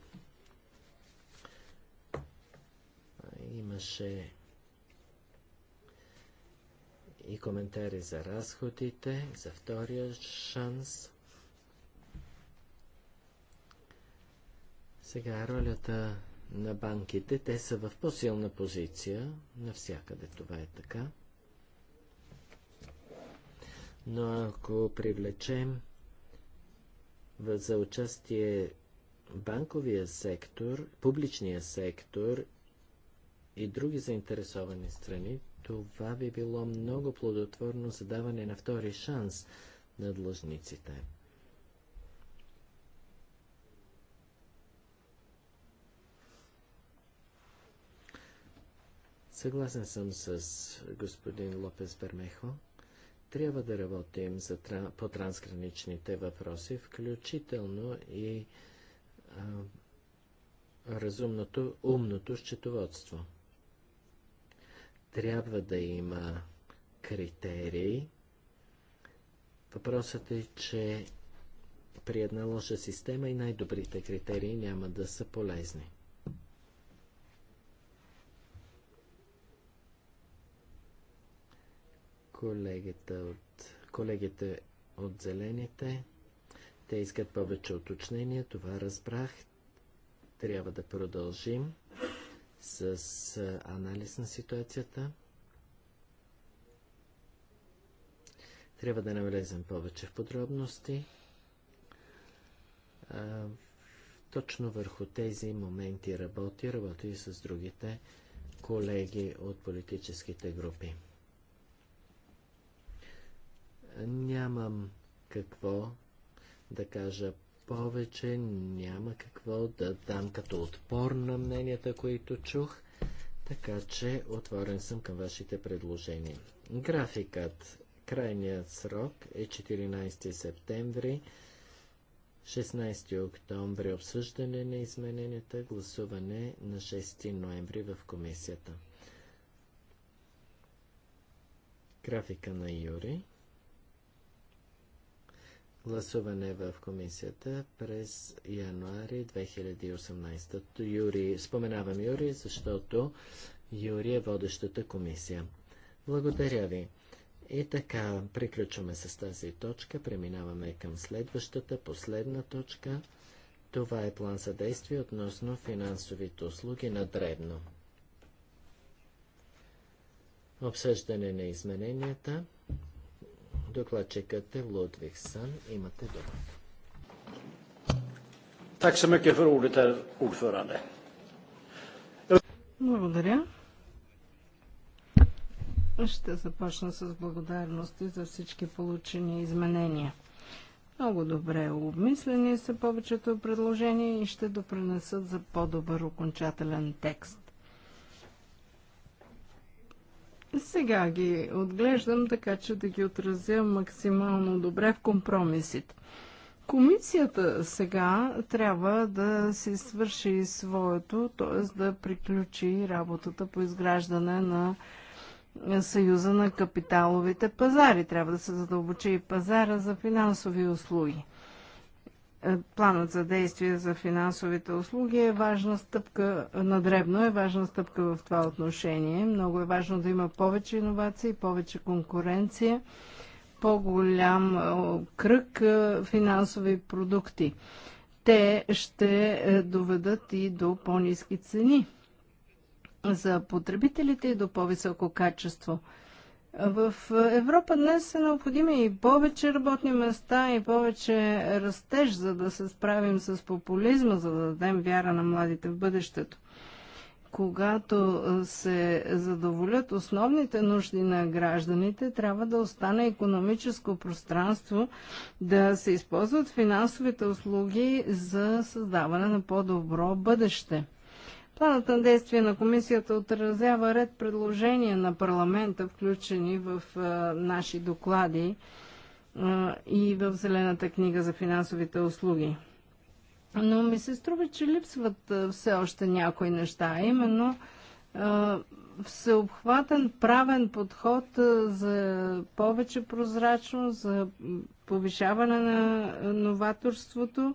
Имаше и коментари за разходите, за втория шанс. Сега ролята на банките, те са в по-силна позиция, навсякъде това е така. Но ако привлечем за участие банковия сектор, публичния сектор и други заинтересовани страни, това би било много плодотворно за даване на втори шанс на длъжниците. Съгласен съм с господин Лопес Бермехо. Трябва да работим за, по трансграничните въпроси, включително и а, разумното, умното счетоводство трябва да има критерии. Въпросът е, че при една лоша система и най-добрите критерии няма да са полезни. Колегите от, колегите от зелените, те искат повече уточнения, това разбрах. Трябва да продължим с анализ на ситуацията. Трябва да навлезем повече в подробности. точно върху тези моменти работи, работи и с другите колеги от политическите групи. Нямам какво да кажа повече няма какво да дам като отпор на мненията, които чух, така че отворен съм към вашите предложения. Графикът. Крайният срок е 14 септември. 16 октомври обсъждане на измененията, гласуване на 6 ноември в комисията. Графика на Юри гласуване в комисията през януари 2018. Юри, споменавам Юри, защото Юри е водещата комисия. Благодаря ви. И така, приключваме с тази точка, преминаваме към следващата, последна точка. Това е план за действие относно финансовите услуги на дребно. Обсъждане на измененията. Докладчикът е Лудвигсън. Имате думата. Tack så Благодаря. Ще започна с благодарности за всички получени изменения. Много добре обмислени са повечето предложения и ще допринесат за по-добър окончателен текст. Сега ги отглеждам, така че да ги отразя максимално добре в компромисите. Комисията сега трябва да си свърши своето, т.е. да приключи работата по изграждане на Съюза на капиталовите пазари. Трябва да се задълбочи и пазара за финансови услуги. Е, планът за действие за финансовите услуги е важна стъпка, надребно е важна стъпка в това отношение. Много е важно да има повече иновации, повече конкуренция, по-голям е, кръг е, финансови продукти. Те ще доведат и до по-низки цени за потребителите и до по-високо качество – в Европа днес са необходими и повече работни места, и повече растеж, за да се справим с популизма, за да дадем вяра на младите в бъдещето. Когато се задоволят основните нужди на гражданите, трябва да остане економическо пространство, да се използват финансовите услуги за създаване на по-добро бъдеще – Планът на действие на комисията отразява ред предложения на парламента, включени в наши доклади и в Зелената книга за финансовите услуги. Но ми се струва, че липсват все още някои неща, именно всеобхватен правен подход за повече прозрачност, за повишаване на новаторството,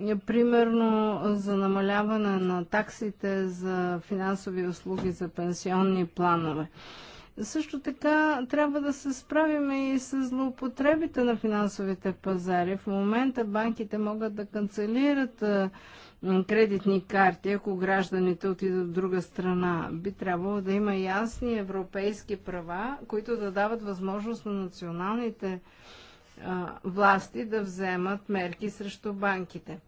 е, примерно за намаляване на таксите за финансови услуги за пенсионни планове. Също така трябва да се справим и с злоупотребите на финансовите пазари. В момента банките могат да канцелират е, кредитни карти, ако гражданите отидат в друга страна. Би трябвало да има ясни европейски права, които да дават възможност на националните власти да вземат мерки срещу банките.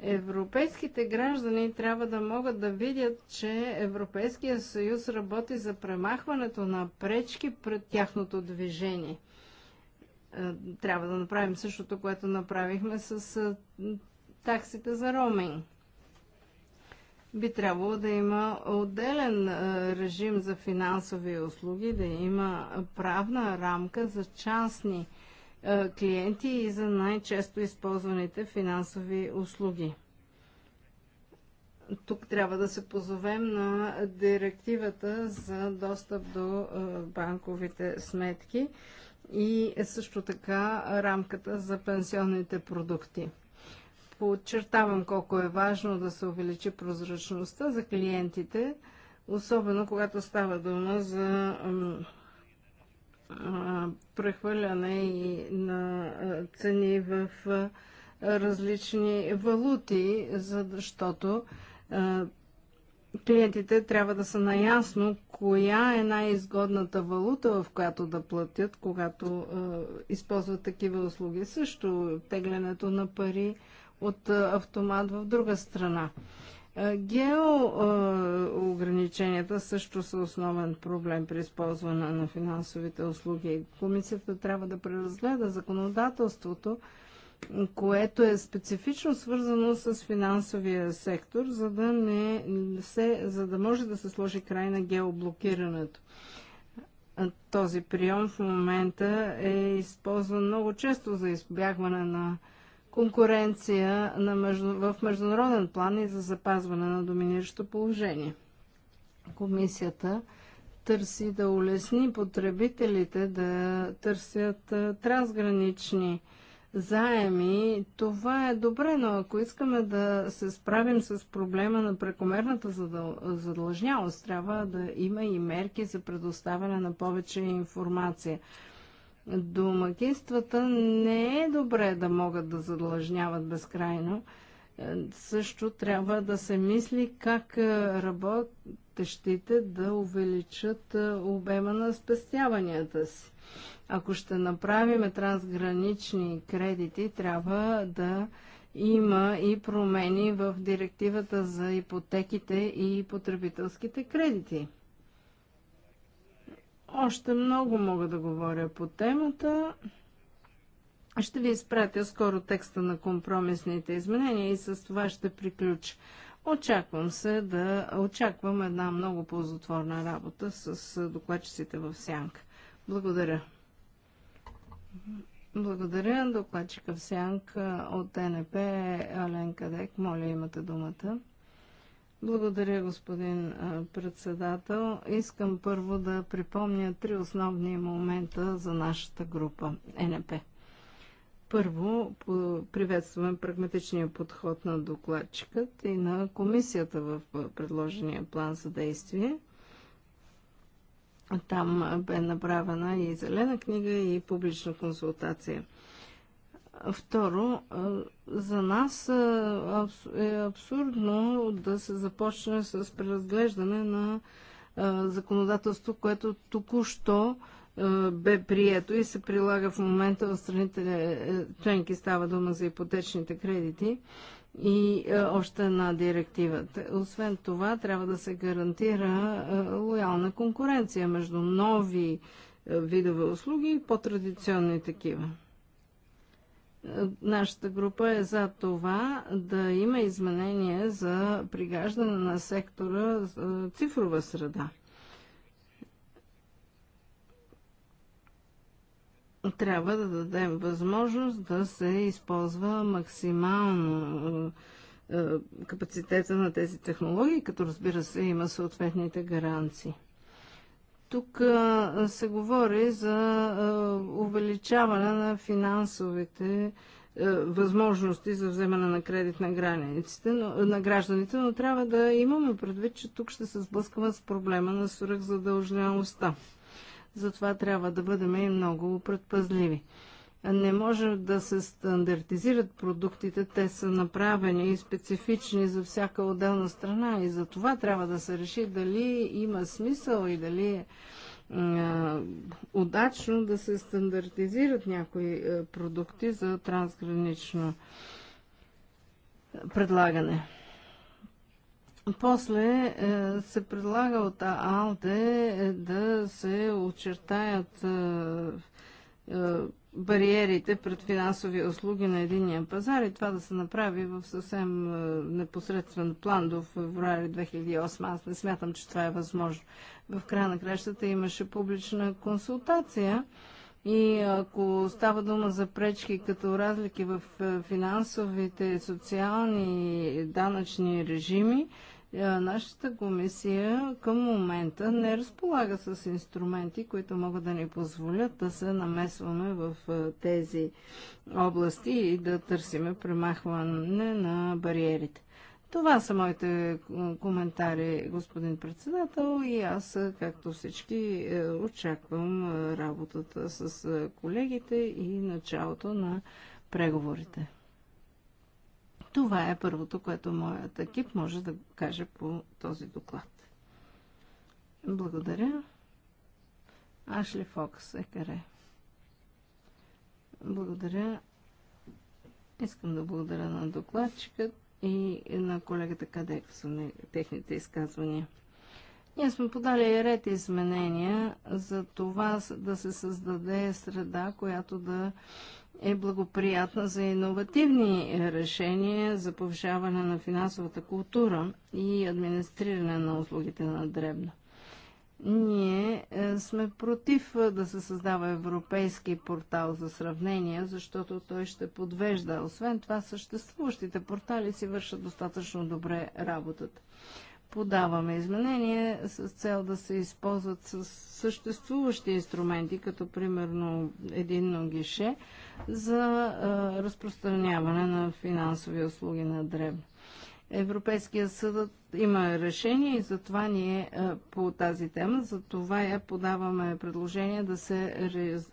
Европейските граждани трябва да могат да видят, че Европейския съюз работи за премахването на пречки пред тяхното движение. Трябва да направим същото, което направихме с таксите за Роминг. Би трябвало да има отделен режим за финансови услуги, да има правна рамка за частни е, клиенти и за най-често използваните финансови услуги. Тук трябва да се позовем на директивата за достъп до е, банковите сметки и също така рамката за пенсионните продукти. Подчертавам колко е важно да се увеличи прозрачността за клиентите, особено когато става дума за прехвърляне и на цени в различни валути, защото клиентите трябва да са наясно коя е най-изгодната валута, в която да платят, когато използват такива услуги. Също теглянето на пари от автомат в друга страна. Геоограниченията също са основен проблем при използване на финансовите услуги. Комисията трябва да преразгледа законодателството, което е специфично свързано с финансовия сектор, за да, не се, за да може да се сложи край на геоблокирането. Този прием в момента е използван много често за избягване на конкуренция на между... в международен план и за запазване на доминиращо положение. Комисията търси да улесни потребителите да търсят трансгранични заеми. Това е добре, но ако искаме да се справим с проблема на прекомерната задъл... трябва да има и мерки за предоставяне на повече информация – домакинствата не е добре да могат да задлъжняват безкрайно. Е, също трябва да се мисли как е, работещите да увеличат е, обема на спестяванията си. Ако ще направим трансгранични кредити, трябва да има и промени в директивата за ипотеките и потребителските кредити. Още много мога да говоря по темата. Ще ви изпратя скоро текста на компромисните изменения и с това ще приключа. Очаквам се да очаквам една много ползотворна работа с докладчиците в Сянка. Благодаря. Благодаря. Докладчика в Сянка от НП е Аленка Дек. Моля, имате думата. Благодаря, господин председател. Искам първо да припомня три основни момента за нашата група НП. Първо, приветстваме прагматичния подход на докладчикът и на комисията в предложения план за действие. Там бе направена и зелена книга и публична консултация – Второ, за нас е абсурдно да се започне с преразглеждане на законодателство, което току-що бе прието и се прилага в момента в страните е, членки става дума за ипотечните кредити и е, още една директива. Освен това, трябва да се гарантира е, лоялна конкуренция между нови видове услуги и по-традиционни такива. Нашата група е за това да има изменение за пригаждане на сектора цифрова среда. Трябва да дадем възможност да се използва максимално е, е, капацитета на тези технологии, като разбира се има съответните гаранции. Тук се говори за увеличаване на финансовите възможности за вземане на кредит на, границите, но, на гражданите, но трябва да имаме предвид, че тук ще се сблъскаме с проблема на свръхзадължеността. Затова трябва да бъдем и много предпазливи не може да се стандартизират продуктите, те са направени и специфични за всяка отделна страна и за това трябва да се реши дали има смисъл и дали е удачно да се стандартизират някои продукти за трансгранично предлагане. После е, се предлага от АЛДЕ е, да се очертаят е, е, бариерите пред финансови услуги на единия пазар и това да се направи в съвсем е, непосредствен план до феврари 2008. Аз не смятам, че това е възможно. В края на кращата имаше публична консултация и ако става дума за пречки като разлики в е, финансовите, социални, данъчни режими, е, нашата комисия към момента не разполага с инструменти, които могат да ни позволят да се намесваме в е, тези области и да търсиме премахване на бариерите. Това са моите е, коментари, господин председател, и аз, както всички, очаквам работата с колегите и началото на преговорите. Това е първото, което моят екип може да каже по този доклад. Благодаря. Ашли Фокс е каре. Благодаря. Искам да благодаря на докладчика и на колегата къде са техните изказвания. Ние сме подали ред изменения за това да се създаде среда, която да е благоприятна за иновативни решения за повишаване на финансовата култура и администриране на услугите на дребно. Ние е, сме против е, да се създава европейски портал за сравнение, защото той ще подвежда. Освен това, съществуващите портали си вършат достатъчно добре работата подаваме изменения с цел да се използват с съществуващи инструменти, като примерно единно гише, за а, разпространяване на финансови услуги на дребно. Европейския съд има решение и затова ние по тази тема, затова я подаваме предложение да се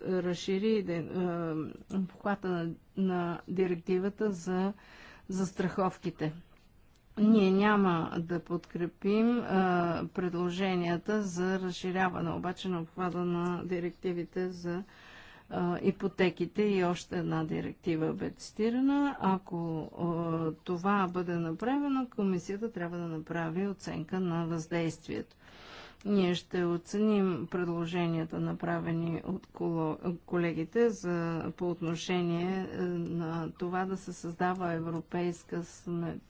разшири обхвата на, на директивата за застраховките. Ние няма да подкрепим а, предложенията за разширяване обаче на обхвата на директивите за а, ипотеките и още една директива бе цитирана. Ако а, това бъде направено, комисията трябва да направи оценка на въздействието. Ние ще оценим предложенията, направени от колегите за, по отношение е, на това да се създава европейска смет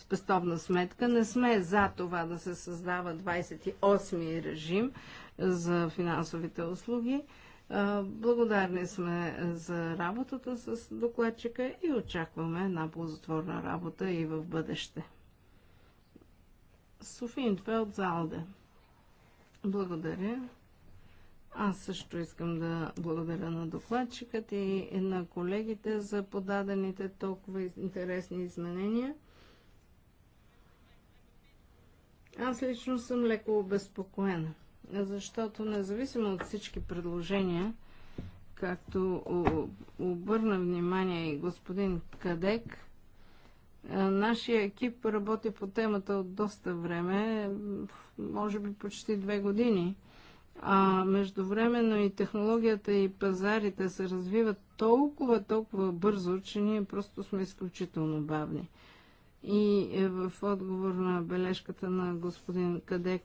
спестовна сметка. Не сме за това да се създава 28-и режим за финансовите услуги. Благодарни сме за работата с докладчика и очакваме една ползотворна работа и в бъдеще. Софин Фелд Залде. Благодаря. Аз също искам да благодаря на докладчикът и на колегите за подадените толкова интересни изменения. Аз лично съм леко обезпокоена, защото независимо от всички предложения, както обърна внимание и господин Кадек, е, нашия екип работи по темата от доста време, може би почти две години. А междувременно и технологията и пазарите се развиват толкова, толкова бързо, че ние просто сме изключително бавни. И е, в отговор на бележката на господин Кадек,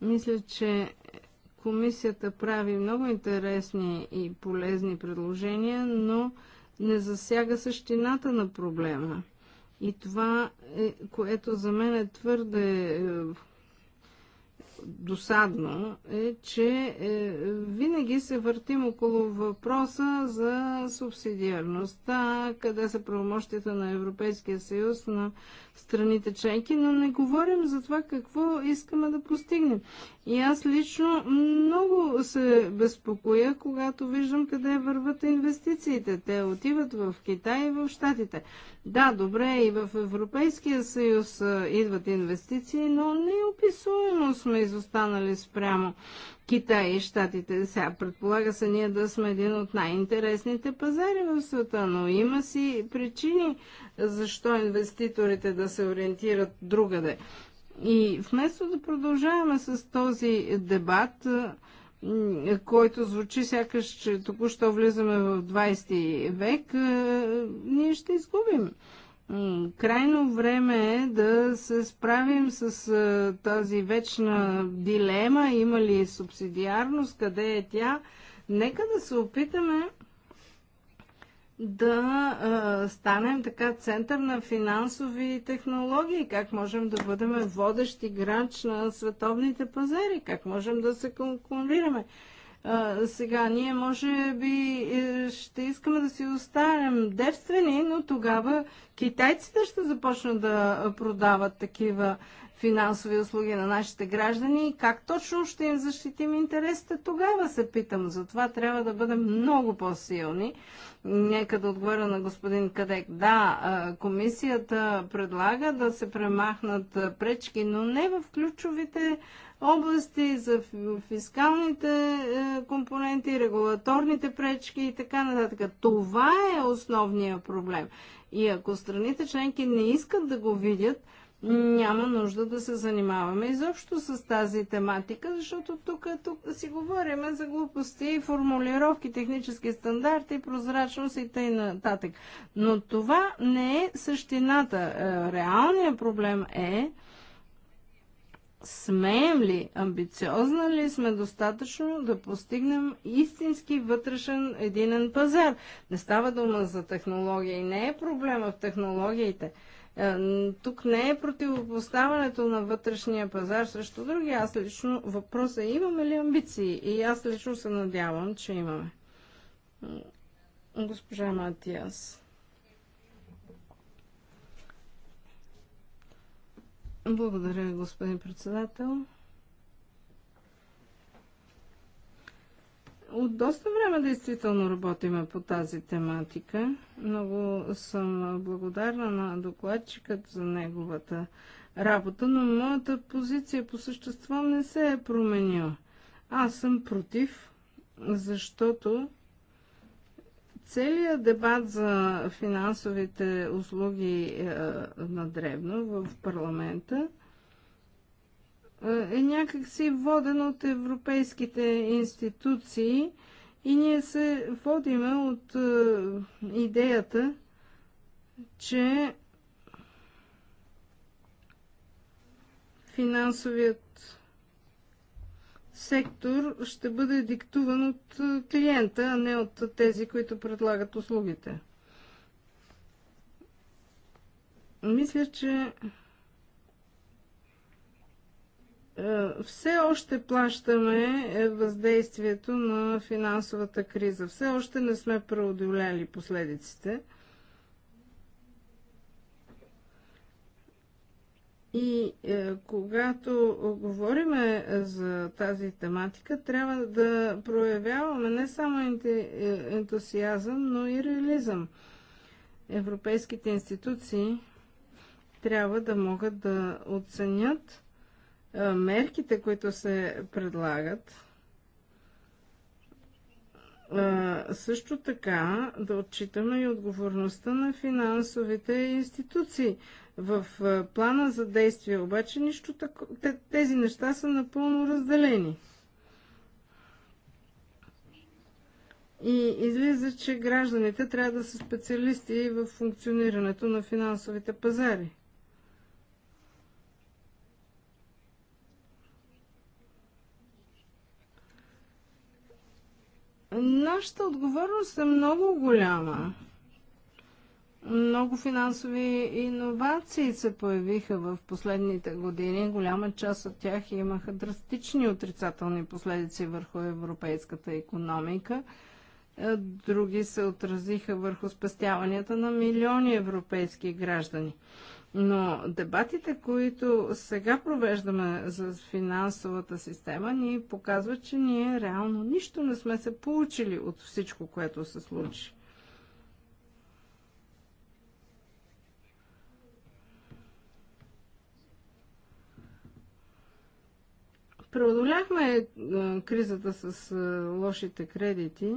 мисля, че комисията прави много интересни и полезни предложения, но не засяга същината на проблема. И това, е, което за мен е твърде е, досадно е, че е, винаги се въртим около въпроса за субсидиарността, къде са правомощията на Европейския съюз, на страните членки, но не говорим за това какво искаме да постигнем. И аз лично много се безпокоя, когато виждам къде върват инвестициите. Те отиват в Китай и в Штатите. Да, добре, и в Европейския съюз е, идват инвестиции, но неописуемо сме изостанали спрямо Китай и Штатите. Сега предполага се ние да сме един от най-интересните пазари в света, но има си причини защо инвеститорите да се ориентират другаде. И вместо да продължаваме с този дебат, който звучи сякаш, че току-що влизаме в 20 век, е, ние ще изгубим. Крайно време е да се справим с тази вечна дилема, има ли субсидиарност, къде е тя. Нека да се опитаме да а, станем така център на финансови технологии, как можем да бъдем водещ играч на световните пазари, как можем да се конкурираме сега ние може би е, ще искаме да си останем девствени, но тогава китайците ще започнат да продават такива финансови услуги на нашите граждани и как точно ще им защитим интересите, тогава се питам. Затова трябва да бъдем много по-силни. Нека да отговоря на господин Кадек. Да, комисията предлага да се премахнат пречки, но не в ключовите области, за фискалните е, компоненти, регулаторните пречки и така нататък. Това е основният проблем. И ако страните членки не искат да го видят, няма нужда да се занимаваме изобщо с тази тематика, защото тук, тук си говорим за глупости, формулировки, технически стандарти, прозрачност и т.н. Но това не е същината. Е, реалният проблем е, смеем ли, амбициозна ли сме достатъчно да постигнем истински вътрешен единен пазар. Не става дума за технология и не е проблема в технологиите – тук не е противопоставането на вътрешния пазар срещу други. Аз лично въпроса е имаме ли амбиции? И аз лично се надявам, че имаме. Госпожа Матиас. Благодаря, господин председател. От доста време действително работиме по тази тематика. Много съм благодарна на докладчикът за неговата работа, но моята позиция по същество не се е променила. Аз съм против, защото целият дебат за финансовите услуги е, на древно в парламента – е, е някакси воден от европейските институции и ние се водиме от е, идеята, че финансовият сектор ще бъде диктуван от е, клиента, а не от тези, които предлагат услугите. Мисля, че е, все още плащаме е, въздействието на финансовата криза. Все още не сме преодоляли последиците. И е, когато говорим за тази тематика, трябва да проявяваме не само е, ентусиазъм, но и реализъм. Европейските институции трябва да могат да оценят е, мерките, които се предлагат, е, също така да отчитаме и отговорността на финансовите институции. В е, плана за действие обаче нищо тако... тези неща са напълно разделени. И излиза, че гражданите трябва да са специалисти в функционирането на финансовите пазари. Нашата отговорност е много голяма. Много финансови иновации се появиха в последните години. Голяма част от тях имаха драстични отрицателни последици върху европейската економика. Е, други се отразиха върху спестяванията на милиони европейски граждани. Но дебатите, които сега провеждаме за финансовата система, ни показват, че ние реално нищо не сме се получили от всичко, което се случи. преодоляхме кризата с лошите кредити,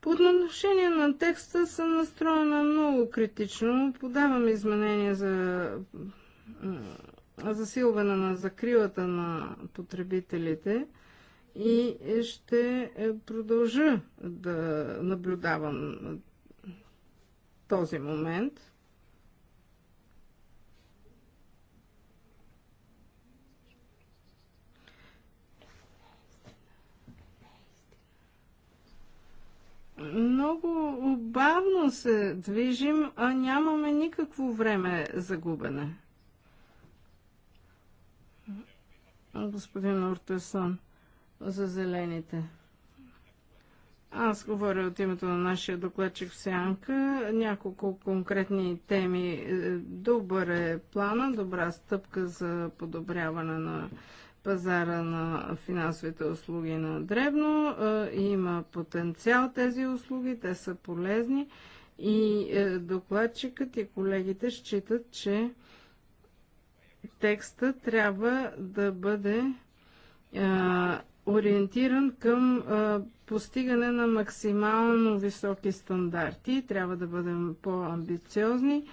по отношение на текста съм настроена много критично. Подавам изменения за засилване на закрилата на потребителите и ще продължа да наблюдавам този момент. много бавно се движим, а нямаме никакво време за губене. Господин Ортесон, за зелените. Аз говоря от името на нашия докладчик в Сянка. Няколко конкретни теми. Добър е плана, добра стъпка за подобряване на пазара на финансовите услуги на дребно. Е, има потенциал тези услуги, те са полезни и е, докладчикът и колегите считат, че текста трябва да бъде е, ориентиран към постигане на максимално високи стандарти. Трябва да бъдем по-амбициозни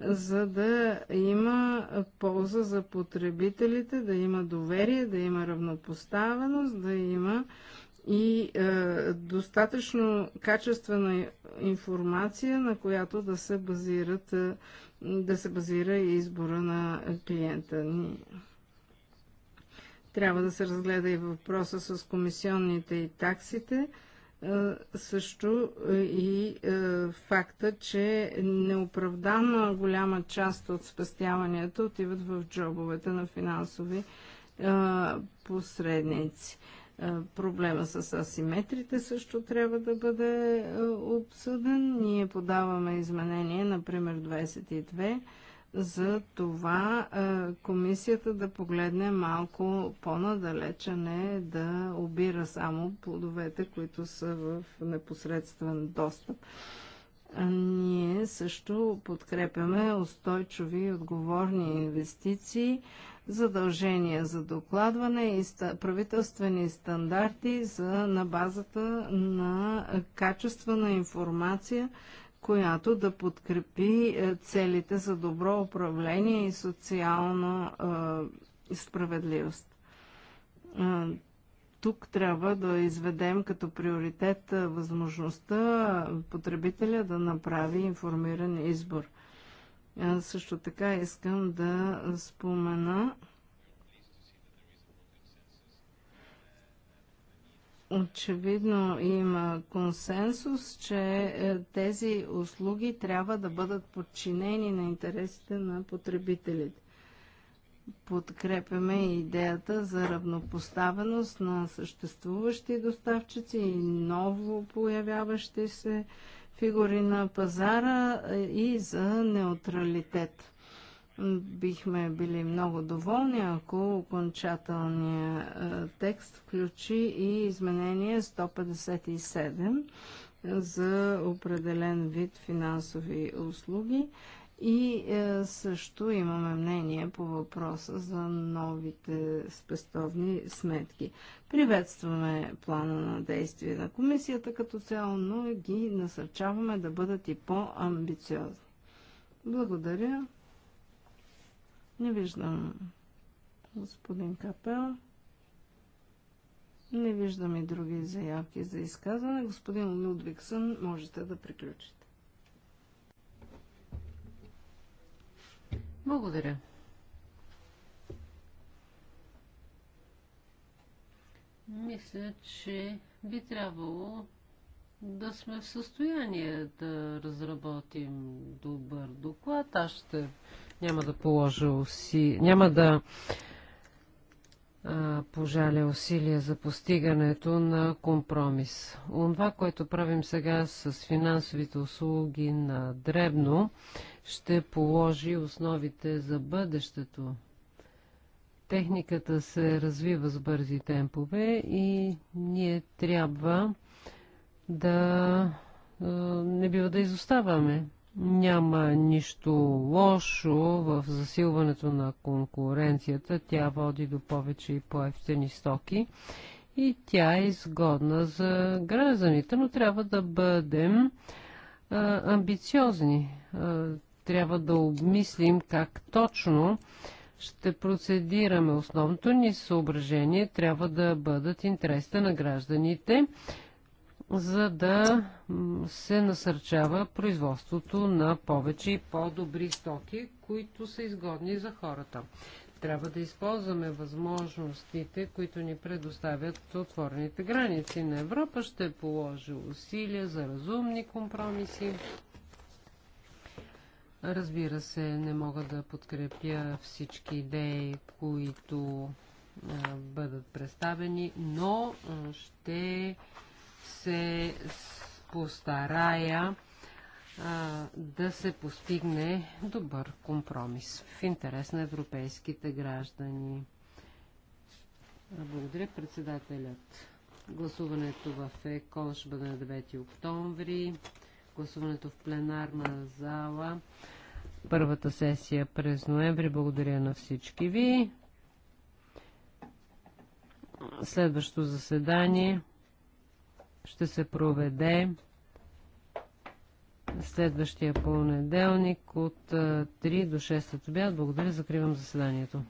за да има полза за потребителите, да има доверие, да има равнопоставеност, да има и е, достатъчно качествена информация, на която да се, базират, е, да се базира и избора на клиента ни. Трябва да се разгледа и въпроса с комисионните и таксите. Е, също е, и е, факта, че неоправдана голяма част от спестяванията отиват в джобовете на финансови посредници. Проблема с асиметрите също трябва да бъде обсъден. Ние подаваме изменение, например 22 за това е, комисията да погледне малко по-надалече, не да обира само плодовете, които са в непосредствен достъп. Ние също подкрепяме устойчиви и отговорни инвестиции, задължения за докладване и правителствени стандарти за, на базата на качествена информация която да подкрепи е, целите за добро управление и социална е, справедливост. Е, тук трябва да изведем като приоритет възможността потребителя да направи информиран избор. Също така искам да спомена Очевидно има консенсус, че е, тези услуги трябва да бъдат подчинени на интересите на потребителите. Подкрепяме идеята за равнопоставеност на съществуващи доставчици и ново появяващи се фигури на пазара е, и за неутралитет. Бихме били много доволни, ако окончателния е, текст включи и изменение 157 за определен вид финансови услуги. И е, също имаме мнение по въпроса за новите спестовни сметки. Приветстваме плана на действие на комисията като цяло, но ги насърчаваме да бъдат и по-амбициозни. Благодаря. Не виждам господин Капел. Не виждам и други заявки за изказване. Господин Лудвиксън, можете да приключите. Благодаря. Мисля, че би трябвало да сме в състояние да разработим добър доклад. Аз ще няма да положа уси... няма да а, пожаля усилия за постигането на компромис. Онова, което правим сега с финансовите услуги на Дребно, ще положи основите за бъдещето. Техниката се развива с бързи темпове и ние трябва да не бива да изоставаме. Няма нищо лошо в засилването на конкуренцията. Тя води до повече и по-ефтини стоки и тя е изгодна за гражданите, но трябва да бъдем а, амбициозни. А, трябва да обмислим как точно ще процедираме. Основното ни съображение трябва да бъдат интересите на гражданите за да се насърчава производството на повече и по-добри стоки, които са изгодни за хората. Трябва да използваме възможностите, които ни предоставят отворените граници на Европа. Ще положи усилия за разумни компромиси. Разбира се, не мога да подкрепя всички идеи, които бъдат представени, но ще се постарая а, да се постигне добър компромис в интерес на европейските граждани. Благодаря председателят. Гласуването в ЕКОН ще бъде на 9 октомври. Гласуването в пленарна зала. Първата сесия през ноември. Благодаря на всички ви. Следващото заседание ще се проведе следващия понеделник от 3 до 6 обяд. Благодаря, закривам заседанието.